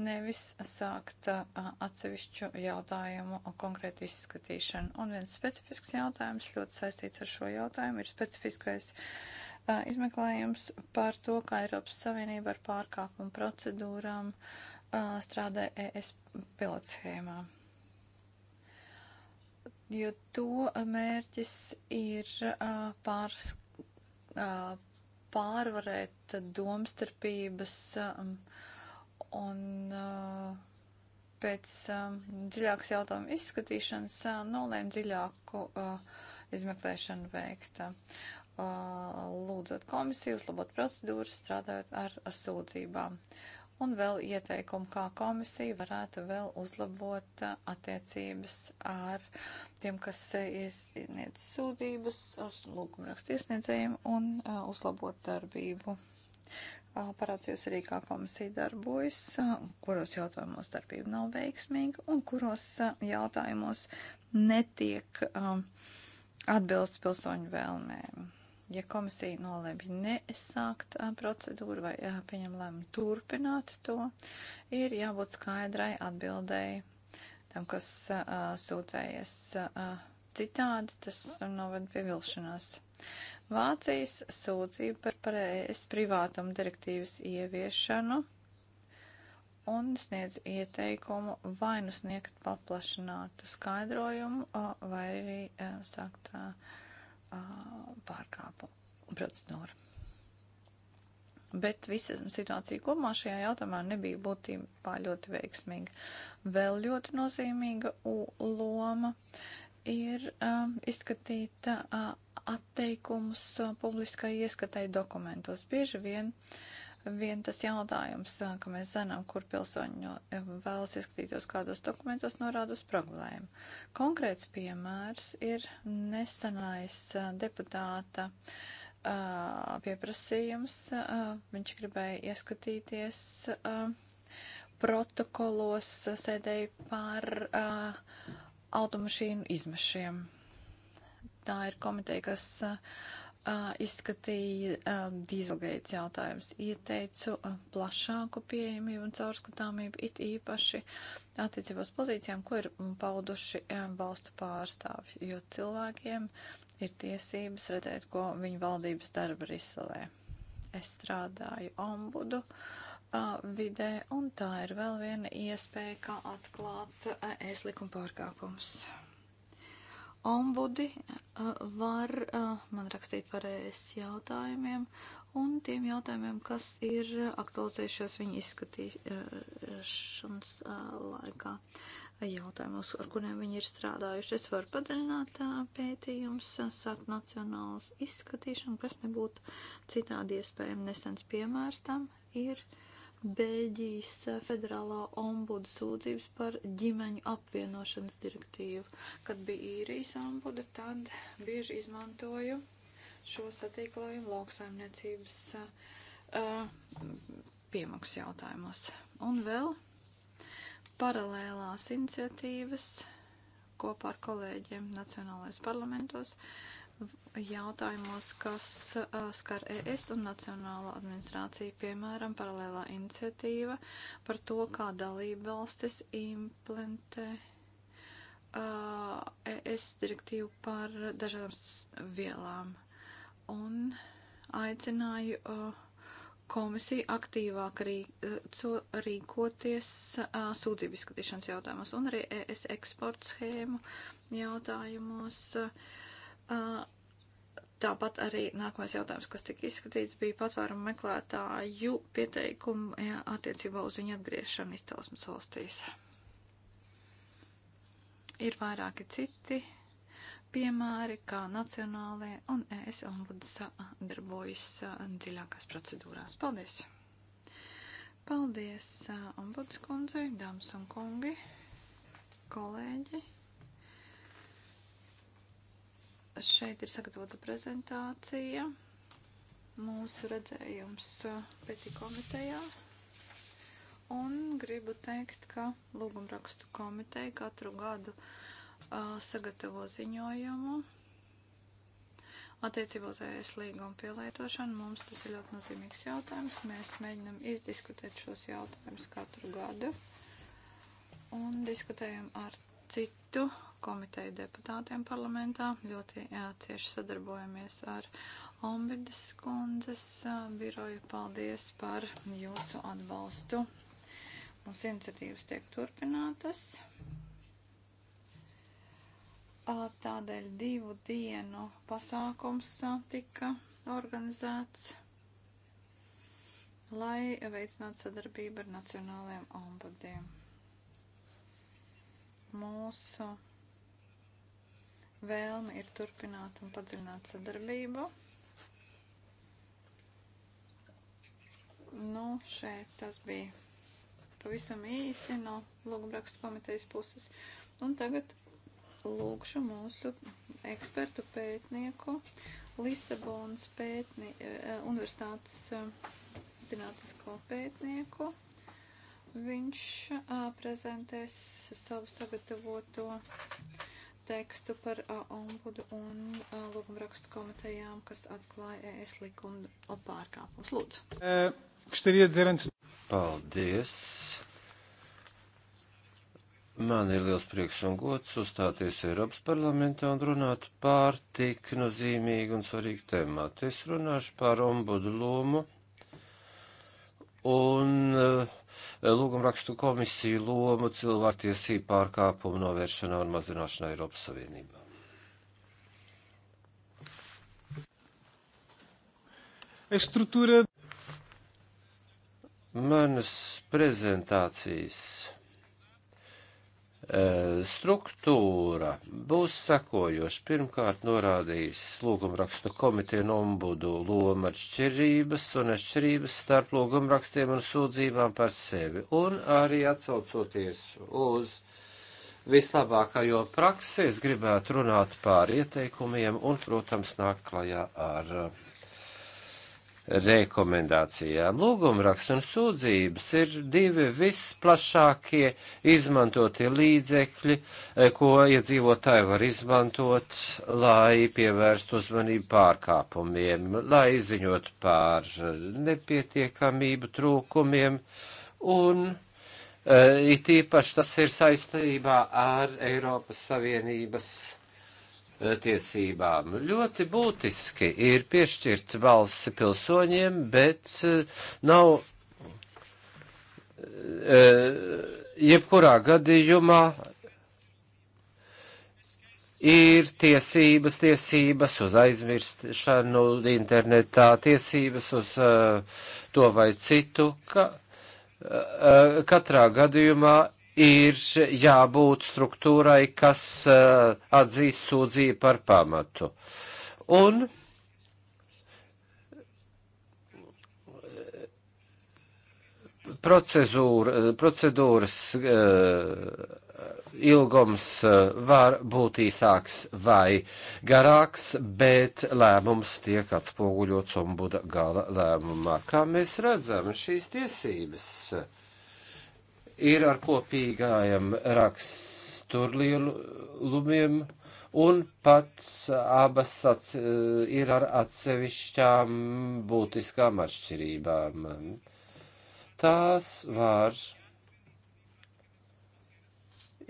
nevis sākt uh, atsevišķu jautājumu konkrētu izskatīšanu. Un viens specifisks jautājums, ļoti saistīts ar šo jautājumu, ir specifiskais uh, izmeklējums par to, kā Eiropas Savienība ar pārkāpumu procedūrām uh, strādā ES pilotschēmā jo to eh, mērķis ir eh, pārs, eh, pārvarēt domstarpības un pēc dziļākas jautājuma izskatīšanas nolēma dziļāku izmeklēšanu veikt lūdzot komisiju, uzlabot procedūras, strādājot ar sūdzībām. Un vēl ieteikumu, kā komisija varētu vēl uzlabot uh, attiecības ar tiem, kas uh, iesniedz sūdzības, ar lūgumrakstu iesniedzējiem un uh, uzlabot darbību parādzījos arī, kā komisija darbojas, kuros jautājumos darbība nav veiksmīga un kuros jautājumos netiek um, atbilsts pilsoņu vēlmēm ja komisija nolēma neizsākt procedūru vai pieņem lēmumu turpināt to, ir jābūt skaidrai atbildēji tam, kas a, sūdzējies a, citādi, tas noved pie vilšanās. Vācijas sūdzība par pareiz privātumu direktīvas ieviešanu un sniedz ieteikumu vai nu sniegt paplašinātu skaidrojumu a, vai arī sākt uh, pārkāpumu procedūru. Bet visa situācija kopumā šajā jautājumā nebija būtībā ļoti veiksmīga. Vēl ļoti nozīmīga loma ir um, izskatīt uh, atteikumus uh, publiskai ieskatai dokumentos. Bieži vien uh, vien tas jautājums, ka mēs zinām, kur pilsoņi vēlas izskatīties kādos dokumentos, norāda uz problēmu. Konkrēts piemērs ir nesenais deputāta pieprasījums. Viņš gribēja ieskatīties protokolos sēdēja par automašīnu izmešiem. Tā ir komiteja, kas uh, uh, izskatīja uh, dīzelgaitas jautājumus. Ieteicu uh, plašāku pieejamību un caurskatāmību, it īpaši attiecībās pozīcijām, ko ir pauduši um, valstu pārstāvji, jo cilvēkiem ir tiesības redzēt, ko viņu valdības darba risalē. Es strādāju ombudu uh, vidē, un tā ir vēl viena iespēja, kā atklāt uh, es likuma pārkāpumus ombudi var man rakstīt par ES jautājumiem un tiem jautājumiem, kas ir aktualizējušies viņa izskatīšanas laikā jautājumos, ar kuriem viņi ir strādājuši. Es varu padziļināt pētījums, sākt nacionālas izskatīšanu, kas nebūtu citādi iespējami. Nesens piemērs tam ir. Uh, Bēļģijas federālā ombuda sūdzības par ģimeņu apvienošanas direktīvu. Kad bija īrijas ombuda, tad bieži izmantoju šo satīklojumu lauksaimniecības uh, piemaksu jautājumos. Un vēl paralēlās iniciatīvas kopā ar kolēģiem nacionālais parlamentos. Uh, jautājumus, kas skar ES un Nacionālo administrāciju, piemēram, paralēlā iniciatīva par to, kā dalība valstis implementē ES direktīvu par dažādām vielām. Un aicināju uh, komisija aktīvāk rīkoties sūdzību izskatīšanas jautājumos un arī ES eksporta schēmu jautājumos. A, Tāpat arī nākamais jautājums, kas tika izskatīts, bija patvērumu meklētāju pieteikumu jā, attiecībā uz viņu atgriešanu izcelsmes valstīs. Ir vairāki citi piemēri, kā nacionālajie un ES ombuds darbojas dziļākās procedūrās. Paldies! Paldies, ombuds kundzei, dāmas un kungi, kolēģi! Šeit ir sagatavota prezentācija, mūsu redzējums pētī komitejā. Un gribu teikt, ka lūgumrakstu komiteja katru gadu uh, sagatavo ziņojumu attiecībā uz ES līgumu pielietošanu. Mums tas ir ļoti nozīmīgs jautājums. Mēs mēģinam izdiskutēt šos jautājumus katru gadu un diskutējam ar citu komiteju deputātiem parlamentā. Ļoti jā, cieši sadarbojamies ar Ombidas kundzes biroju. Paldies par jūsu atbalstu. Mūsu iniciatīvas tiek turpinātas. Tādēļ divu dienu pasākums tika organizēts, lai veicinātu sadarbību ar nacionālajiem ombudiem. Mūsu vēlme ir turpināt un padziļināt sadarbību. Nu, šeit tas bija pavisam īsi no lūgumrakstu komitejas puses. Un tagad lūkšu mūsu ekspertu pētnieku Lisabonas pētni, eh, universitātes eh, zinātnisko pētnieku. Viņš eh, prezentēs savu sagatavoto uh, tekstu par ombudu un lūgumrakstu komitejām, kas atklāja ES likumu pārkāpumus. Lūdzu. E, Paldies. Man ir liels prieks un gods uzstāties Eiropas parlamentā un runāt pār tik nozīmīgu un svarīgu tēmātu. Es runāšu par ombudu lomu un uh, lūgumrakstu komisiju lomu cilvēktiesību pārkāpumu novēršanā un mazināšanā Eiropas Savienībā. Struktūra. Manas prezentācijas E, struktūra būs sakojoša. Pirmkārt, norādījis lūgumrakstu komiteju un ombudu loma atšķirības un atšķirības starp lūgumrakstiem un sūdzībām par sevi. Un arī atsaucoties uz vislabākajo praksi, es gribētu runāt pār ieteikumiem un, protams, nākt klajā ar. Uh, rekomendācijām. Lūgumraksts un sūdzības ir divi visplašākie izmantotie līdzekļi, eh, ko iedzīvotāji var izmantot, lai pievērstu uzmanību pārkāpumiem, lai ziņot par eh, nepietiekamību trūkumiem un eh, it īpaši tas ir saistībā ar Eiropas Savienības Eh, tiesībām. Ļoti būtiski ir piešķirt valsts pilsoņiem, bet eh, nav eh, jebkurā gadījumā ir tiesības, tiesības uz aizmirstšanu internetā, tiesības uz uh, to vai citu. Ka, uh, katrā gadījumā ir jābūt struktūrai, kas eh, atzīst sūdzību par pamatu. Un eh, procedūra, eh, procedūras ilgums var būt īsāks vai garāks, bet lēmums tiek atspoguļots ombuda gala lēmumā. Kā mēs redzam, šīs tiesības uh, ir ar kopīgajiem raksturlielumiem, un pats abas atse, ir ar atsevišķām būtiskām atšķirībām. Tās var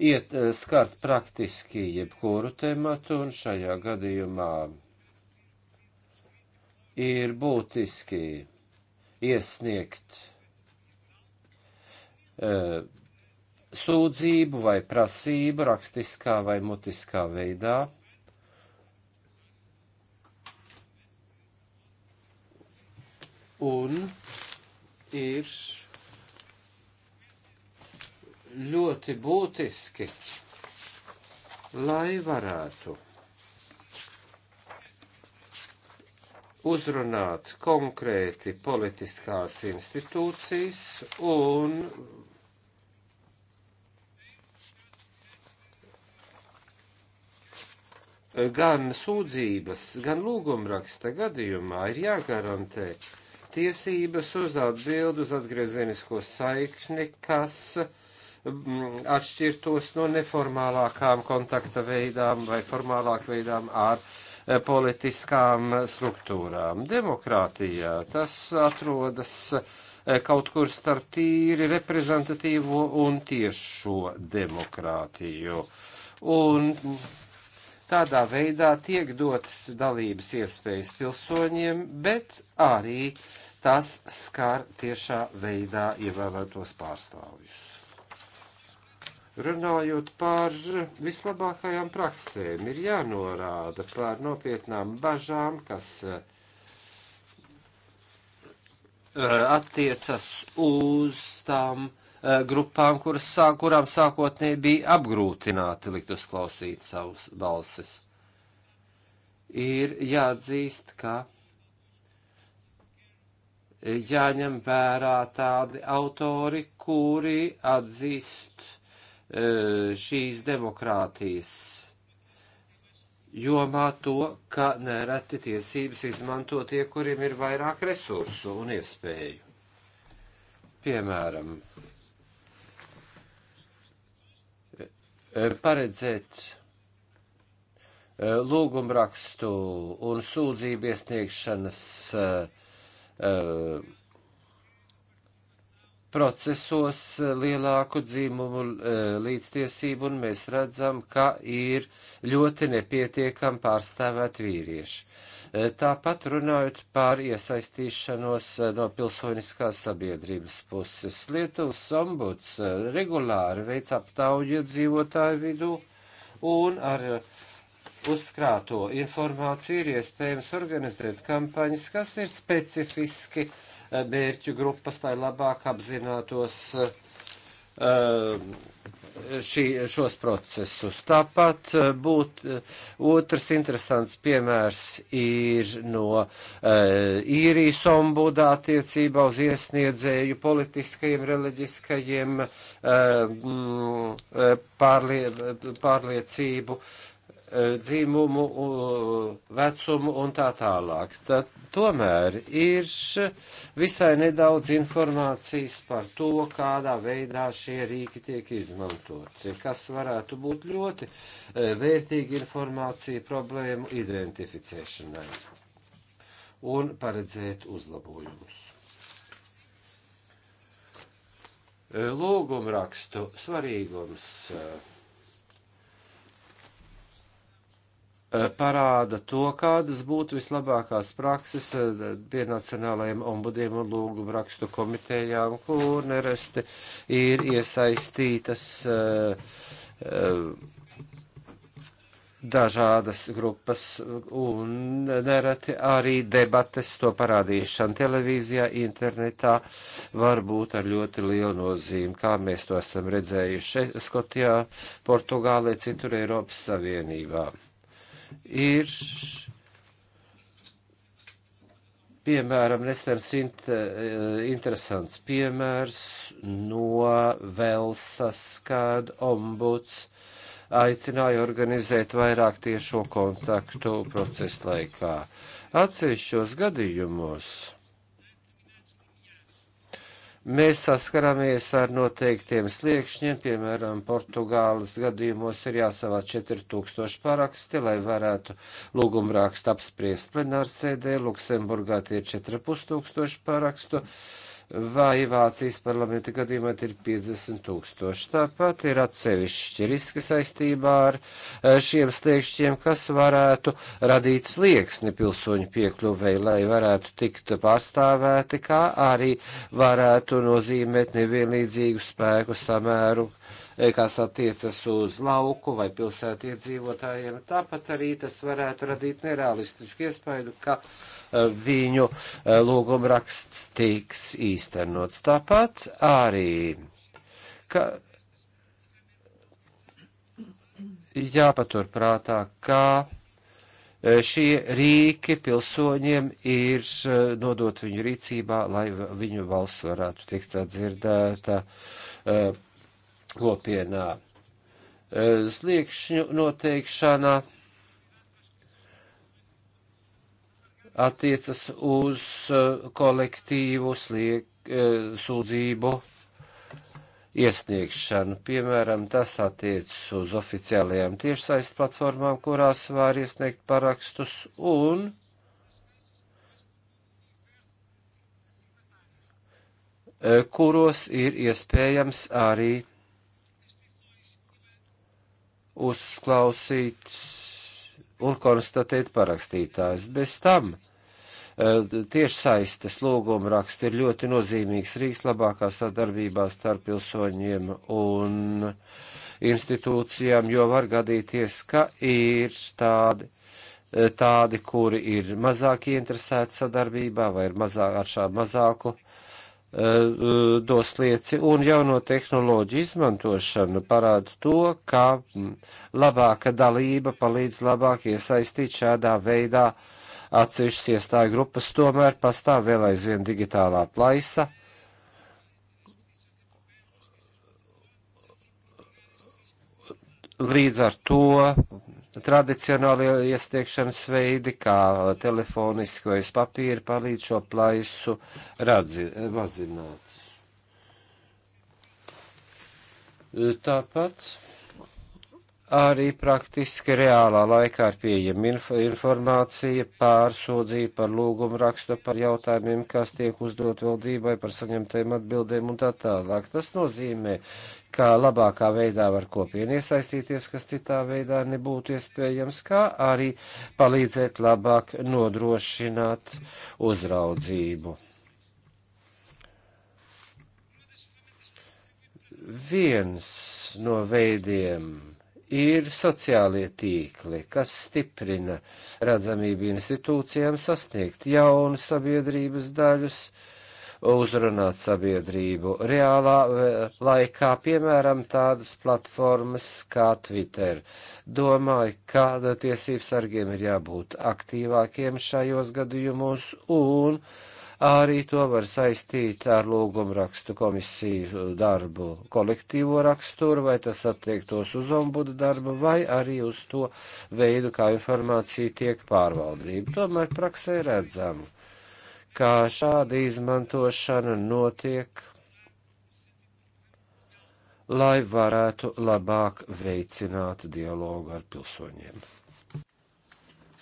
iet eh, skart praktiski jebkuru tematu, un šajā gadījumā ir būtiski iesniegt Eh, sūdzību vai prasību rakstiskā vai mutiskā veidā. Un ir ļoti būtiski, lai varētu uzrunāt konkrēti politiskās institūcijas un gan sūdzības, gan lūgumraksta gadījumā ir jāgarantē tiesības uz atbildu uz atgriezenisko saikni, kas mm, atšķirtos no neformālākām kontakta veidām vai formālāk veidām ar e, politiskām struktūrām. Demokrātijā tas atrodas e, kaut kur starp tīri reprezentatīvo un tiešo demokrātiju. Un mm, Tādā veidā tiek dotas dalības iespējas pilsoņiem, bet arī tas skar tiešā veidā ievēlētos pārstāvjus. Runājot par vislabākajām praksēm, ir jānorāda par nopietnām bažām, kas eh, attiecas uz tām E, grupām, kuras, kurām sākotnēji bija apgrūtināti likt uzklausīt savus balsis. Ir jāatzīst, ka jāņem vērā tādi autori, kuri atzīst e, šīs demokrātijas jomā to, ka nereti tiesības izmanto tie, kuriem ir vairāk resursu un iespēju. Piemēram, E, paredzēt e, lūgumrakstu un sūdzību iesniegšanas e, procesos lielāku dzīmumu līdztiesību, un mēs redzam, ka ir ļoti nepietiekami pārstāvēt vīrieši. E, tāpat runājot par iesaistīšanos e, no pilsoniskās sabiedrības puses, Lietuvas ombuds e, regulāri veic aptauju iedzīvotāju vidū un ar uzkrāto informāciju ir iespējams organizēt kampaņas, kas ir specifiski mērķu grupas, lai labāk apzinātos uh, šī, šos procesus. Tāpat eh, būt eh, otrs interesants piemērs ir no uh, īrijas ombudā attiecībā uz iesniedzēju politiskajiem, reliģiskajiem uh, pārlie, pārliecību uh, E, dzīmumu, vecumu un tā tālāk. Tad tomēr ir visai nedaudz informācijas par to, kādā veidā šie rīki tiek izmantoti, kas varētu būt ļoti e, vērtīga informācija problēmu identificēšanai un paredzēt uzlabojumus. E, lūgumrakstu svarīgums. Uh, Eh, parāda to, kādas būtu vislabākās prakses pie eh, nacionālajiem ombudiem un lūgumu rakstu komitejām, kur neresti ir iesaistītas eh, dažādas grupas un nereti arī debates to parādīšana televīzijā, internetā var būt ar ļoti lielu nozīmi, kā mēs to esam redzējuši Skotijā, Portugālē, citur Eiropas Savienībā ir piemēram, nesens int, eh, interesants piemērs no Velsas, kad ombuds aicināja organizēt vairāk tiešo kontaktu procesa laikā. Atsevišķos gadījumos Mēs saskaramies ar noteiktiem sliekšņiem, piemēram, Portugāles gadījumos ir jāsavāc 4000 paraksti, lai varētu lūgumrakstu apspriest plenārsēdē, Luksemburgā tie ir 4500 parakstu. Uh, vai Vācijas parlamenta gadījumā ir 50 tūkstoši. Tāpat ir atsevišķi riski saistībā ar eh, šiem sliekšķiem, kas varētu radīt slieksni pilsoņu piekļuvēji, lai varētu tikt pārstāvēti, kā arī varētu nozīmēt nevienlīdzīgu spēku samēru eh, kas attiecas uz lauku vai pilsētu iedzīvotājiem. Tāpat arī tas varētu radīt nerealistisku iespēju, ka uh, viņu eh, lūguma raksts tiks īstenots. Tāpat arī, ka jāpatur prātā, ka eh, šie rīki pilsoņiem ir eh, nodot viņu rīcībā, lai viņu valsts varētu tikt atdzirdēta kopienā. Sliekšņu noteikšanā attiecas uz eh, kolektīvu sliek, eh, sūdzību iesniegšanu. Piemēram, tas attiecas uz oficiālajām tiešsaistes platformām, kurās var iesniegt parakstus un eh, kuros ir iespējams arī uzklausīt un konstatēt parakstītājs. Bez tam e, tiešsaistes lūguma raksts ir ļoti nozīmīgs Rīgas labākā sadarbībā starp pilsoņiem un institūcijām, jo var gadīties, ka ir tādi e, tādi, kuri ir mazāk interesēti sadarbībā vai ir mazāk ar šādu mazāku E, e, dos lieci un jauno tehnoloģiju izmantošanu parāda to, ka labāka dalība palīdz labāk iesaistīt šādā veidā atsevišķas iestāju grupas, tomēr pastāv vēl aizvien digitālā plaisa. Līdz ar to tradicionālie iesniegšanas veidi, kā telefoniski vai uz papīra, palīdz šo plaisu radzi, mazināt. Tāpat arī praktiski reālā laikā ir pieejama inf informācija pār sodzību, par lūgumu rakstu, par jautājumiem, kas tiek uzdot valdībai, par saņemtajiem atbildēm un tā tālāk. Tas nozīmē, kā labākā veidā var kopieni iesaistīties, kas citā veidā nebūtu iespējams, kā arī palīdzēt labāk nodrošināt uzraudzību. Viens no veidiem ir sociālie tīkli, kas stiprina redzamību institūcijām sasniegt jaunu sabiedrības daļus, uh, uzrunāt sabiedrību reālā e, laikā, piemēram, tādas platformas kā Twitter. Domāju, ka tiesības sargiem ir jābūt aktīvākiem šajos gadījumos un arī to var saistīt ar lūgumu rakstu komisiju darbu, kolektīvo raksturu, vai tas attiektos uz ombudu darbu, vai arī uz to veidu, kā informācija tiek pārvaldība. Tomēr praksē redzama, ka šāda izmantošana notiek, lai varētu labāk veicināt dialogu ar pilsoņiem.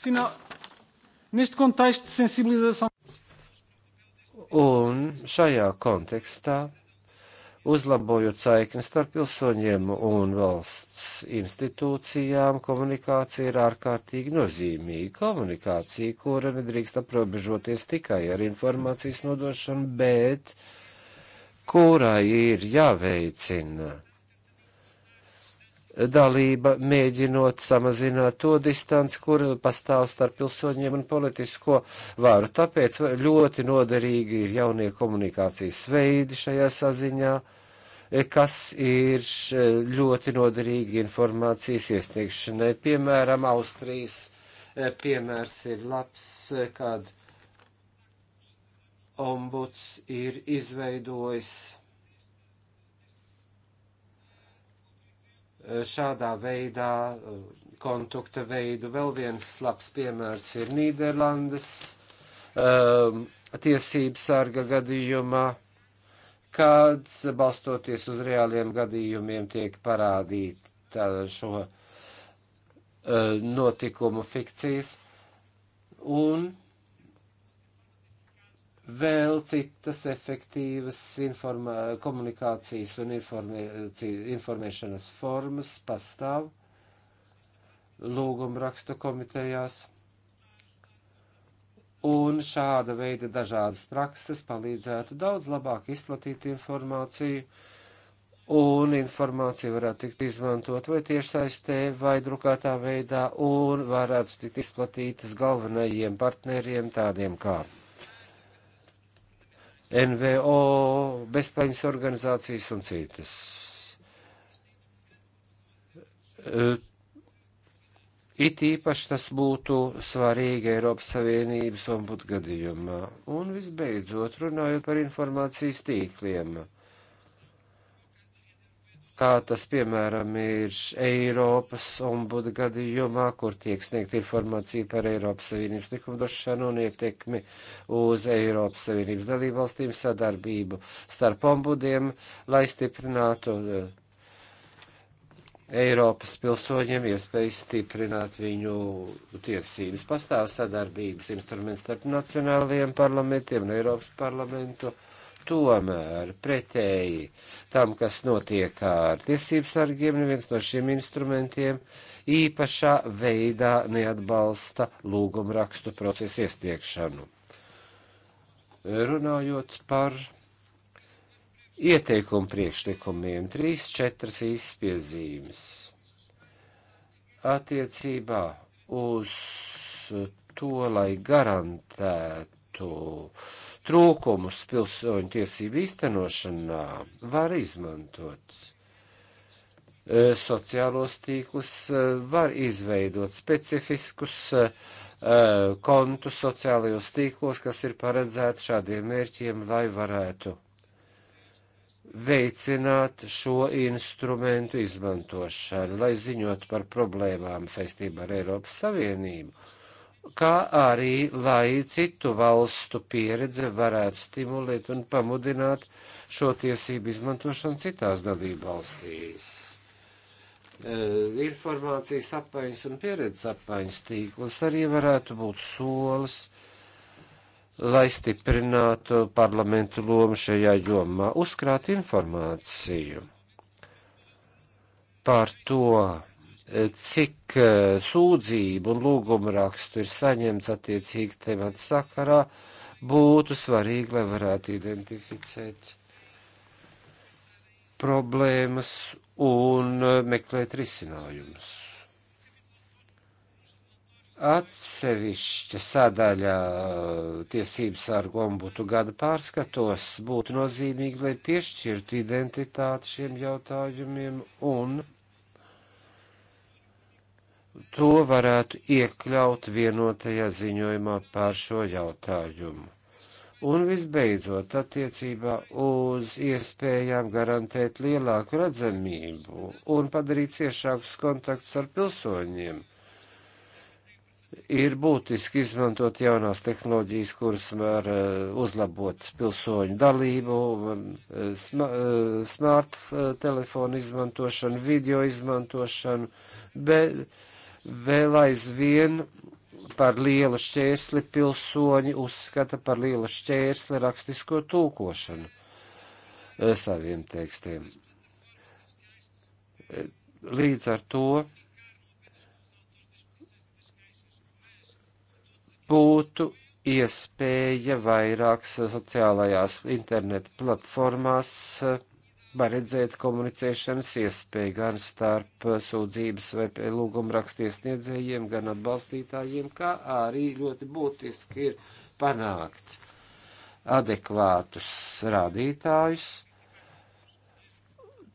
Final, neste contexto de sensibilização. Un šajā kontekstā uzlabojot saikni starp pilsoņiem un valsts institūcijām, komunikācija ir ārkārtīgi nozīmīga. Komunikācija, kura nedrīkst aprobežoties tikai ar informācijas nodošanu, bet kurai ir jāveicina dalība, mēģinot samazināt to distanci, kur pastāv starp pilsoņiem un politisko varu. Tāpēc ļoti noderīgi ir jaunie komunikācijas veidi šajā saziņā E, kas ir e, ļoti noderīgi informācijas iesniegšanai. Piemēram, Austrijas e, piemērs ir labs, kad ombuds ir izveidojis šādā veidā kontakta veidu. Vēl viens labs piemērs ir Nīderlandes um, tiesības sarga gadījumā kad balstoties uz reāliem gadījumiem tiek parādīta šo e, notikumu fikcijas un vēl citas efektīvas komunikācijas un informē, informēšanas formas pastāv lūguma rakstu komitejās. Un šāda veida dažādas prakses palīdzētu daudz labāk izplatīt informāciju, un informācija varētu tikt izmantot vai tiešsaistē, vai drukātā veidā, un varētu tikt izplatītas galvenajiem partneriem tādiem kā NVO, bezpaņas organizācijas un citas. It īpaši tas būtu svarīgi Eiropas Savienības ombudu gadījumā. Un visbeidzot, runājot par informācijas tīkliem, kā tas, piemēram, ir Eiropas ombudu gadījumā, kur tiek sniegt informācija par Eiropas Savienības likumdošanu un ietekmi uz Eiropas Savienības dalībvalstīm sadarbību starp ombudiem, lai stiprinātu Eiropas pilsoņiem iespēju stiprināt viņu tiesības. Pastāv sadarbības instruments starp nacionālajiem parlamentiem un Eiropas parlamentu. Tomēr pretēji tam, kas notiek ar tiesības sargiem, neviens no šiem instrumentiem īpašā veidā neatbalsta lūgumrakstu procesu iesniegšanu. Runājot par ieteikumu priekšlikumiem. Trīs, četras īsts piezīmes. Attiecībā uz to, lai garantētu trūkumus pilsoņu tiesību īstenošanā, var izmantot e, sociālos tīklus, e, var izveidot specifiskus e, kontus sociālajos tīklos, kas ir paredzēti šādiem mērķiem, lai varētu veicināt šo instrumentu izmantošanu, lai ziņot par problēmām saistībā ar Eiropas Savienību, kā arī lai citu valstu pieredze varētu stimulēt un pamudināt šo tiesību izmantošanu citās dalību valstīs. E, informācijas apmaiņas un pieredzes apmaiņas tīkls arī varētu būt solis lai stiprinātu parlamentu lomu šajā jomā, uzkrāt informāciju par to, cik eh, sūdzību un lūgumu rakstu ir saņemts attiecīgi temata sakarā, būtu svarīgi, lai varētu identificēt problēmas un eh, meklēt risinājumus. Atsevišķa sadaļa tiesības sargu ombudu gada pārskatos būtu nozīmīgi, lai piešķirtu identitāti šiem jautājumiem un to varētu iekļaut vienotajā ziņojumā par šo jautājumu. Un visbeidzot, attiecībā uz iespējām garantēt lielāku redzamību un padarīt ciešākus kontaktus ar pilsoņiem – ir būtiski izmantot jaunās tehnoloģijas, kuras var eh, uzlabot pilsoņu dalību, um, eh, sma, eh, smart telefonu izmantošanu, video izmantošanu, bet vēl aizvien par lielu šķērsli pilsoņi uzskata par lielu šķērsli rakstisko tūkošanu saviem tekstiem. Līdz ar to būtu iespēja vairāk sociālajās interneta platformās eh, paredzēt komunicēšanas iespēju gan starp sūdzības vai lūgumrakstiesniedzējiem, gan atbalstītājiem, kā arī ļoti būtiski ir panākts adekvātus rādītājus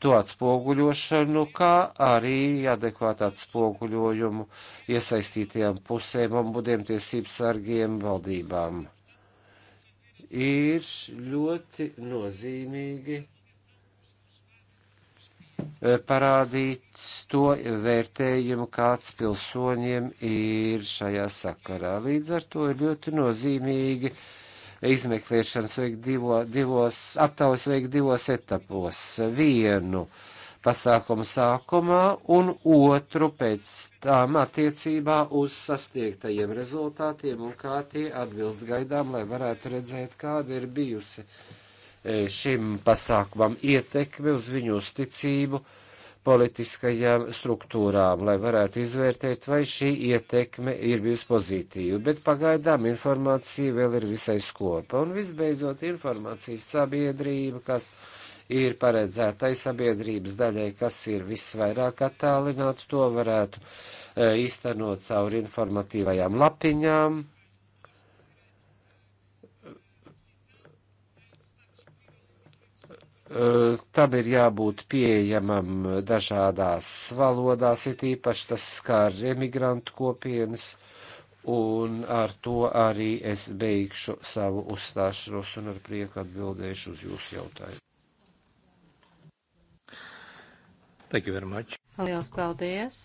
to atspoguļošanu, kā arī adekvātu atspoguļojumu iesaistītajām pusēm, ombudiem, tiesības sargiem, valdībām. Ir ļoti nozīmīgi eh, parādīt to vērtējumu, kāds pilsoņiem ir šajā sakarā. Līdz ar to ir ļoti nozīmīgi uh, izmeklēšanas veikt divo, divos, aptaujas veikt divos etapos. Vienu pasākumu sākumā un otru pēc tām attiecībā uz sasniegtajiem rezultātiem un kā tie atbilst gaidām, lai varētu redzēt, kāda ir bijusi e, šim pasākumam ietekme uz viņu uzticību. Uz politiskajām struktūrām, lai varētu izvērtēt, vai šī ietekme ir bijusi pozitīva. Bet pagaidām informācija vēl ir visai skopa. Un visbeidzot, informācijas sabiedrība, kas ir paredzētai sabiedrības daļai, kas ir visvairāk attālināts, to varētu e, eh, iztenot caur informatīvajām lapiņām Tam ir jābūt pieejamam dažādās valodās, it īpaši tas skar emigrantu kopienas, un ar to arī es beigšu savu uzstāšanos un ar prieku atbildēšu uz jūsu jautājumu. Thank you very much. Liels paldies,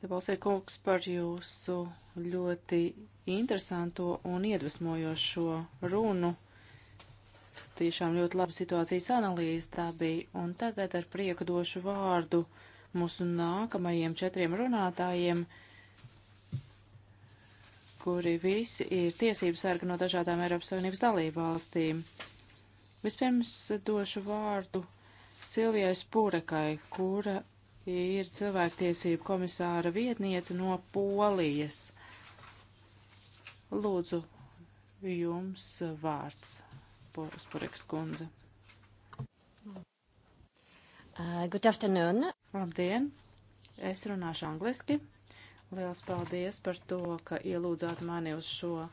Debosē kungs, par jūsu ļoti interesanto un iedvesmojošo runu. Tiešām ļoti laba situācijas analīze tā bija, un tagad ar prieku došu vārdu mūsu nākamajiem četriem runātājiem, kuri visi ir tiesības sarga no dažādām Eiropas Savienības dalību valstīm. Vispirms došu vārdu Silvijai Spurekai, kura ir cilvēktiesību komisāra vietniece no Polijas. Lūdzu, jums vārds. Spureks kundze. Uh, good afternoon. Labdien. Es runāšu angliski. Liels paldies par to, ka ielūdzāt mani uz šo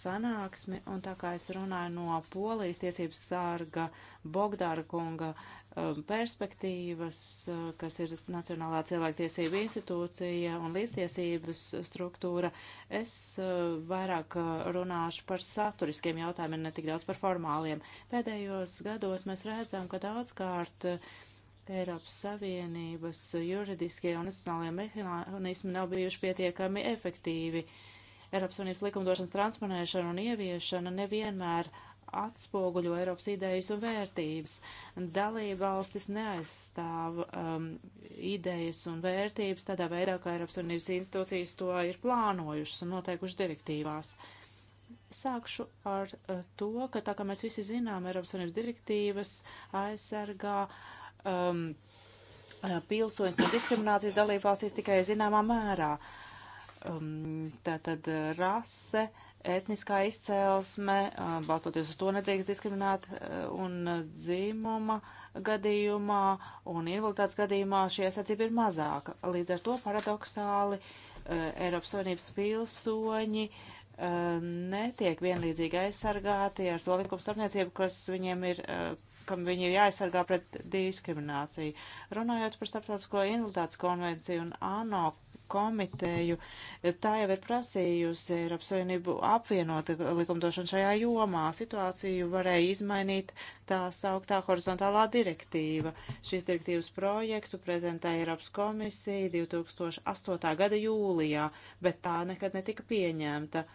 sanāksmi. Un tā kā es runāju no Polijas tiesības sārga Bogdāra kunga uh, Um, perspektīvas, uh, kas ir Nacionālā cilvēktiesība institūcija un līdztiesības struktūra. Es uh, vairāk uh, runāšu par saturiskiem jautājumiem, ne tik daudz par formāliem. Pēdējos gados mēs redzam, ka daudzkārt Eiropas Savienības juridiskie un nacionālie mehānismi nav bijuši pietiekami efektīvi. Eiropas Savienības likumdošanas transponēšana un ieviešana nevienmēr uh, atspoguļo Eiropas idejas un vērtības. Dalība valstis neaizstāv um, idejas un vērtības tādā veidā, kā Eiropas Unības institūcijas to ir plānojušas un noteikuši direktīvās. Sākšu ar uh, to, ka tā kā mēs visi zinām, Eiropas Unības direktīvas aizsargā. Um, uh, pilsoņus no diskriminācijas dalībvalstīs tikai zināmā mērā. Um, tā tad uh, rase, uh, etniskā izcēlesme, balstoties uz to netiek diskriminēt, un dzimuma gadījumā un invaliditātes gadījumā šī aizsardzība ir mazāka. Līdz ar to paradoxāli Eiropas Savienības pilsoņi netiek vienlīdzīgi aizsargāti ar to likuma starpniecību, kas viņiem ir, kam viņi ir jāaizsargā pret diskrimināciju. Runājot par starptautisko invaliditātes konvenciju un ANO komiteju. Tā jau ir prasījusi Eiropas Savienību apvienot likumdošanu šajā jomā. Situāciju varēja izmainīt tā sauktā horizontālā direktīva. Šīs direktīvas projektu prezentēja Eiropas komisija 2008. gada jūlijā, bet tā nekad netika pieņemta.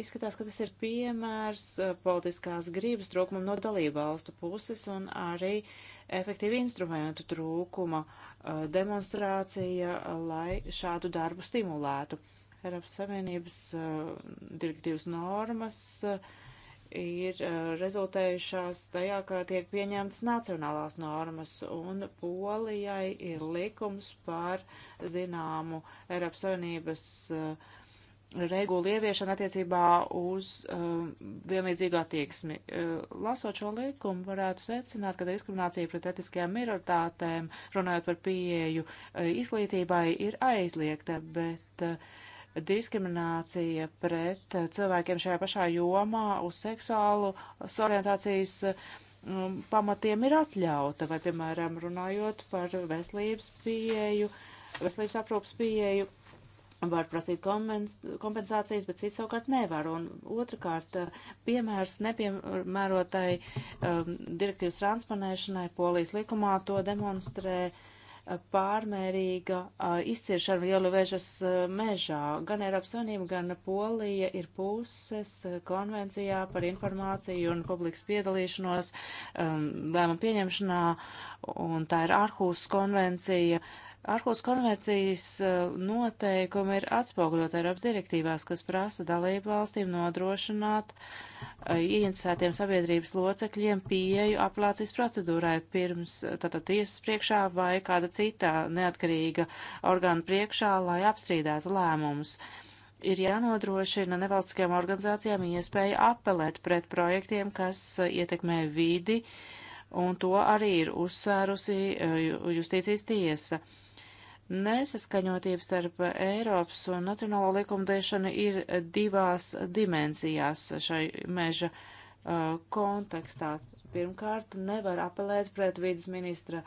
Izskatās, ka tas ir piemērs eh, politiskās grības trūkumam no dalībvalstu puses un arī uh, efektīvu instrumentu trūkuma demonstrācija, lai šādu darbu stimulētu. Eiropas Savienības direktīvas normas ir rezultējušās tajā, ka tiek pieņemtas nacionālās normas, un Polijai ir likums par zināmu Eiropas Savienības uh, regulu ieviešana attiecībā uz uh, vienlīdzīgu attieksmi. Uh, lasot šo likumu, varētu secināt, ka diskriminācija pret etiskajām minoritātēm, runājot par pieeju uh, izglītībai, ir aizliegta, bet uh, diskriminācija pret uh, cilvēkiem šajā pašā jomā uz seksuālu orientācijas uh, um, pamatiem ir atļauta, vai, piemēram, runājot par veselības pieeju, veselības aprūpas pieeju var prasīt kompensācijas, bet cits savukārt nevar. Un otrkārt, eh, piemērs nepiemērotai um, direktīvas transponēšanai polijas likumā to demonstrē uh, pārmērīga uh, eh, izciešana vielu vēžas uh, mežā. Gan Eiropas Savienība, gan Polija ir puses konvencijā par informāciju un publikas piedalīšanos um, lēmumu pieņemšanā, un tā ir Arhūs konvencija. Uh, Ārpus konvencijas e, noteikumi ir atspoguļot Eiropas direktīvās, kas prasa dalību valstīm nodrošināt e, ieinteresētiem sabiedrības locekļiem pieeju apelācijas procedūrai pirms tātad tiesas priekšā vai kāda citā neatkarīga orgāna priekšā, lai apstrīdētu lēmumus. Ir jānodrošina nevalstiskajām organizācijām iespēja apelēt pret projektiem, kas e, ietekmē vidi, un to arī ir uzsvērusi justīcijas tiesa. Nesaskaņotība starp Eiropas un nacionālo likumdēšanu ir divās dimensijās šai meža uh, kontekstā. Pirmkārt, nevar apelēt pret vidas ministra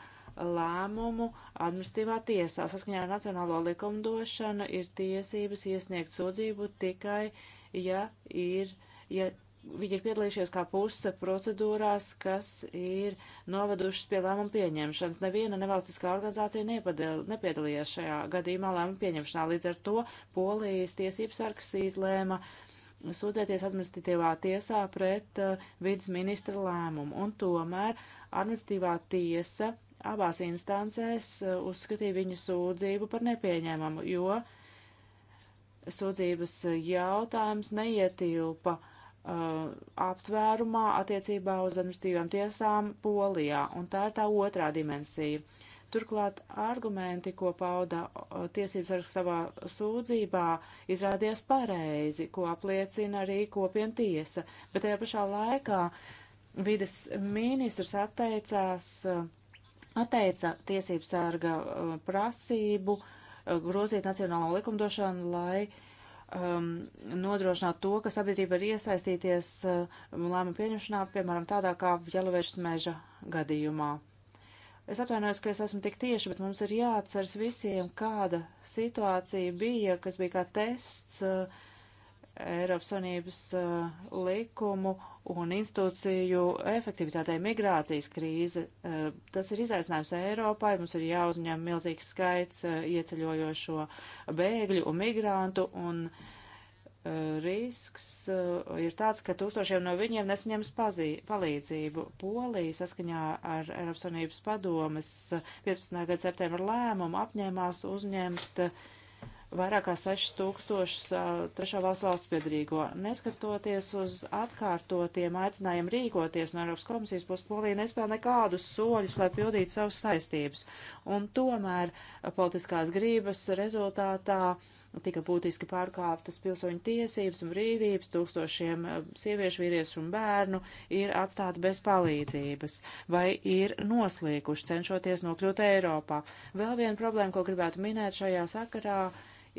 lēmumu administratīvā tiesā. Saskaņā ar nacionālo likumdošanu ir tiesības iesniegt sūdzību tikai, ja ir, ja viņi ir piedalījušies kā puse procedūrās, kas ir novedušas pie lēmumu pieņemšanas. Neviena nevalstiskā organizācija nepadal, nepiedalījās šajā gadījumā lēmumu pieņemšanā. Līdz ar to Polijas tiesības sargs izlēma sūdzēties administratīvā tiesā pret uh, vidas ministra lēmumu. Un tomēr administratīvā tiesa abās instancēs uh, uzskatīja viņu sūdzību par nepieņēmumu, jo sūdzības jautājums neietilpa uh, aptvērumā attiecībā uz administratīvām tiesām Polijā, un tā ir tā otrā dimensija. Turklāt argumenti, ko pauda tiesības ar savā sūdzībā, izrādījās pareizi, ko apliecina arī kopien tiesa, bet tajā pašā laikā vides ministrs atteicās, atteica tiesības sarga prasību grozīt nacionālo likumdošanu, lai uh, um, nodrošināt to, ka sabiedrība var iesaistīties uh, lēmumu pieņemšanā, piemēram, tādā kā ķelvēršas meža gadījumā. Es atvainojos, ka es esmu tik tieši, bet mums ir jāatceras visiem, kāda situācija bija, kas bija kā tests uh, Eiropas Savienības uh, likumu un institūciju efektivitātei migrācijas krīze. Uh, tas ir izaicinājums Eiropai. Mums ir jāuzņem milzīgs skaits uh, ieceļojošo bēgļu un migrantu. Un risks ir tāds, ka tūkstošiem no viņiem nesaņems pazī, palīdzību. Polija saskaņā ar Eiropas Savienības padomes 15. gada septembra lēmumu apņēmās uzņemt uh, vairāk kā 6000 trešo valstu valsts piedarīgo. Neskatoties uz atkārtotiem aicinājumiem rīkoties no Eiropas komisijas puses, Polija nespēl nekādus soļus, lai pildītu savas saistības. Un tomēr politiskās grības rezultātā tika būtiski pārkāptas pilsoņu tiesības un brīvības, tūkstošiem sieviešu, vīriešu un bērnu ir atstāti bez palīdzības vai ir noslīkuši cenšoties nokļūt Eiropā. Vēl viena problēma, ko gribētu minēt šajā sakarā,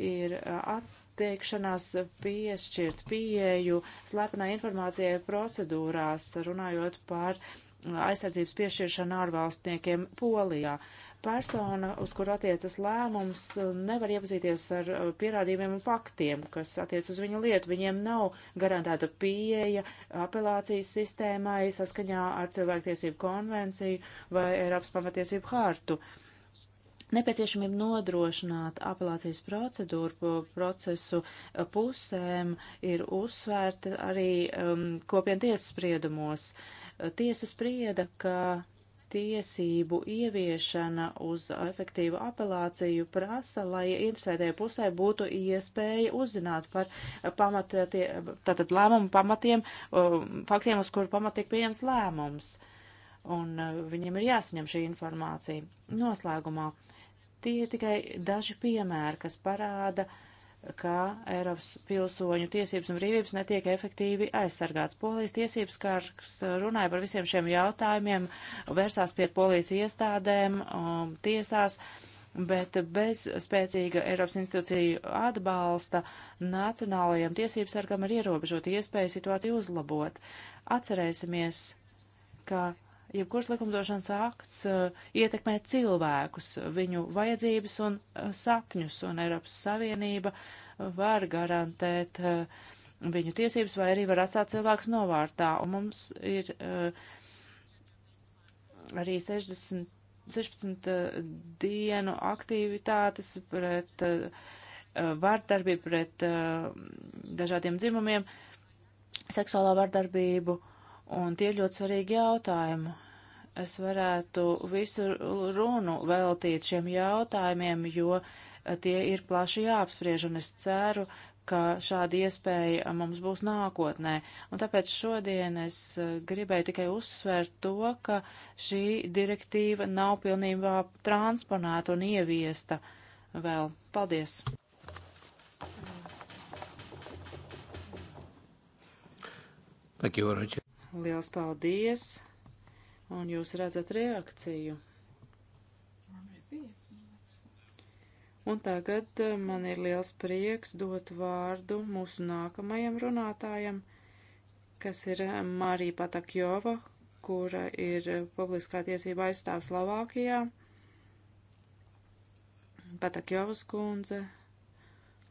ir e, atteikšanās piešķirt pieeju slepenai informācijai procedūrās, runājot par e, aizsardzības piešķiršanu ārvalstniekiem Polijā. Persona, uz kuru attiecas lēmums, nevar iepazīties ar e, pierādījumiem un faktiem, kas attiec uz viņu lietu. Viņiem nav garantēta pieeja apelācijas sistēmai saskaņā ar cilvēktiesību konvenciju vai Eiropas pamatiesību hārtu. Uh, nepieciešamību nodrošināt apelācijas procedūru procesu eh, pusēm ir uzsvērta arī um, kopien tiesas spriedumos. Eh, tiesa sprieda, ka tiesību ieviešana uz efektīvu apelāciju prasa, lai interesētajai pusē būtu iespēja uzzināt par eh, pamatie, tātad lēmumu pamatiem, um, faktiem, uz kuru pamat tiek pieņems lēmums. Un viņiem ir jāsaņem šī informācija. Noslēgumā Tie ir tikai daži piemēri, kas parāda, ka Eiropas pilsoņu tiesības un brīvības netiek efektīvi aizsargāts. Polijas tiesības kārs runāja par visiem šiem jautājumiem, vērsās pie polijas iestādēm, um, tiesās bet bez spēcīga Eiropas institūciju atbalsta nacionālajiem tiesības sargam ir ierobežot iespēju situāciju uzlabot. Atcerēsimies, ka jebkurš likumdošanas akts uh, ietekmē cilvēkus, viņu vajadzības un uh, sapņus, un Eiropas Savienība uh, var garantēt viņu tiesības vai arī var atstāt cilvēkus novārtā. Un mums ir arī 60, 16 dienu aktivitātes pret vārdarbību, pret dažādiem dzimumiem, seksuālā vārdarbību. Uh, Un tie ir ļoti svarīgi jautājumi. Es varētu visu runu veltīt šiem jautājumiem, jo tie ir plaši jāapspriež, un es ceru, ka šāda iespēja mums būs nākotnē. Un tāpēc šodien es eh, gribēju tikai uzsvērt to, ka šī direktīva nav pilnībā transponēta un ieviesta vēl. Paldies! Thank you, Roger. Liels paldies! Un jūs redzat reakciju. Un tagad eh, man ir liels prieks dot vārdu mūsu nākamajam runātājam, kas ir eh, Marija Patakjova, kura ir eh, publiskā tiesība aizstāv Slovākijā. Patakjovas kundze,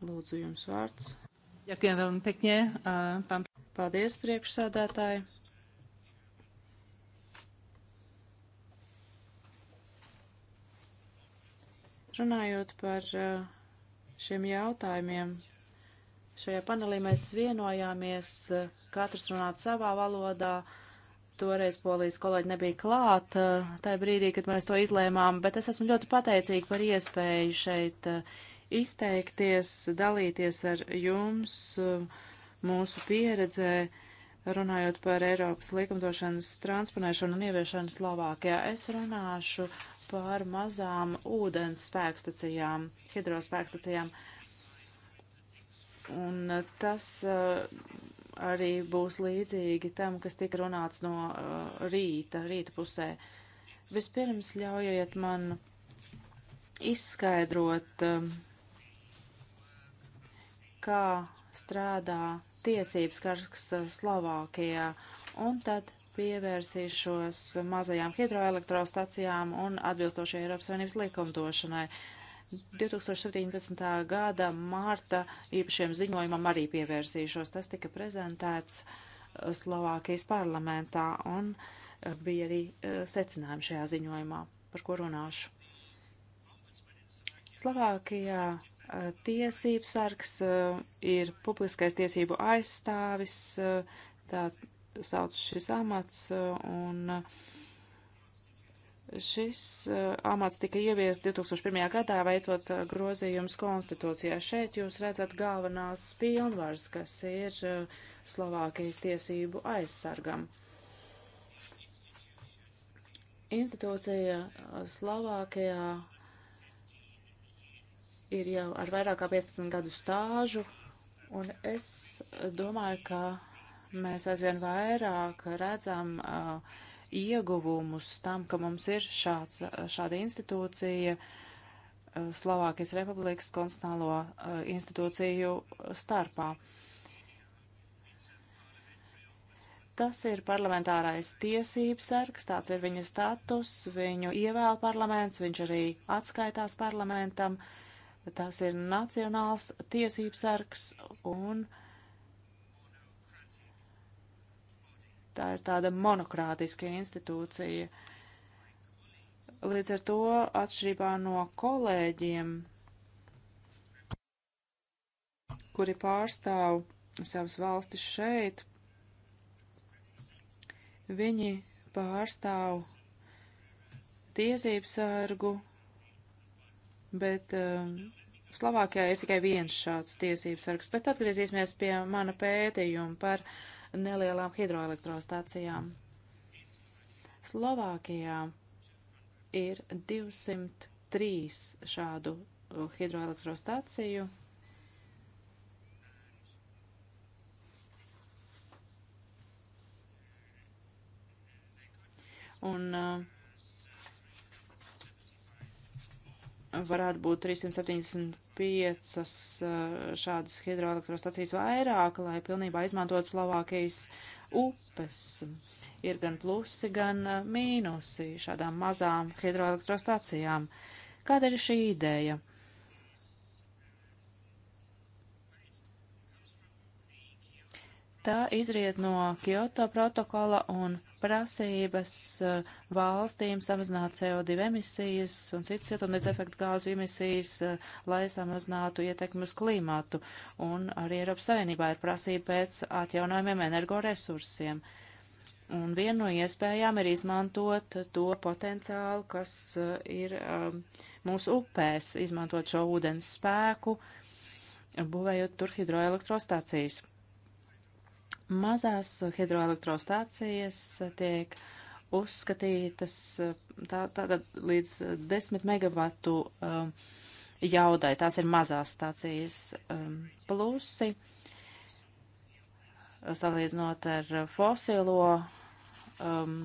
lūdzu jums vārds. Ďakujem veľmi pekne. Pán... Paldies, priekšsādātāji. Runājot par eh, šiem jautājumiem, šajā panelī mēs vienojāmies eh, katrs runāt savā valodā. Toreiz polijas kolēģi nebija klāt eh, tajā brīdī, kad mēs to izlēmām, bet es esmu ļoti pateicīga par iespēju šeit izteikties, dalīties ar jums mūsu pieredzē, runājot par Eiropas likumdošanas transponēšanu un ieviešanu Slovākijā. Es runāšu par mazām ūdens spēkstacijām, hidrospēkstacijām. Un uh, tas uh, arī būs līdzīgi tam, kas tika runāts no uh, rīta, rīta pusē. Vispirms ļaujiet man izskaidrot, um, kā strādā tiesības karks Slovākijā, un tad pievērsīšos mazajām hidroelektrostacijām un atbilstošai Eiropas Savienības likumdošanai. 2017. gada mārta īpašiem ziņojumam arī pievērsīšos. Tas tika prezentēts uh, Slovākijas parlamentā un uh, bija arī uh, secinājumi šajā ziņojumā, par ko runāšu. Slovākijā tiesības sargs ir publiskais tiesību aizstāvis, tā sauc šis amats, un šis uh, amats tika ievies 2001. gadā, veicot uh, grozījums konstitūcijā. Šeit jūs redzat galvenās pilnvaras, kas ir uh, Slovākijas tiesību aizsargam institūcija Slovākijā ir jau ar vairāk kā 15 gadu stāžu, un es domāju, ka mēs aizvien vairāk redzam uh, ieguvumus tam, ka mums ir šāds, uh, šāda institūcija, uh, Slovākijas republikas konstitucionālo uh, institūciju starpā. Tas ir parlamentārais tiesības sargs, tāds ir viņa status, viņu ievēl parlaments, viņš arī atskaitās parlamentam, tas ir nacionāls tiesības sargs un uh, Tā ir tāda monokrātiska institūcija. Līdz ar to, atšķirībā no kolēģiem, kuri pārstāv savas valstis šeit, viņi pārstāv tiesību sargu, bet um, Slovākijā ir tikai viens šāds tiesību sargs. Bet atgriezīsimies pie mana pētījuma par uh, nelielām hidroelektrostācijām. Slovākijā ir 203 šādu uh, hidroelektrostāciju. Un uh, varētu būt 375 piecas šādas hidroelektrostacijas vairāk, lai pilnībā izmantotu Slovākijas upes. Ir gan plusi, gan mīnusi šādām mazām hidroelektrostacijām. Kāda ir šī ideja? Tā izriet no Kyoto protokola un prasības eh, valstīm samazināt CO2 emisijas un citas ietumnīca efektu gāzu emisijas, eh, lai samazinātu ietekmi uz klimatu. Un arī Eiropas Savienībā ir prasība pēc atjaunojumiem energoresursiem. Un viena no iespējām ir izmantot to potenciālu, kas eh, ir um, mūsu upēs, izmantot šo ūdens spēku, būvējot tur hidroelektrostācijas. Mazās hidroelektrostācijas tiek uzskatītas eh, tā, tā, tā, līdz 10 megavatu um, jaudai. Tās ir mazās stācijas um, plusi, salīdzinot ar fosilo um,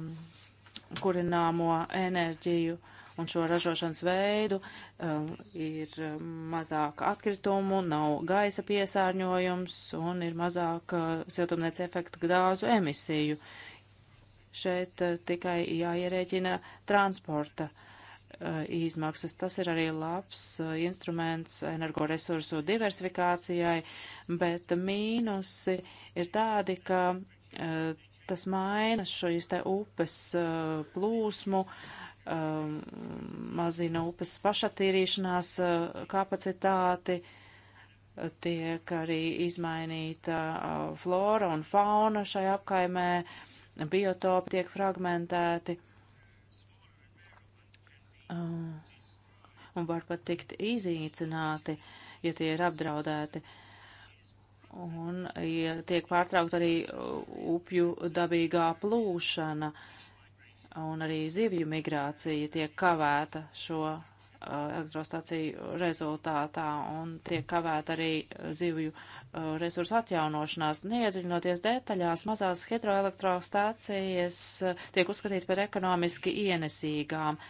kurināmo enerģiju. Uh, un šo ražošanas veidu um, ir mazāk atkritumu, nav gaisa piesārņojums un ir mazāk uh, siltumnēca efekta gāzu emisiju. Šeit uh, tikai jāierēķina transporta uh, izmaksas. Tas ir arī labs uh, instruments energoresursu diversifikācijai, bet mīnusi ir tādi, ka uh, tas maina šīs te upes uh, plūsmu uh, Um, mazina upes pašatīrīšanās uh, kapacitāti, tiek arī izmainīta uh, flora un fauna šai apkaimē, biotopi tiek fragmentēti. Uh, un var pat tikt izīcināti, ja tie ir apdraudēti. Un ja tiek pārtraukt arī upju dabīgā plūšana. Uh, un arī zivju migrācija tiek kavēta šo uh, elektrostaciju rezultātā un tiek kavēta arī zivju uh, resursu atjaunošanās. Neiedziļinoties detaļās, mazās hidroelektrostacijas uh, tiek uzskatīt par ekonomiski ienesīgām,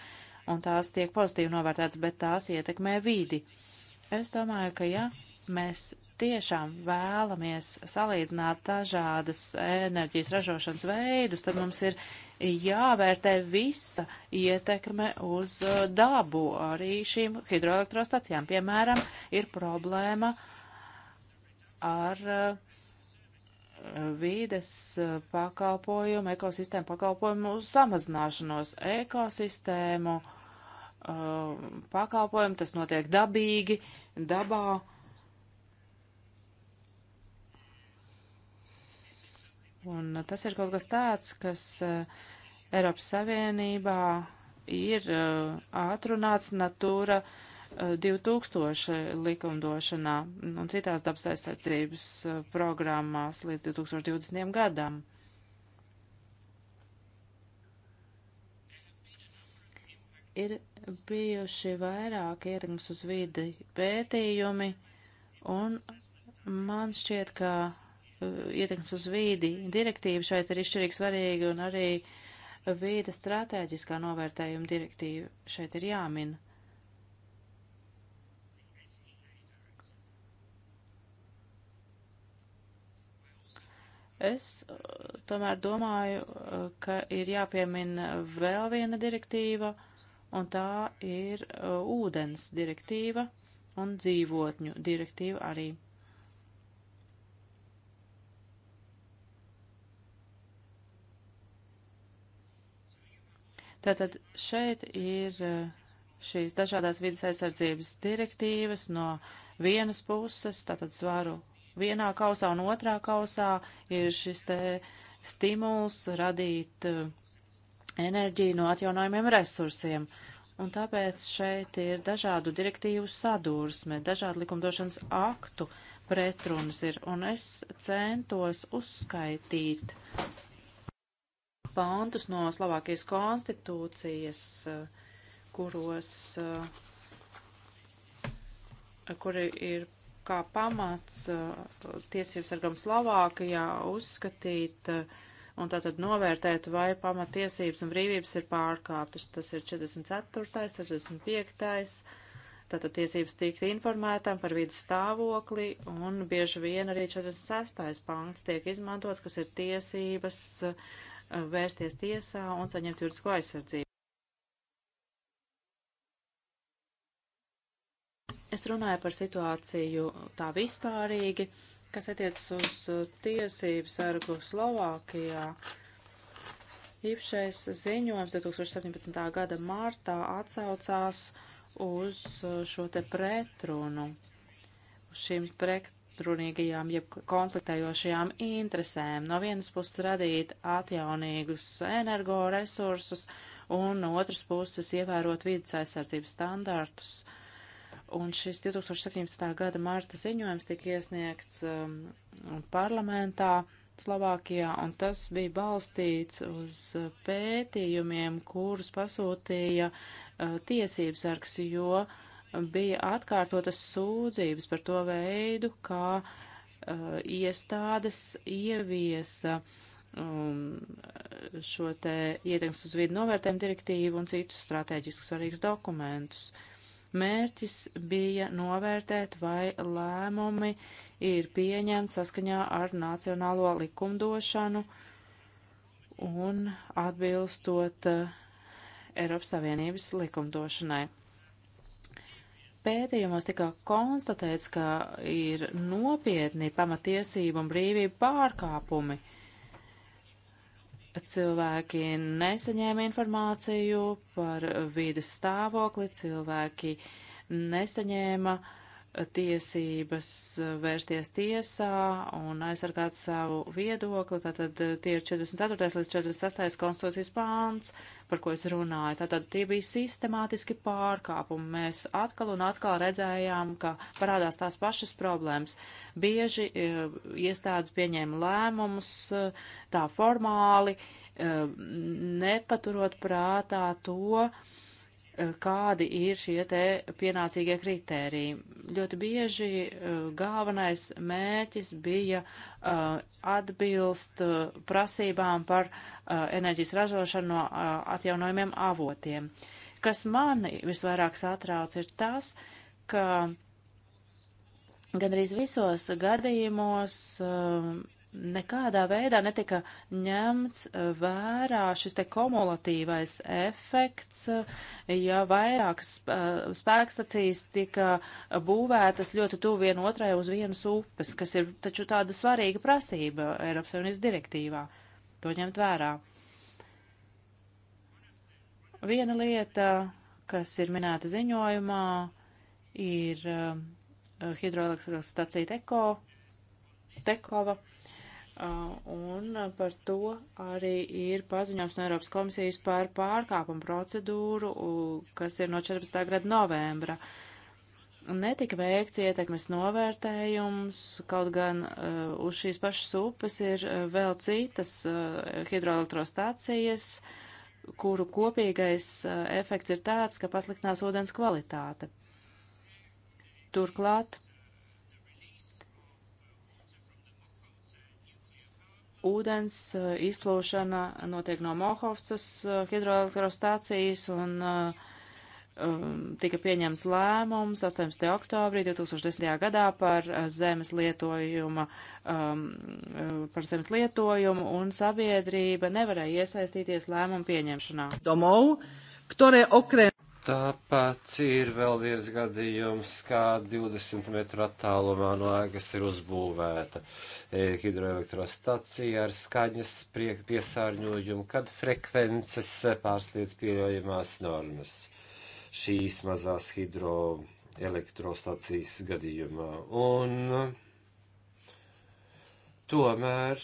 un tās tiek pozitīvi novērtētas, bet tās ietekmē vidi. Es domāju, ka ja mēs tiešām vēlamies salīdzināt dažādas enerģijas ražošanas veidus, tad mums ir jāvērtē visa ietekme uz uh, dabu arī šīm hidroelektrostacijām. Piemēram, ir problēma ar uh, vīdes uh, pakalpojumu, ekosistēmu pakalpojumu samazināšanos, ekosistēmu pakalpojumu, tas notiek dabīgi, dabā Un tas ir kaut kas tāds, kas eh, Eiropas Savienībā ir atrunāts eh, Natūra 2000 eh, likumdošanā un citās dabas aizsardzības programmās līdz 2020. gadam. Ir bijuši vairāki ietekmes uz vidi pētījumi, un man šķiet, ka Eh, ietekmes uz vīdi. Direktīva šeit ir izšķirīgi svarīga un arī vīda stratēģiskā novērtējuma direktīva šeit ir jāmin. Es eh, tomēr domāju, eh, ka ir jāpiemina vēl viena direktīva, un tā ir ūdens direktīva un dzīvotņu direktīva arī. Tātad šeit ir e, šīs dažādās vidas aizsardzības direktīvas no vienas puses, tātad svaru vienā kausā un otrā kausā ir šis te stimuls radīt e, enerģiju no atjaunojumiem resursiem. Un tāpēc šeit ir dažādu direktīvu sadursme, dažādu likumdošanas aktu pretrunas ir. Un es centos uzskaitīt uh, pāntus no Slovākijas konstitūcijas, eh, kuros, eh, kuri ir kā pamats eh, tiesības sargam Slovākijā uzskatīt un tātad novērtēt, vai pamatiesības un brīvības ir pārkāptas. Tas ir 44., 45. Tātad tiesības tikt informētām par vidas stāvokli un bieži vien arī 46. pants tiek izmantots, kas ir tiesības vērsties tiesā un saņemt juridisko aizsardzību. Es runāju par situāciju tā vispārīgi, kas attiecas uz uh, tiesību sargu Slovākijā. Īpašais ziņojums 2017. gada martā atsaucās uz uh, šo te pretrunu, uz šīm pret, pretrunīgajām, jeb konfliktējošajām interesēm. No vienas puses radīt atjaunīgus energoresursus, un no otras puses ievērot vidas aizsardzības standārtus. Un šis 2017. gada marta ziņojums tika iesniegts um, parlamentā Slovākijā, un tas bija balstīts uz pētījumiem, kurus pasūtīja uh, tiesības arks, jo uh, bija atkārtotas sūdzības par to veidu, kā uh, iestādes ieviesa um, šo te ietekmes uz vidu novērtējumu direktīvu un citus strateģiski svarīgus dokumentus. Mērķis bija novērtēt, vai lēmumi ir pieņemti saskaņā ar nacionālo likumdošanu un atbilstot uh, Eiropas Savienības likumdošanai pētījumos tika konstatēts, ka ir nopietni pamatiesību un brīvību pārkāpumi. Cilvēki nesaņēma informāciju par vīdes stāvokli, cilvēki nesaņēma uh, tiesības vērsties tiesā un aizsargāt savu viedokli. Tātad tie ir 44. līdz 46. konstitūcijas pāns, par ko es runāju. Tātad tie bija sistemātiski pārkāpumi. Mēs atkal un atkal redzējām, ka parādās tās pašas problēmas. Bieži e, iestādes pieņēma lēmumus e, tā formāli, e, nepaturot prātā to, uh, E, kādi ir šie te pienācīgie kritēriji. Ļoti bieži e, galvenais mērķis bija e, atbilst prasībām par enerģijas ražošanu no atjaunojumiem avotiem. Kas mani visvairāk satrauc ir tas, ka gandrīz visos gadījumos nekādā veidā netika ņemts vērā šis te kumulatīvais efekts, ja vairākas spēkstacijas tika būvētas ļoti tuvu vien otrai uz vienas upes, kas ir taču tāda svarīga prasība Eiropas Savienības direktīvā. To ņemt vērā. Viena lieta, kas ir minēta ziņojumā, ir hidroelektrostacija Teko, Tekova. Un par to arī ir paziņojums no Eiropas komisijas par pārkāpumu procedūru, kas ir no 14. gada novembra. Netika veikts ietekmes novērtējums, kaut gan uh, uz šīs pašas upes ir uh, vēl citas uh, hidroelektrostācijas, kuru kopīgais uh, efekts ir tāds, ka pasliktinās ūdens kvalitāte. Turklāt ūdens eh, izplūšana notiek no Mohovcas eh, hidroelektrostācijas un eh, um, tika pieņemts lēmums 18. oktobrī 2010. gadā par zemes lietojumu, um, par zemes lietojumu un sabiedrība nevarēja iesaistīties lēmumu pieņemšanā. Domov, ktoré okrē... Tāpat ir vēl viens gadījums, kā 20 metru attālumā no ēkas ir uzbūvēta e, hidroelektrostacija ar skaņas piesārņojumu, kad frekvences pārsliedz pieļaujamās normas šīs mazās hidroelektrostacijas gadījumā. Un tomēr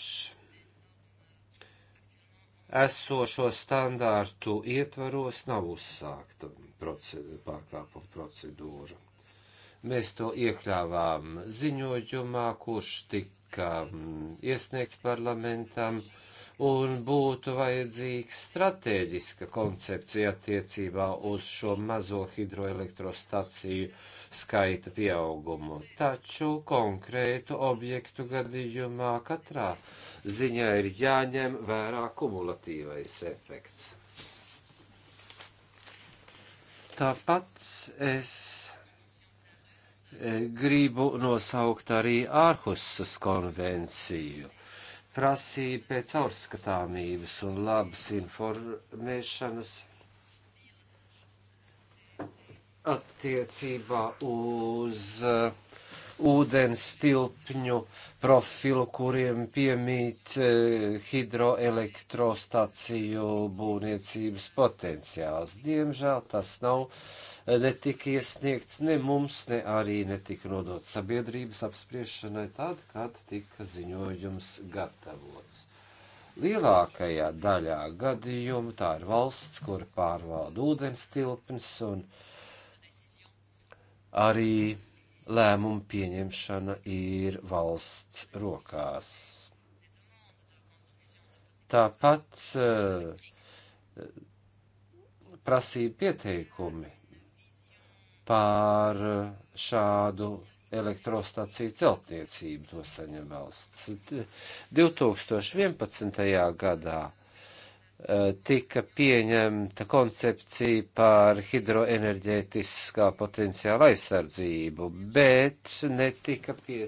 esošo standārtu ietvaros nav uzsākta procedūra, pārkāpuma procedūra. Mēs to iekļāvām ziņojumā, kurš tika mm, iesniegts parlamentam, un būtu vajadzīga strateģiska koncepcija attiecībā uz šo mazo hidroelektrostaciju skaita pieaugumu. Taču konkrētu objektu gadījumā katrā ziņā ir jāņem vērā kumulatīvais efekts. Tāpat es e, gribu nosaukt arī ārhusas konvenciju. Prasīja pēc caurskatāmības un labas informēšanas attiecībā uz uh, ūdens tilpņu profilu, kuriem piemīt e, hidroelektrostaciju būvniecības potenciāls. Diemžēl tas nav e, netika iesniegts ne mums, ne arī netika nodot sabiedrības apspriešanai tad, kad tika ziņojums gatavots. Lielākajā daļā gadījumu tā ir valsts, kur pārvalda ūdens tilpnes un arī lēmumu pieņemšana ir valsts rokās. Tāpat eh, prasīja pieteikumi pār eh, šādu elektrostaciju celtniecību to saņem valsts. 2011. Eh, gadā tika pieņemta koncepcija par hidroenerģētiskā potenciāla aizsardzību, bet netika pie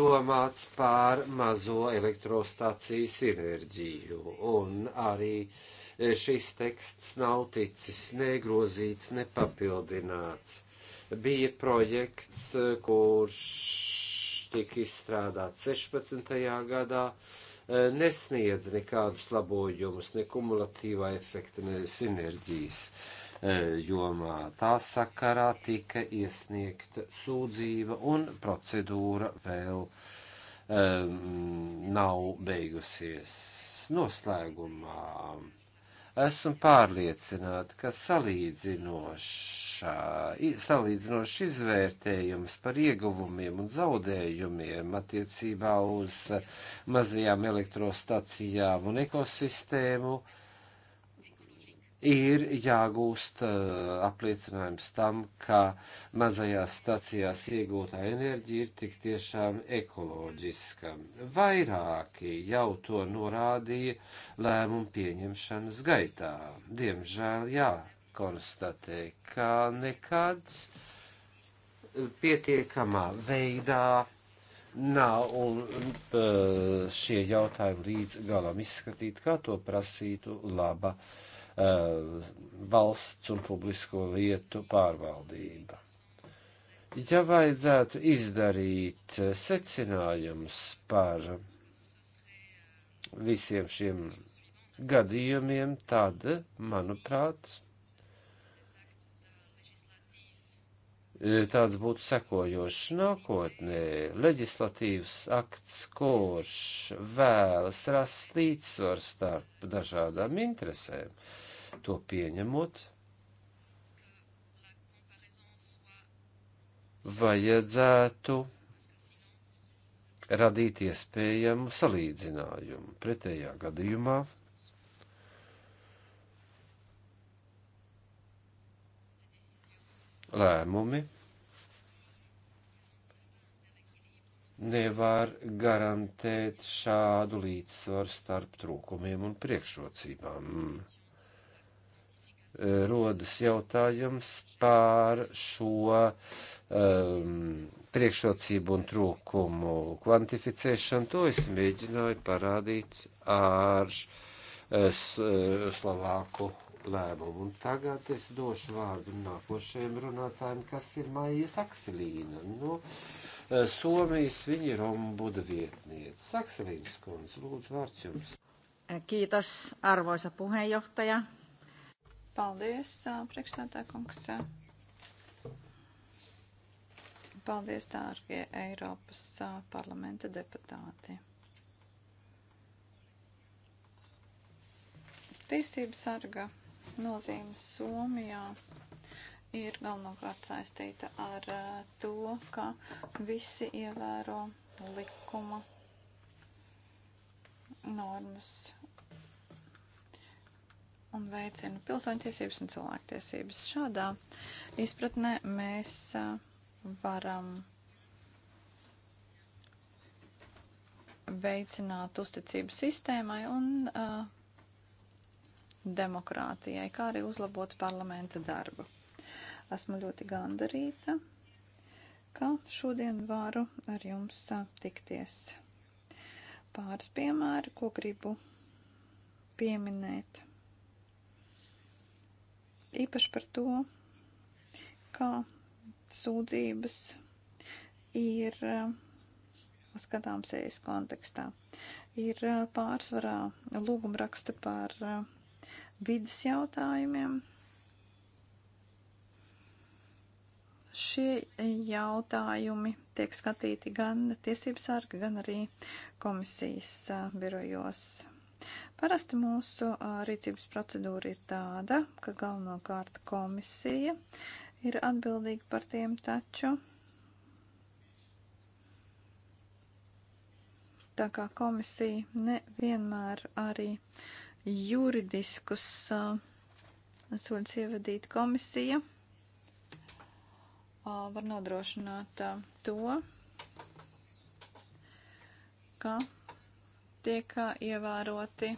domāts par mazo elektrostāciju sinerģiju. Un arī šis teksts nav ticis negrozīts, nepapildināts. Bija projekts, kurš tika izstrādāts 16. gadā E, nesniedz nekādus labojumus, ne kumulatīvā efekta, ne sinerģijas e, jomā. Tā sakarā tika iesniegta sūdzība un procedūra vēl um, nav beigusies. Noslēgumā. Um, Esmu pārliecināta, ka salīdzinošā, salīdzinošs izvērtējums par ieguvumiem un zaudējumiem attiecībā uz eh, mazajām elektrostacijām un ekosistēmu uh, ir jāgūst eh, apliecinājums tam, ka mazajās stacijās iegūtā enerģija ir tik tiešām ekoloģiska. Vairāki jau to norādīja lēmumu pieņemšanas gaitā. Diemžēl jākonstatē, ka nekad pietiekamā veidā nav un eh, šie jautājumi līdz galam izskatīt, kā to prasītu laba uh, Eh, valsts un publisko lietu pārvaldība. Ja vajadzētu izdarīt eh, secinājumus par visiem šiem gadījumiem, tad, manuprāt, E, tāds būtu sekojošs nākotnē leģislatīvs akts, kurš vēlas rast līdzsvaru starp dažādām interesēm, to pieņemot, vajadzētu radīt iespējamu salīdzinājumu. Pretējā gadījumā lēmumi nevar garantēt šādu līdzsvaru starp trūkumiem un priekšrocībām. Rodas jautājums par šo um, priekšrocību un trūkumu kvantificēšanu. To es mēģināju parādīt ar uh, uh Slovāku lēmumu. Un tagad es došu vārdu nākošajam runātājiem, kas ir Maijas Akselīna. No nu, eh, Somijas viņa ir ombuda vietniece. Akselīnas kundze, lūdzu, vārds jums. Eh, Kiitos, arvoisa puheenjohtaja. Paldies, eh, priekšstādā kungs. Paldies, dārgie Eiropas parlamenta deputāti. Tiesība sarga nozīme Somijā ir galvenokārt saistīta ar eh, to, ka visi ievēro likuma normas un veicina pilsoņtiesības un cilvēktiesības. Šādā izpratnē mēs eh, varam veicināt uzticību sistēmai un uh, demokrātijai, kā arī uzlabot parlamenta darbu. Esmu ļoti gandarīta, ka šodien varu ar jums tikties. Pāris piemēri, ko gribu pieminēt. Īpaši par to, kā sūdzības ir skatāms ejas kontekstā. Ir pārsvarā lūgumraksti par vidas jautājumiem. Šie jautājumi tiek skatīti gan tiesības sarga, gan arī komisijas birojos. Parasti mūsu rīcības procedūra ir tāda, ka galvenokārt komisija ir atbildīga par tiem taču. Tā kā komisija nevienmēr arī uh, juridiskus uh, soļus ievadīt komisija, uh, var nodrošināt uh, to, ka tiek uh, ievēroti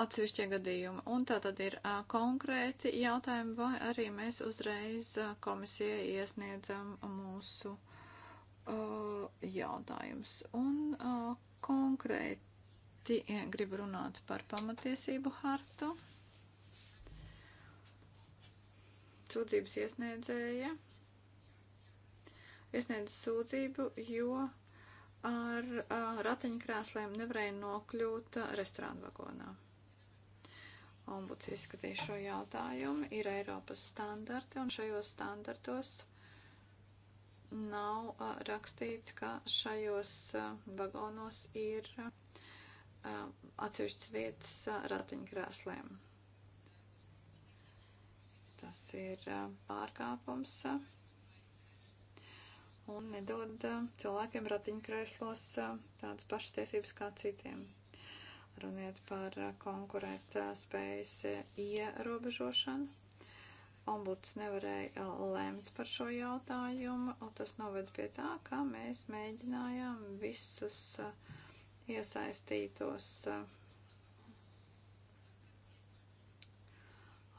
atsevišķie gadījumi. Un tā tad ir a, uh, konkrēti jautājumi, vai arī mēs uzreiz a, uh, komisijai iesniedzam mūsu jautājums. Un konkrēti gribu runāt par pamatiesību hartu. Sūdzības iesniedzēja iesniedz sūdzību, jo ar ratiņkrēsliem nevarēja nokļūt restorānu vagonā. Ombuds izskatīja šo jautājumu, ir Eiropas standarti, un šajos standartos nav a, rakstīts, ka šajos a, vagonos ir a, atsevišķas vietas ratiņkrēsliem. Tas ir pārkāpums un nedod cilvēkiem ratiņkrēslos tādas pašas tiesības kā citiem. Runiet par konkurēt spējas ierobežošanu ombuds nevarēja lemt par šo jautājumu, un tas noved pie tā, ka mēs mēģinājām visus uh, iesaistītos uh,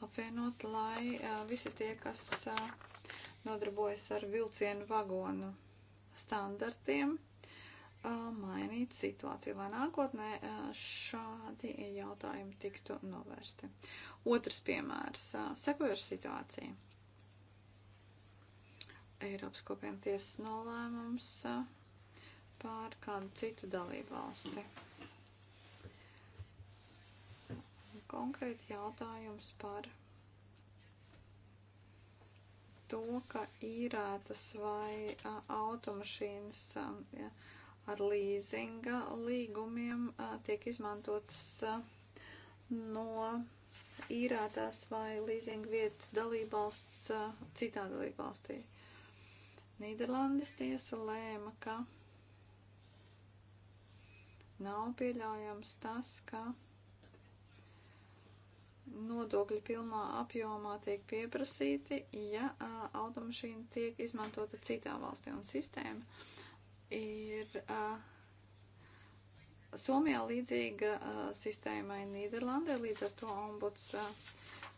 apvienot, lai uh, visi tie, kas nodarbojas ar vilcienu vagonu standartiem, mainīt situāciju, lai nākotnē šādi jautājumi tiktu novērsti. Otrs piemērs - sekojoša situācija. Eiropas kopienu tiesas nolēmums pār kādu citu dalību valsti. Konkrēti jautājums par to, ka īrētas vai automašīnas. Ja, ar līzinga līgumiem tiek izmantotas no īrētās vai līzinga vietas dalībvalsts citā dalībvalstī. Nīderlandes tiesa lēma, ka nav pieļaujams tas, ka nodokļi pilnā apjomā tiek pieprasīti, ja automašīna tiek izmantota citā valstī un sistēma ir uh, Somijā līdzīga uh, sistēmai Nīderlandē, līdz ar to ombuds uh,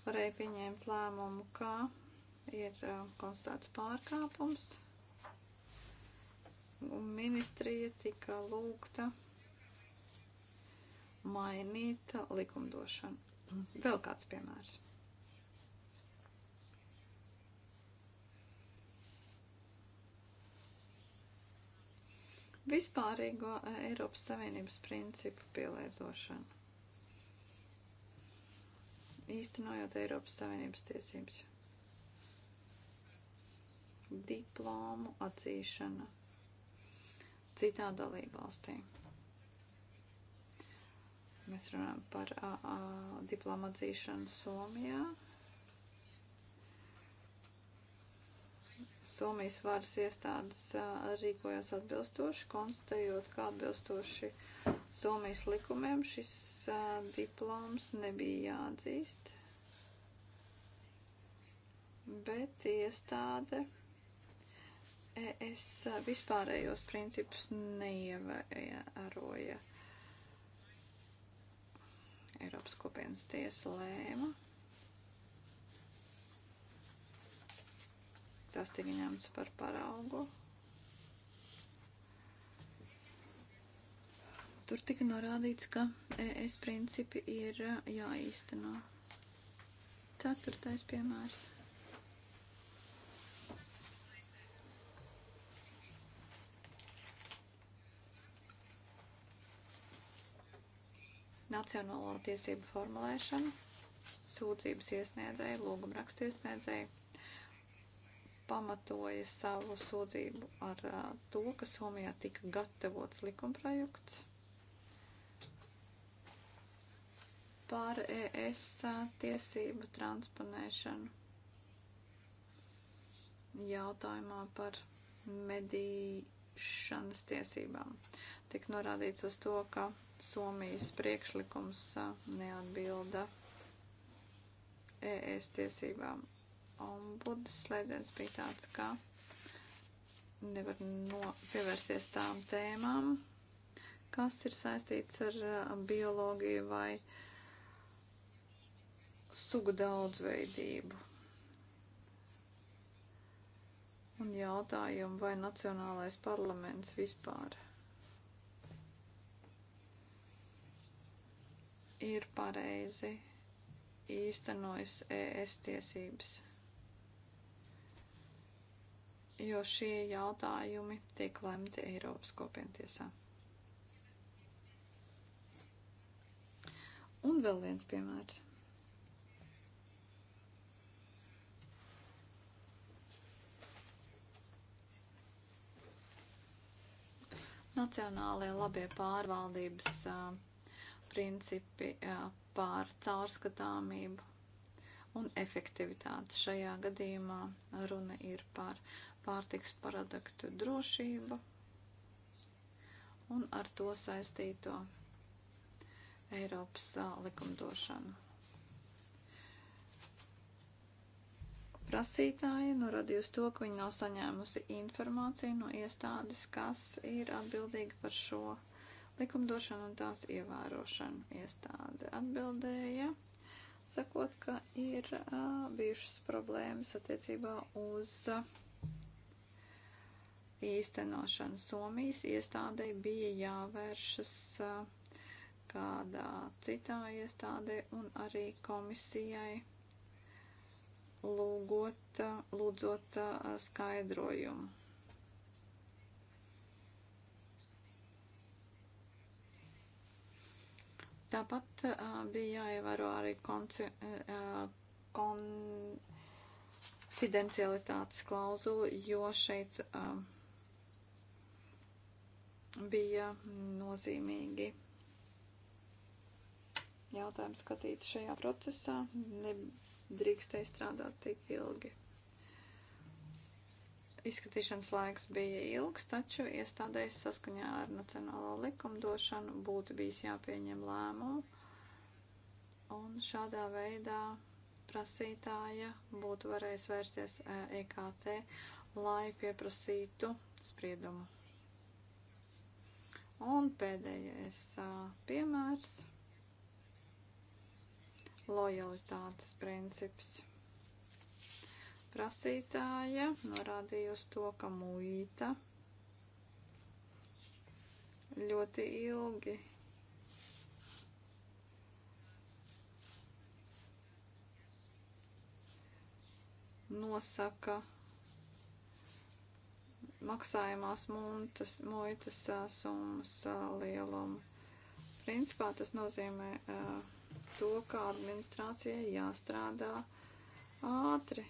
varēja pieņemt lēmumu, ka ir uh, konstatēts pārkāpums. Ministrija tika lūgta mainīt likumdošanu. Vēl kāds piemērs. vispārīgo eh, Eiropas Savienības principu pielietošanu, īstenojot Eiropas Savienības tiesības, diplomu atzīšana citā dalībvalstī. Mēs runājam par a, a, diplomu atzīšanu Somijā Somijas varas iestādes rīkojās atbilstoši, konstatējot, ka atbilstoši Somijas likumiem šis diploms nebija jāatzīst, bet iestāde es vispārējos principus neievēroja. Eiropas kopienas tiesa lēma Tas tika ņemts par paraugu. Tur tika norādīts, ka ES principi ir jāīsteno. Ceturtais piemērs. Nacionālo tiesību formulēšana, sūdzības iesniedzēja, lūgumraksta iesniedzēja pamatoja savu sūdzību ar to, ka Somijā tika gatavots likumprojekts par ES tiesību transponēšanu jautājumā par medīšanas tiesībām. Tik norādīts uz to, ka Somijas priekšlikums neatbilda ES tiesībām ombuds slēdziens bija tāds, ka nevar no, pievērsties tām tēmām, kas ir saistīts ar eh, bioloģiju vai sugu daudzveidību. Un jautājumu, vai Nacionālais parlaments vispār ir pareizi īstenojis ES tiesības jo šie jautājumi tiek lemti Eiropas kopientiesā. Un vēl viens piemērs. Nacionālajie labie pārvaldības a, principi a, pār caurskatāmību un efektivitāti. Šajā gadījumā runa ir par pārtiks produktu drošību un ar to saistīto Eiropas a, likumdošanu. Prasītāja norādījusi to, ka viņa nav saņēmusi informāciju no iestādes, kas ir atbildīga par šo likumdošanu un tās ievērošanu. Iestāde atbildēja, sakot, ka ir a, bijušas problēmas attiecībā uz. A, īstenošanu Somijas iestādē bija jāvēršas kādā citā iestādē un arī komisijai lūgot, lūdzot skaidrojumu. Tāpat uh, bija jāievēro arī konci, uh, konfidencialitātes klauzula, jo šeit uh, bija nozīmīgi jautājumi skatīt šajā procesā. Nedrīkstēja strādāt tik ilgi. Izskatīšanas laiks bija ilgs, taču iestādēs saskaņā ar nacionālo likumdošanu būtu bijis jāpieņem lēmumu, un šādā veidā prasītāja būtu varējis vērsties EKT, lai pieprasītu spriedumu. Un pēdējais piemērs - lojalitātes princips. Prasītāja norādīja uz to, ka muita ļoti ilgi nosaka maksājumās muntas, muitas summas lielumu. Principā tas nozīmē to, kā administrācijai jāstrādā ātri,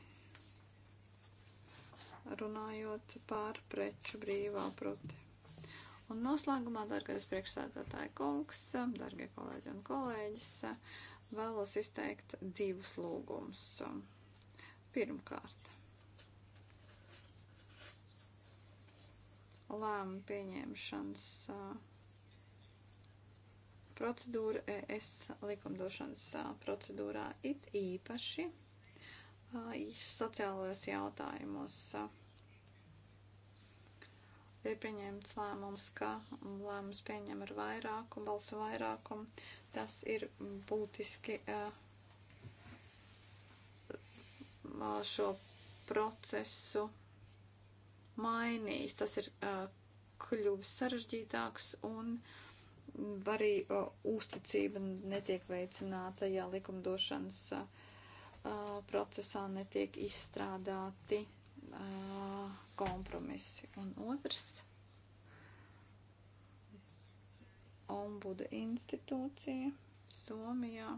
runājot par preču brīvā proti. Un noslēgumā, dargais priekšsēdētāji kungs, dargie kolēģi un kolēģis, vēlos izteikt divus lūgumus. Pirmkārt, lēmumu pieņemšanas procedūra ES likumdošanas procedūrā it īpaši sociālajos jautājumos ir pieņemts lēmums, ka lēmums pieņem ar vairākumu, balsu vairākumu. Tas ir būtiski šo procesu mainījis. Tas ir kļuvis sarežģītāks un arī uzticība netiek veicināta, ja likumdošanas procesā netiek izstrādāti kompromisi. Un otrs ombuda institūcija Somijā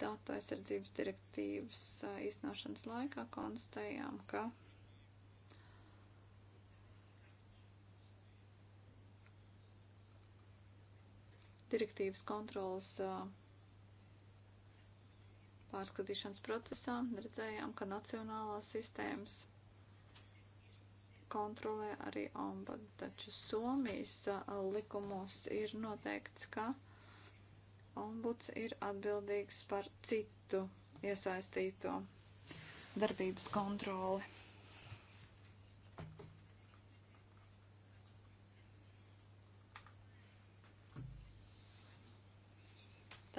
datu aizsardzības direktīvas īstenošanas laikā konstatējām, ka direktīvas kontrolas pārskatīšanas procesā redzējām, ka nacionālās sistēmas kontrolē arī ombudu, taču Somijas likumos ir noteikts, ka ombuds ir atbildīgs par citu iesaistīto darbības kontroli.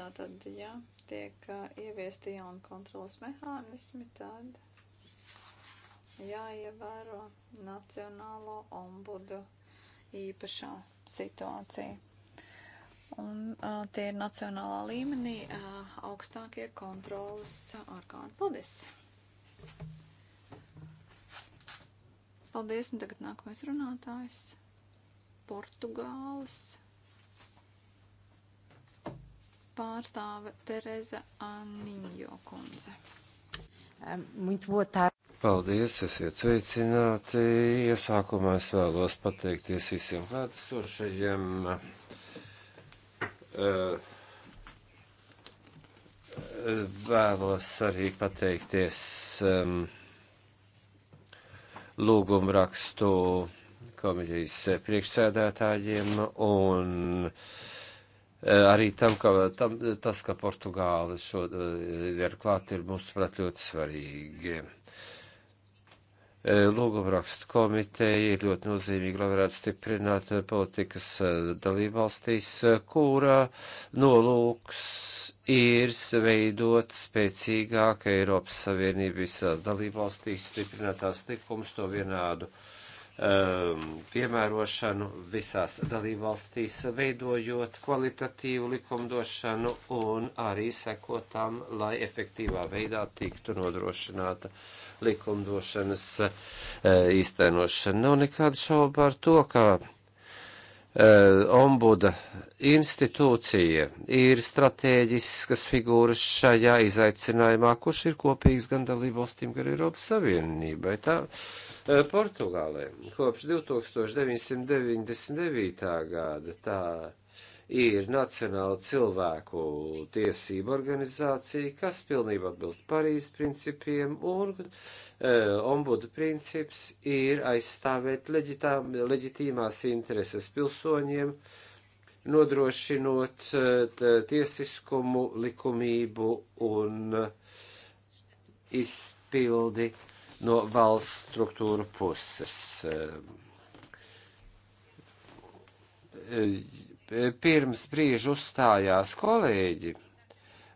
Tātad, ja tiek uh, ieviesti jauni kontrolas mehānismi, tad jāievēro nacionālo ombudu īpašā situācija. Un uh, tie ir nacionālā līmenī uh, augstākie kontrolas orgāni. Paldies! Paldies, un tagad nākamais runātājs. Portugāles pārstāve Tereza Anniņo kundze. Paldies, esiet sveicināti. Iesākumā es vēlos pateikties visiem klātesošajiem. Eh, eh, vēlos arī pateikties um, lūgumu rakstu komitejas priekšsēdētājiem un uh, Arī tam, ka, tam, tas, ka Portugāla šo ir klāt, ir mums, prāt, ļoti svarīgi. Lūgumrakstu komiteja ir ļoti nozīmīga, lai varētu stiprināt politikas dalībvalstīs, kura nolūks ir veidot spēcīgāku Eiropas Savienību visās dalībvalstīs, stiprināt tās likumus to vienādu uh, Um, piemērošanu visās dalībvalstīs, veidojot kvalitatīvu likumdošanu un arī sekotam, lai efektīvā veidā tiktu nodrošināta likumdošanas uh, īstenošana. Nav nekādu šaubu ar to, ka uh, ombuda institūcija ir stratēģiskas figūras šajā izaicinājumā, kurš ir kopīgs gan dalībvalstīm, gan Eiropas Savienībai. Tā, uh, E, Portugālē kopš 1999. gada tā ir Nacionāla cilvēku tiesība organizācija, kas pilnībā atbilst Parīzes principiem, un e, ombudu princips ir aizstāvēt leģitā, leģitīmās intereses pilsoņiem, nodrošinot e, tiesiskumu, likumību un izpildi. E, no valsts struktūru puses. E, pirms brīža uzstājās kolēģi,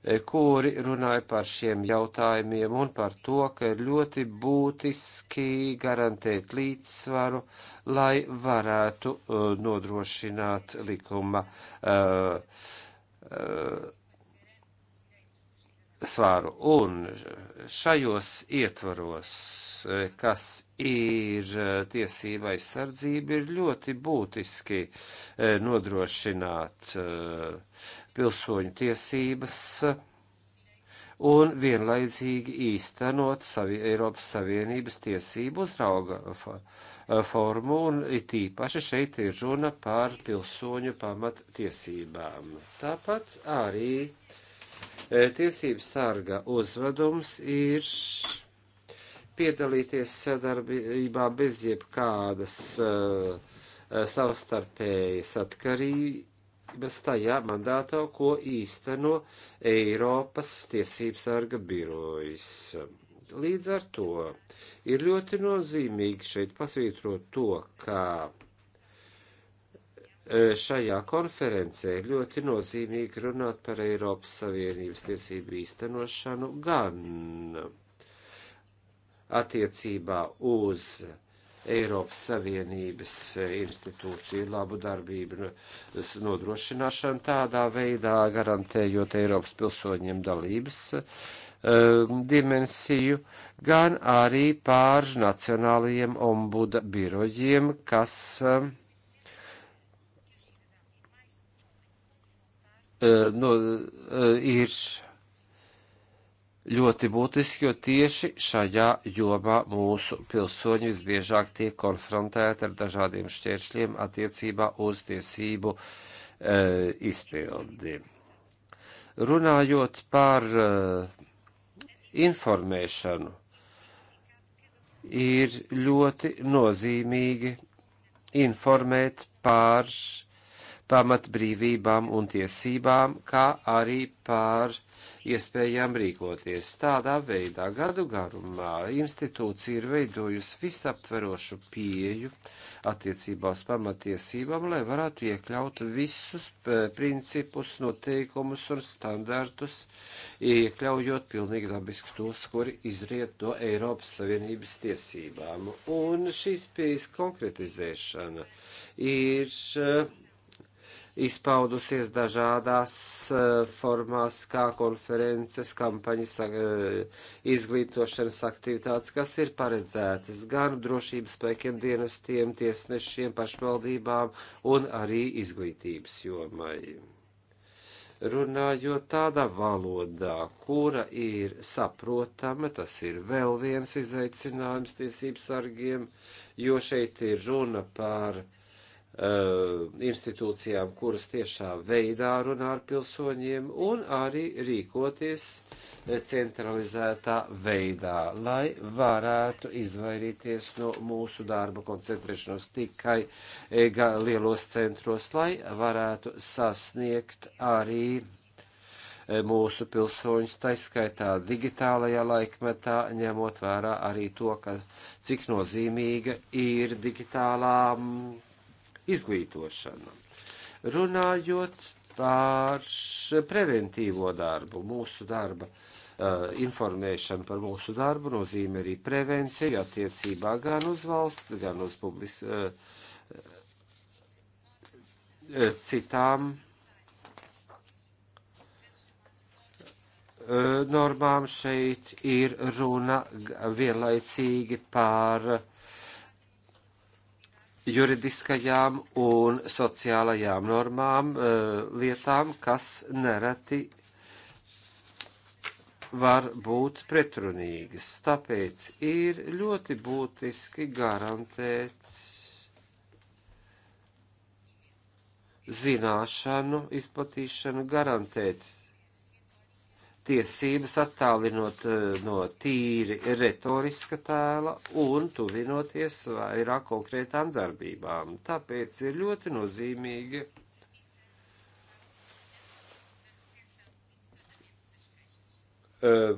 e, kuri runāja par šiem jautājumiem un par to, ka ir ļoti būtiski garantēt līdzsvaru, lai varētu e, nodrošināt likuma uh, uh, svaru. Un šajos ietvaros, eh, kas ir eh, tiesība aizsardzība, ir ļoti būtiski eh, nodrošināt pilsoņu tiesības un vienlaicīgi īstenot savi, Eiropas Savienības tiesību uzrauga formu, un it īpaši šeit ir runa par pilsoņu pamattiesībām. Tāpat arī uh, E, tiesības sarga uzvedums ir piedalīties sadarbībā bez jebkādas uh, e, e, savstarpējas atkarības tajā mandātā, ko īsteno Eiropas tiesības sarga birojas. Līdz ar to ir ļoti nozīmīgi šeit pasvītrot to, ka šajā konferencē ļoti nozīmīgi runāt par Eiropas Savienības tiesību īstenošanu gan attiecībā uz Eiropas Savienības institūciju labu darbību nodrošināšanu tādā veidā, garantējot Eiropas pilsoņiem dalības um, dimensiju, gan arī pār nacionālajiem ombuda birojiem, kas uh, no, ir ļoti būtiski, jo tieši šajā jomā mūsu pilsoņi visbiežāk tiek konfrontēti ar dažādiem šķēršļiem attiecībā uz tiesību e, izpildi. Runājot par e, informēšanu, ir ļoti nozīmīgi informēt par pamatbrīvībām un tiesībām, kā arī par iespējām rīkoties. Tādā veidā gadu garumā institūcija ir veidojusi visaptverošu pieju attiecībā uz pamatiesībām, lai varētu iekļaut visus eh, principus, noteikumus un standartus, iekļaujot pilnīgi dabiski tos, kuri izriet no Eiropas Savienības tiesībām. Un šīs pieejas konkretizēšana ir eh, izpaudusies dažādās eh, formās, kā konferences, kampaņas, eh, izglītošanas aktivitātes, kas ir paredzētas gan drošības spēkiem, dienestiem, tiesnešiem, pašvaldībām un arī izglītības jomai. Runājot tādā valodā, kura ir saprotama, tas ir vēl viens izaicinājums tiesības sargiem, jo šeit ir runa par uh, Eh, institūcijām, kuras tiešā veidā runā ar pilsoņiem, un arī rīkoties eh, centralizētā veidā, lai varētu izvairīties no mūsu darba koncentrēšanos tikai eh, lielos centros, lai varētu sasniegt arī mūsu pilsoņus, taiskaitā digitālajā laikmetā, ņemot vērā arī to, ka cik nozīmīga ir digitālā mm, izglītošanu. Runājot par preventīvo darbu, mūsu darba eh, informēšana par mūsu darbu nozīmē arī prevenciju attiecībā gan uz valsts, gan uz publis, eh, eh, citām normām šeit ir runa vienlaicīgi par juridiskajām un sociālajām normām, eh, lietām, kas nereti var būt pretrunīgas. Tāpēc ir ļoti būtiski garantēt zināšanu izplatīšanu, garantēt tiesības attālinot eh, no tīri retoriska tēla un tuvinoties vairāk konkrētām darbībām. Tāpēc ir ļoti nozīmīgi eh,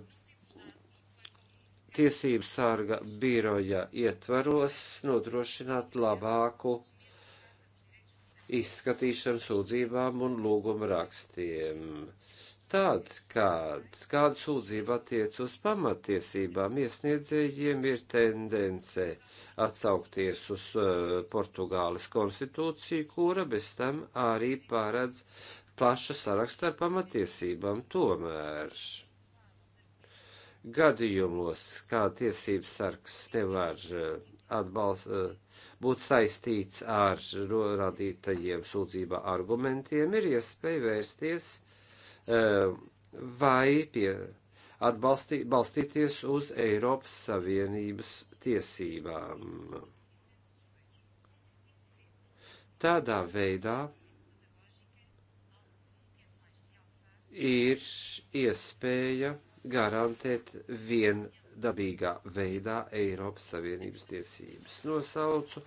tiesību sārga biroja ietvaros nodrošināt labāku izskatīšanu sūdzībām un lūgumu rakstiem. Tad, kad kāda sūdzība attiec uz pamatiesībām, iesniedzējiem ir tendence atsaukties uz uh, Portugāles konstitūciju, kura bez tam arī paredz plašu sarakstu ar pamatiesībām tomēr. Gadījumos, kā tiesības sargs nevar uh, atbalst, uh, būt saistīts ar radītajiem sūdzībā argumentiem, ir iespēja vērsties Ehm, vai pie atbalstī, balstīties uz Eiropas Savienības tiesībām. Tādā veidā ir iespēja garantēt viendabīgā veidā Eiropas Savienības tiesības. Nosaucu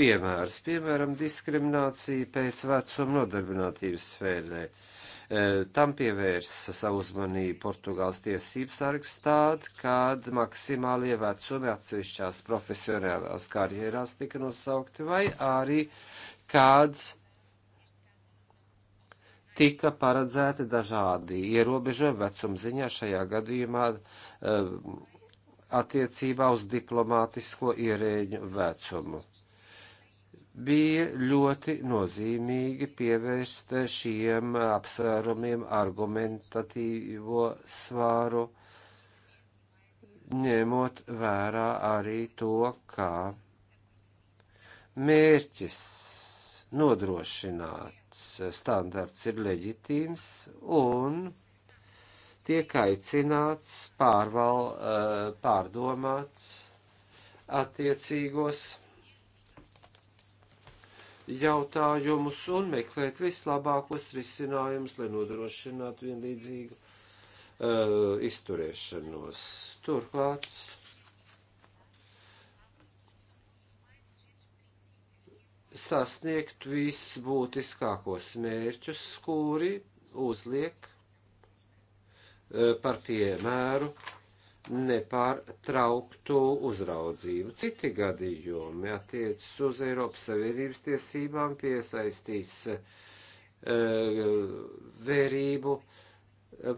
piemērus, piemēram, diskriminācija pēc vecuma nodarbinātības sfērē. Uh, E, tam pievērsa savu uzmanību Portugāles tiesības argstādi, kad maksimālie vecumi atsevišķās profesionālās karjerās tika nosaukti, vai arī kāds tika paredzēti dažādi ierobežojumi vecumziņā šajā gadījumā e, attiecībā uz diplomātisko ierēģu vecumu bija ļoti nozīmīgi pievērst šiem apsvērumiem argumentatīvo svāru, ņemot vērā arī to, kā mērķis nodrošināts standarts ir leģitīms un tiek aicināts pārval, eh, pārdomāts attiecīgos jautājumus un meklēt vislabākos risinājumus, lai nodrošinātu vienlīdzīgu uh, izturēšanos. Turklāt sasniegt visbūtiskākos mērķus, kuri uzliek uh, par piemēru uh, nepārtrauktu uzraudzību. Citi gadījumi attiecas uz Eiropas Savienības tiesībām, piesaistīs e, vērību e,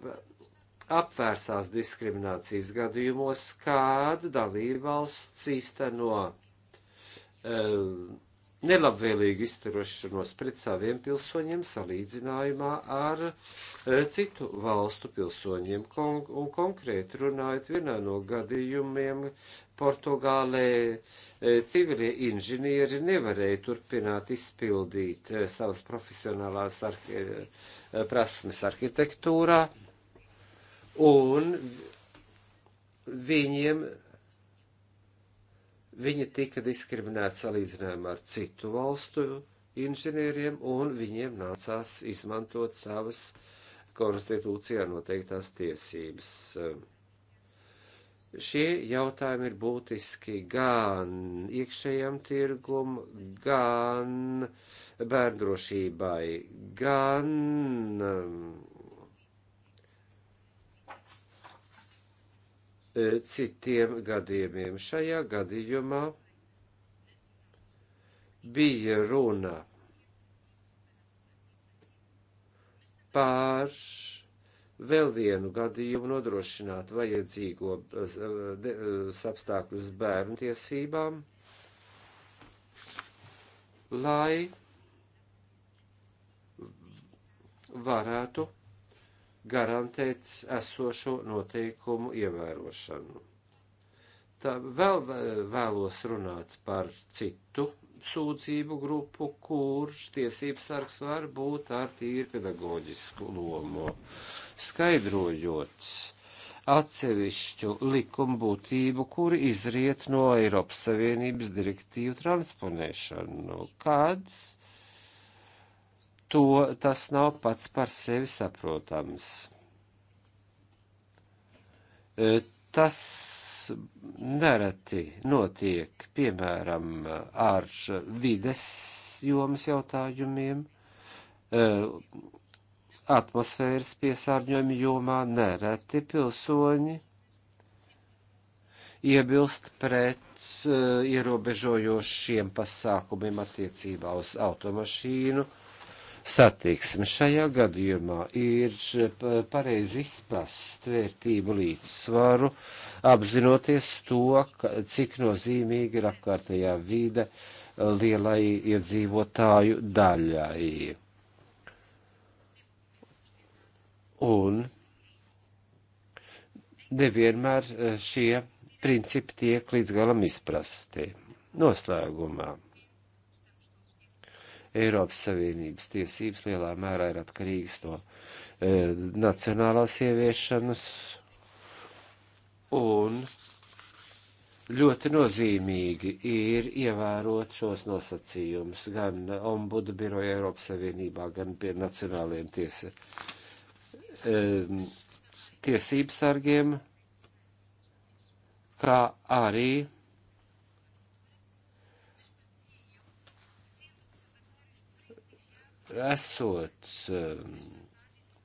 apvērsās diskriminācijas gadījumos, kāda dalībvalsts īsteno no, e, nelabvēlīgu izturošanos pret saviem pilsoņiem salīdzinājumā ar e, citu valstu pilsoņiem. Kon un konkrēti runājot vienā no gadījumiem, Portugālē e, civilie inženieri nevarēja turpināt izpildīt e, savas profesionālās arhi prasmes arhitektūrā, un viņiem Viņi tika diskriminēti salīdzinājumā ar citu valstu inženieriem, un viņiem nācās izmantot savas konstitūcijā noteiktās tiesības. Šie jautājumi ir būtiski gan iekšējam tirgum, gan bērndrošībai, gan um, E, citiem gadījumiem. Šajā gadījumā bija runa pār vēl vienu gadījumu nodrošināt vajadzīgo e, e, apstākļus bērnu tiesībām, lai varētu garantēt esošo noteikumu ievērošanu. Tā vēl vēlos runāt par citu sūdzību grupu, kurš tiesības sargs var būt ar tīri pedagoģisku lomu, skaidrojot atsevišķu likumu būtību, kuri izriet no Eiropas Savienības direktīvu transponēšanu, kāds to tas nav pats par sevi saprotams. E, tas nereti notiek, piemēram, ar vides jomas jautājumiem, e, atmosfēras piesārņojuma jomā nereti pilsoņi iebilst pret e, ierobežojošiem pasākumiem attiecībā uz automašīnu satiksmi. Šajā gadījumā ir pareizi izprast vērtību līdzsvaru, apzinoties to, ka, cik nozīmīgi ir apkārtējā vīde lielai iedzīvotāju daļai. Un nevienmēr eh, šie principi tiek līdz galam izprasti. Noslēgumā Eiropas Savienības tiesības lielā mērā ir atkarīgas no e, nacionālās ieviešanas un ļoti nozīmīgi ir ievērot šos nosacījumus gan ombudu biroja Eiropas Savienībā, gan pie nacionāliem tiesa, e, tiesības sargiem, kā arī esot eh,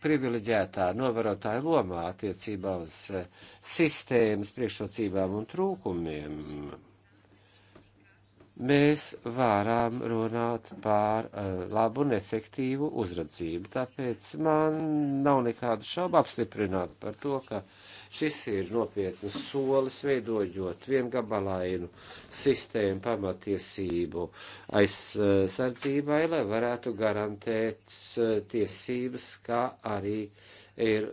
privileģētā novērotāja lomā attiecībā uz eh, sistēmas priekšrocībām un trūkumiem, mēs varam runāt par uh, labu un efektīvu uzradzību. Tāpēc man nav nekādu šaubu apstiprināt par to, ka uh, Šis ir nopietnas solis veidojot viengabalainu sistēmu pamatiesību aizsardzībai, lai varētu garantēt tiesības, kā arī ir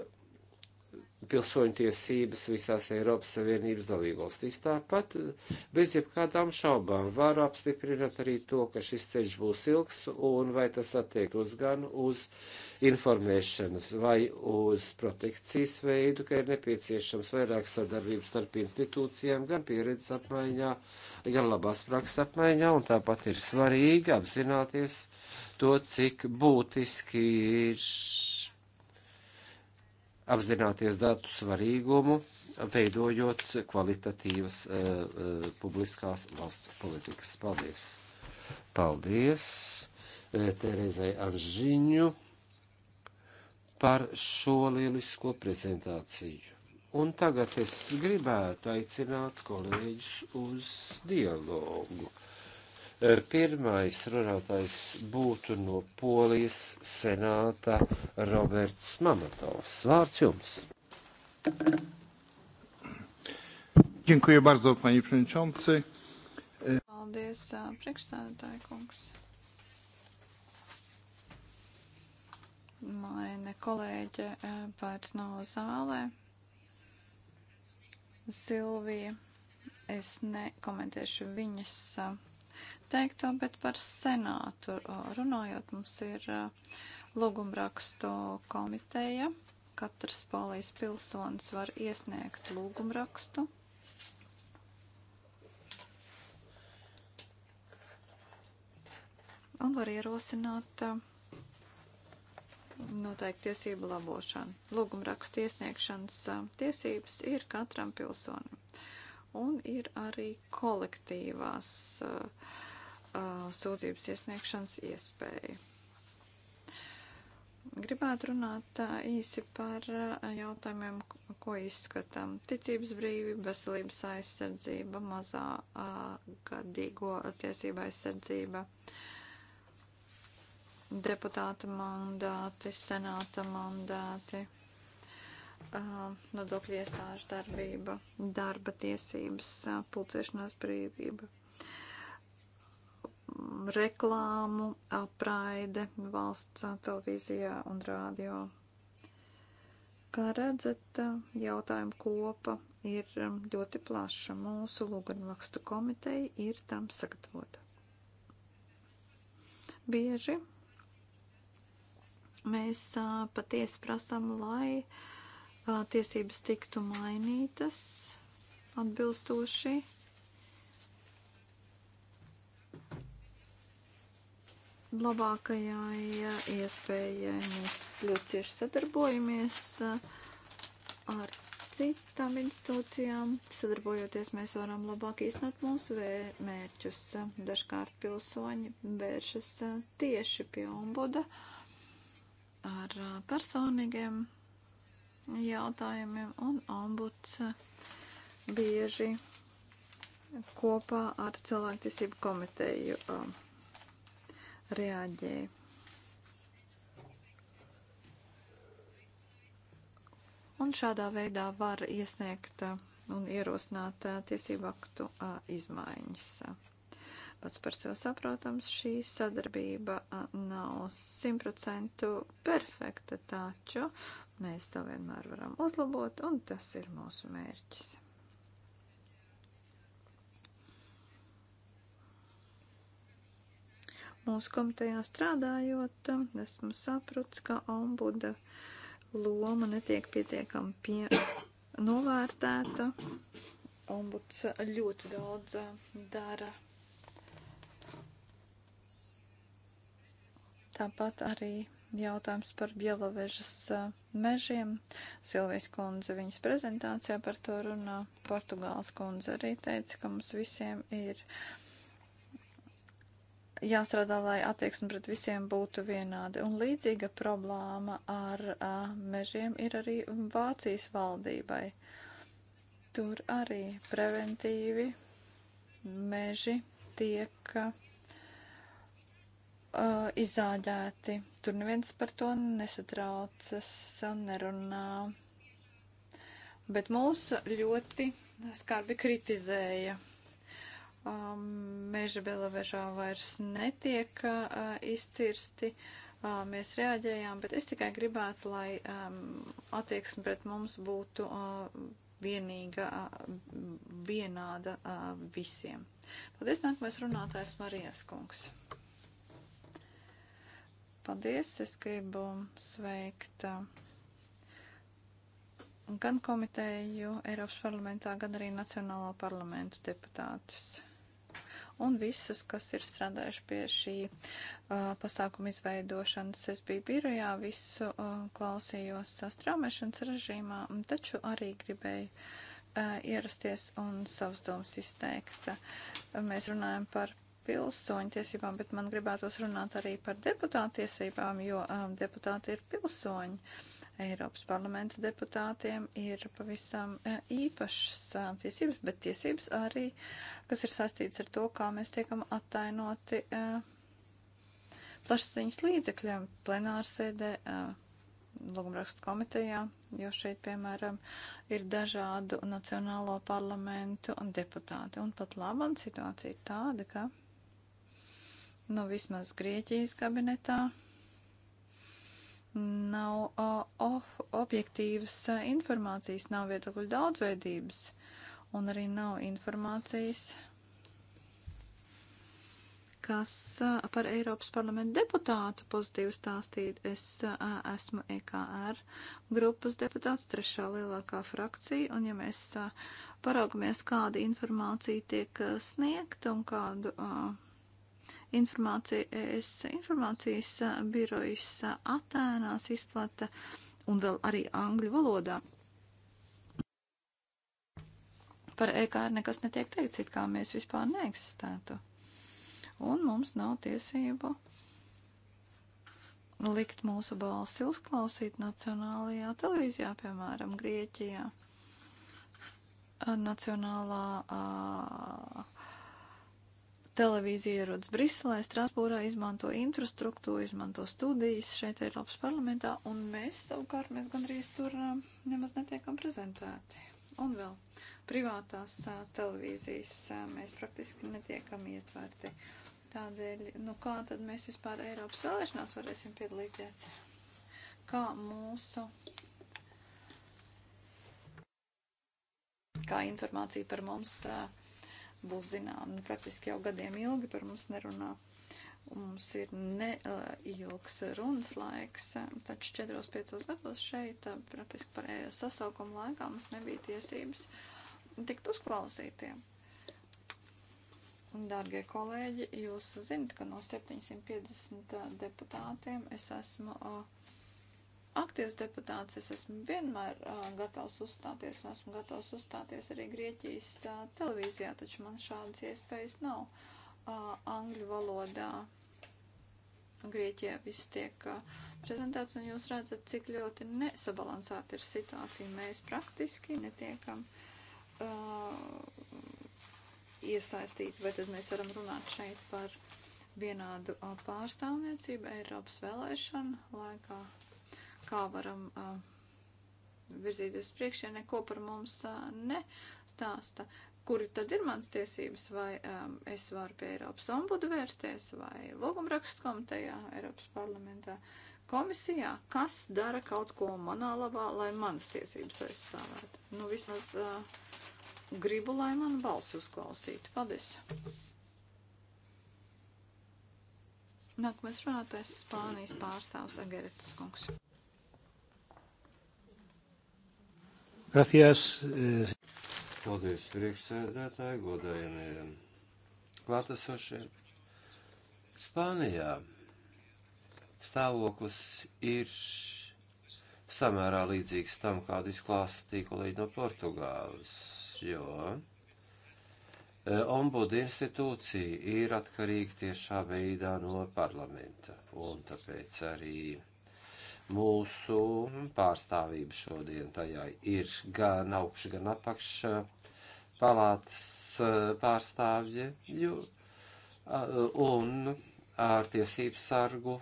pilsoņtiesības visās Eiropas Savienības dalībvalstīs. Tāpat bez jebkādām šaubām var apstiprināt arī to, ka šis ceļš būs ilgs un vai tas attiektos gan uz informēšanas vai uz protekcijas veidu, ka ir nepieciešams vairāk sadarbības starp institūcijām, gan pieredzes apmaiņā, gan labās prakses apmaiņā, un tāpat ir svarīgi apzināties to, cik būtiski ir apzināties datu svarīgumu, veidojot kvalitatīvas uh, uh, publiskās valsts politikas. Paldies! Paldies uh, Terezai Aržiņu par šo lielisko prezentāciju. Un tagad es gribētu aicināt kolēģis uz dialogu. Pirmais runātājs būtu no Polijas senāta Roberts Mamatovs. Vārds jums! Dziękuję bardzo, panie przewodniczący. Paldies, priekšsēdētāji kungs. Maina kolēģe vairs nav zālē. Silvija, es nekomentēšu viņas uh, teikto, bet par senātu runājot, mums ir lūgumrakstu komiteja. Katrs polijas pilsonis var iesniegt lūgumrakstu. Un var ierosināt uh, noteikti tiesību labošanu. Lūgumrakstu iesniegšanas tiesības ir katram pilsonim. Un ir arī kolektīvās uh, uh, sūdzības iesniegšanas iespēja. Gribētu runāt uh, īsi par uh, jautājumiem, ko izskatām. Ticības brīvība, veselības aizsardzība, mazā uh, gadīgo tiesība aizsardzība. Uh, deputāta mandāti, senāta mandāti, nodokļu iestāžu darbība, darba tiesības, pulcēšanās brīvība, reklāmu apraide valsts televīzijā un rādio. Kā redzat, jautājuma kopa ir ļoti plaša. Mūsu lūgunrakstu komiteja ir tam sagatavota. Bieži mēs patiesi prasam, lai uh, tiesības tiktu mainītas atbilstoši. Labākajai iespējai mēs ļoti cieši sadarbojamies ar citām institūcijām. Sadarbojoties, mēs varam labāk īstenot mūsu mērķus. Dažkārt pilsoņi vēršas tieši pie ombuda ar personīgiem jautājumiem, un ombuds bieži kopā ar cilvēktiesību komiteju um, reaģēja. Un šādā veidā var iesniegt uh, un ierosināt uh, tiesību aktu uh, izmaiņas. Pats par sevi saprotams, šī sadarbība nav simtprocentu perfekta, taču Mēs to vienmēr varam uzlabot, un tas ir mūsu mērķis. Mūsu komitejā strādājot, esmu sapratis, ka ombuda loma netiek pietiekami pie novērtēta. Ombuds ļoti daudz dara. Tāpat arī jautājums par bielovežas eh, mežiem. Silvijas kundze viņas prezentācijā par to runā. Portugāls kundze arī teica, ka mums visiem ir jāstrādā, lai attieksme pret visiem būtu vienāda. Un līdzīga problēma ar a, eh, mežiem ir arī Vācijas valdībai. Tur arī preventīvi meži tiek. A, uh, izzāģēti. Tur neviens par to nesatraucas, nerunā. Bet mūs ļoti skarbi kritizēja. Um, meža belavežā vairs netiek uh, izcirsti. Uh, mēs reaģējām, bet es tikai gribētu, lai um, attieksme pret mums būtu uh, vienīga, uh, vienāda uh, visiem. Paldies, nākamais runātājs Marijas kungs. Paldies, es gribu sveikt uh, gan komiteju Eiropas parlamentā, gan arī Nacionālo parlamentu deputātus. Un visus, kas ir strādājuši pie šī uh, pasākuma izveidošanas, es biju birojā, visu uh, klausījos uh, straumēšanas režīmā, taču arī gribēju uh, ierasties un savus domas izteikt. Mēs runājam par pilsoņu tiesībām, bet man gribētos runāt arī par deputātu tiesībām, jo um, deputāti ir pilsoņi. Eiropas parlamenta deputātiem ir pavisam e, īpašas uh, tiesības, bet tiesības arī, kas ir saistīts ar to, kā mēs tiekam attainoti uh, plašsaziņas līdzekļiem plenārsēdē, lūgumrakstu komitejā, jo šeit, piemēram, ir dažādu nacionālo parlamentu un deputāti. Un pat labam situācija ir tāda, ka nu vismaz Grieķijas kabinetā nav uh, objektīvas uh, informācijas, nav viedokļu daudzveidības un arī nav informācijas, kas uh, par Eiropas parlamentu deputātu pozitīvi stāstīt. Es uh, esmu EKR grupas deputāts, trešā lielākā frakcija, un ja mēs uh, paraugamies, kāda informācija tiek uh, sniegta un kādu. Uh, Informācijas, informācijas birojas Atēnās izplata un vēl arī angļu valodā. Par EKR nekas netiek teikts, it kā mēs vispār neeksistētu. Un mums nav tiesību likt mūsu balsi uzklausīt nacionālajā televīzijā, piemēram, Grieķijā. Nacionālā uh, televīzija ierodas Briselē, Strasbūrā, izmanto infrastruktūru, izmanto studijas šeit Eiropas parlamentā, un mēs savukārt mēs gandrīz tur nemaz netiekam prezentēti. Un vēl privātās a, televīzijas a, mēs praktiski netiekam ietverti. Tādēļ, nu kā tad mēs vispār Eiropas vēlēšanās varēsim piedalīties? Kā mūsu kā informācija par mums uh, būs zinām. Nu, praktiski jau gadiem ilgi par mums nerunā. Mums ir neilgs runas laiks, taču 4-5 gados šeit, praktiski par sasaukuma laikā mums nebija tiesības tikt uzklausītiem. Dārgie kolēģi, jūs zinat, ka no 750 deputātiem es esmu uh, aktīvs deputāts. Es esmu vienmēr uh, gatavs uzstāties un esmu gatavs uzstāties arī Grieķijas uh, televīzijā, taču man šādas iespējas nav. Uh, angļu valodā Grieķijā viss tiek uh, prezentēts un jūs redzat, cik ļoti nesabalansēta ir situācija. Mēs praktiski netiekam. Uh, iesaistīti, vai tad mēs varam runāt šeit par vienādu pārstāvniecību Eiropas vēlēšanu laikā kā varam virzīt uz priekšu, ja neko par mums nestāsta kuri tad ir mans tiesības, vai um, es varu pie Eiropas ombudu vērsties, vai logumrakstu komitejā, Eiropas parlamentā, komisijā, kas dara kaut ko manā labā, lai manas tiesības aizstāvētu. Nu, vismaz uh, gribu, lai man balsu uzklausītu. Paldies! Nākamais runātais Spānijas pārstāvs Agerets Kungs. Gracias. Paldies, priekšsēdētāji, godājumie klātesošie. Spānijā stāvoklis ir samērā līdzīgs tam, kādu izklāstīja kolēģi no Portugāles, jo e, ombuda institūcija ir atkarīga tiešā veidā no parlamenta, un tāpēc arī mūsu pārstāvība šodien tajā ir gan augš, gan apakš palātas eh, pārstāvji, jo, eh, un ar tiesību sargu.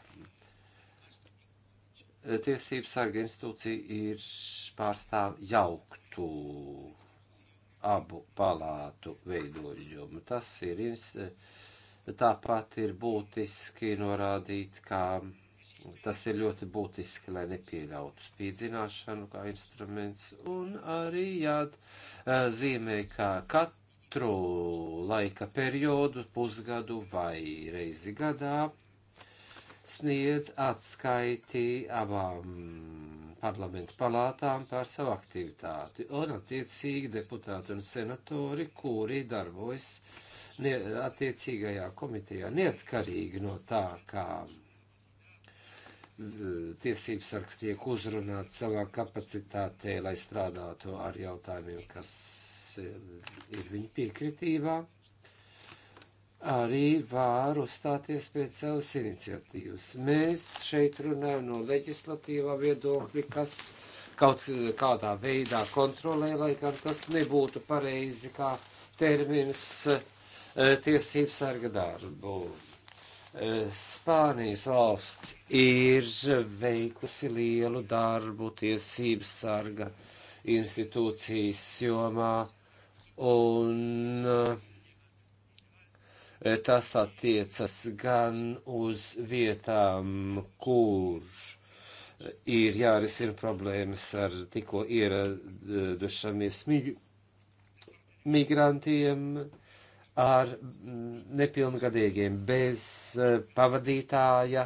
Eh, tiesību sarga institūcija ir pārstāv jauktu abu palātu veidojumu. Tas ir, tāpat ir būtiski norādīt, kā Tas ir ļoti būtiski, lai nepieļautu spīdzināšanu kā instruments. Un arī jāatzīmē, eh, ka katru laika periodu, pusgadu vai reizi gadā sniedz atskaiti abām parlamentu palātām par savu aktivitāti. Un attiecīgi deputāti un senatori, kuri darbojas ne, attiecīgajā komitejā, neatkarīgi no tā, kā tiesības sargs tiek uzrunāts savā kapacitātē, lai strādātu ar jautājumiem, kas eh, ir viņa piekritībā, arī var uzstāties pēc savas iniciatīvas. Mēs šeit runājam no leģislatīvā viedokļa, kas kaut eh, kādā veidā kontrolē, lai gan tas nebūtu pareizi kā termins eh, tiesības sarga darbu Spānijas valsts ir veikusi lielu darbu tiesību sarga institūcijas jomā, un e, tas attiecas gan uz vietām, kurš ir jārisina problēmas ar tikko ieradušamies mig migrantiem, ar mm, nepilngadīgiem bez eh, pavadītāja.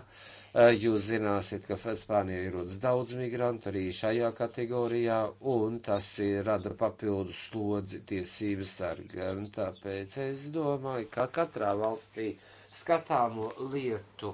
Eh, jūs zināsiet, ka Spānijā ierodas daudz migrantu arī šajā kategorijā, un tas ir rada papildu slodzi tiesības sargam. Tāpēc es domāju, ka katrā valstī skatāmo lietu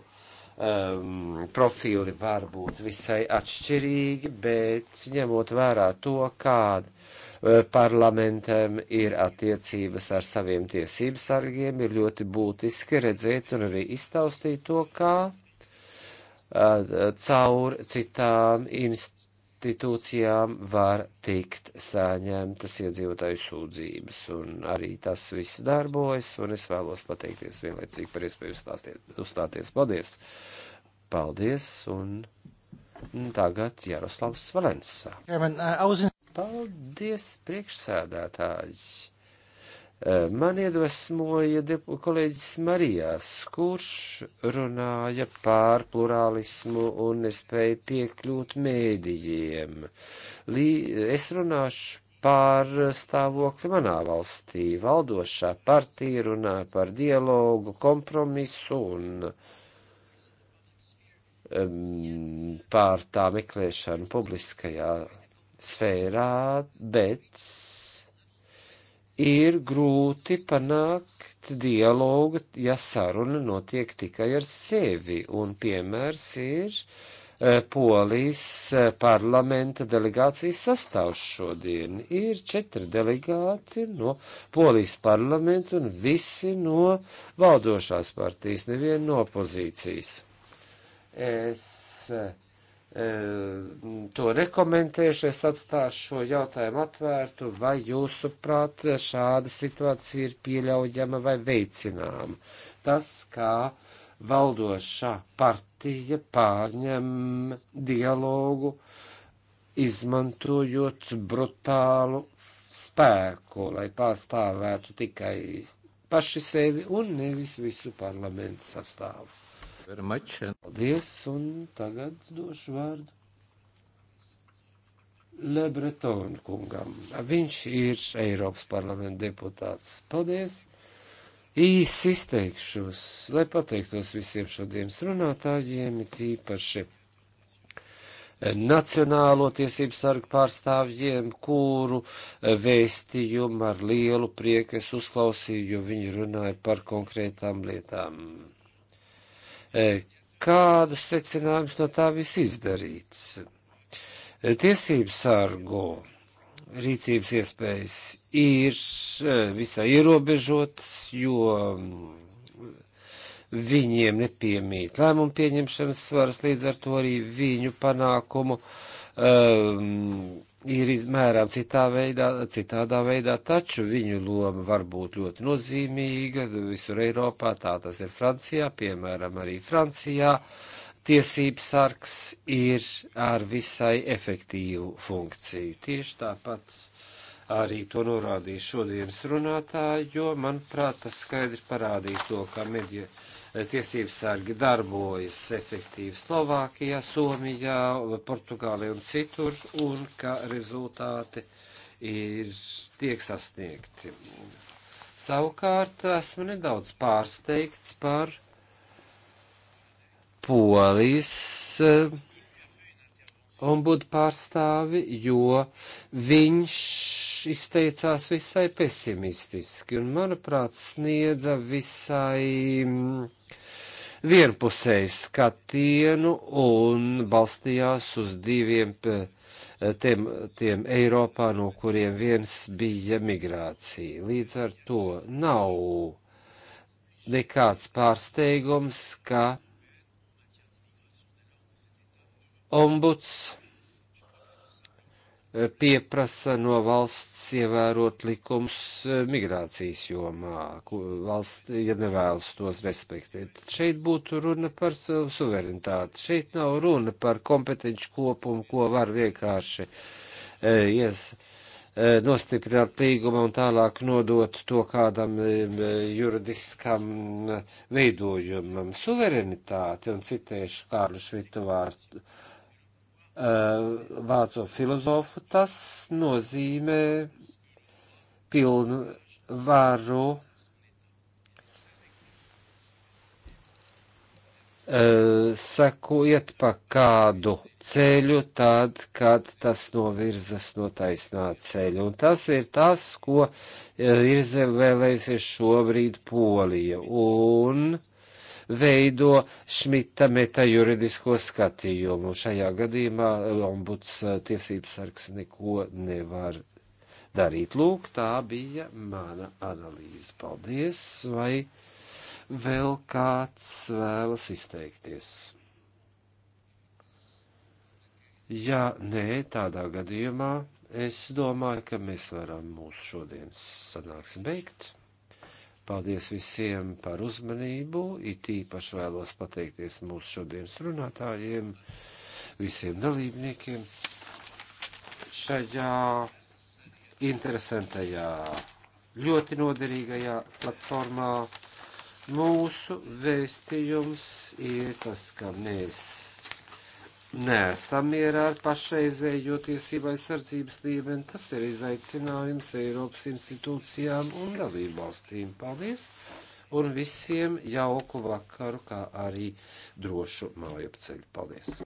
um, profili var būt visai atšķirīgi, bet ņemot vērā to, kāda Eh, parlamentam ir attiecības ar saviem tiesību sargiem, ir ļoti būtiski redzēt un arī iztaustīt to, kā eh, caur citām institūcijām var tikt saņemtas iedzīvotāju sūdzības. Un arī tas viss darbojas, un es vēlos pateikties vienlaicīgi par iespēju uzstāties. uzstāties. Paldies! Paldies! Un... Tagad Jaroslavs Valensa. Uh, Paldies, priekšsēdētāji! E, man iedvesmoja kolēģis Marijās, kurš runāja pār plurālismu un nespēja piekļūt mēdījiem. Lī, es runāšu pār stāvokli manā valstī. Valdošā partija runā par dialogu, kompromisu un um, pār tā meklēšanu publiskajā sfērā, bet ir grūti panākt dialogu, ja saruna notiek tikai ar sevi. Un piemērs ir e, Polijas e, parlamenta delegācijas sastāvs šodien. Ir četri delegāti no Polijas parlamenta un visi no valdošās partijas, neviena no opozīcijas. Es uh, E, to nekomentēšu, es atstāšu šo jautājumu atvērtu, vai jūsuprāt šāda situācija ir pieļaujama vai veicināma. Tas, kā valdošā partija pārņem dialogu, izmantojot brutālu spēku, lai pārstāvētu tikai paši sevi un nevis visu parlamentu sastāvu. Paldies, un tagad došu vārdu Lebretonu kungam. Viņš ir Eiropas parlamenta deputāts. Paldies! Īsi izteikšos, lai pateiktos visiem šodienas runātājiem, tīpaši e, Nacionālo tiesību sargu pārstāvjiem, kuru e, vēstījumu ar lielu prieku es uzklausīju, jo viņi runāja par konkrētām lietām. E, kādus secinājumus no tā viss izdarīts? E, tiesības sargu rīcības iespējas ir e, visai ierobežotas, jo viņiem nepiemīt lēmumu pieņemšanas svaras, līdz ar to arī viņu panākumu um, ir izmērām citā veidā, citādā veidā, taču viņu loma var būt ļoti nozīmīga visur Eiropā, tā tas ir Francijā, piemēram, arī Francijā. Tiesības sargs ir ar visai efektīvu funkciju. Tieši tāpat arī to norādīja šodienas runātāji, jo, manuprāt, tas skaidri parādīja to, ka medija. Uh, tiesības sārgi darbojas efektīvi Slovākijā, Somijā, Portugālē un citur, un ka rezultāti ir tiek sasniegti. Savukārt esmu nedaudz pārsteigts par polijas eh, ombudu pārstāvi, jo viņš izteicās visai pesimistiski un, manuprāt, sniedza visai mm, vienpusējs skatienu un balstījās uz diviem eh, tiem, tiem Eiropā, no kuriem viens bija migrācija. Līdz ar to nav nekāds pārsteigums, ka ombuds pieprasa no valsts ievērot likums eh, migrācijas jomā, valsts, ja nevēlas tos respektēt. Šeit būtu runa par suverenitāti, šeit nav runa par kompetenci kopumu, ko var vienkārši eh, ies, eh, nostiprināt līguma un tālāk nodot to kādam juridiskam veidojumam. Suverenitāti, un citēšu Kārlu Švitu vārdu vācu filozofu, tas nozīmē pilnu varu e, sekojiet pa kādu ceļu, tad, kad tas novirzas no taisnā ceļa. Un tas ir tas, ko e, ir vēlējusies šobrīd Polija. Un veido šmita meta juridisko skatījumu. Šajā gadījumā ombuds eh, tiesības sargs neko nevar darīt. Lūk, tā bija mana analīze. Paldies, vai vēl kāds vēlas izteikties? Ja nē, tādā gadījumā es domāju, ka mēs varam mūsu šodienas sanāksim beigt. Paldies visiem par uzmanību, it īpaši vēlos pateikties mūsu šodienas runātājiem, visiem dalībniekiem šajā interesantajā, ļoti noderīgajā platformā. Mūsu vēstījums ir tas, ka mēs neesam mierā ar pašreizējo tiesību aizsardzības līmeni. Tas ir izaicinājums Eiropas institūcijām un dalību valstīm. Paldies! Un visiem jauku vakaru, kā arī drošu māju apceļu. Paldies!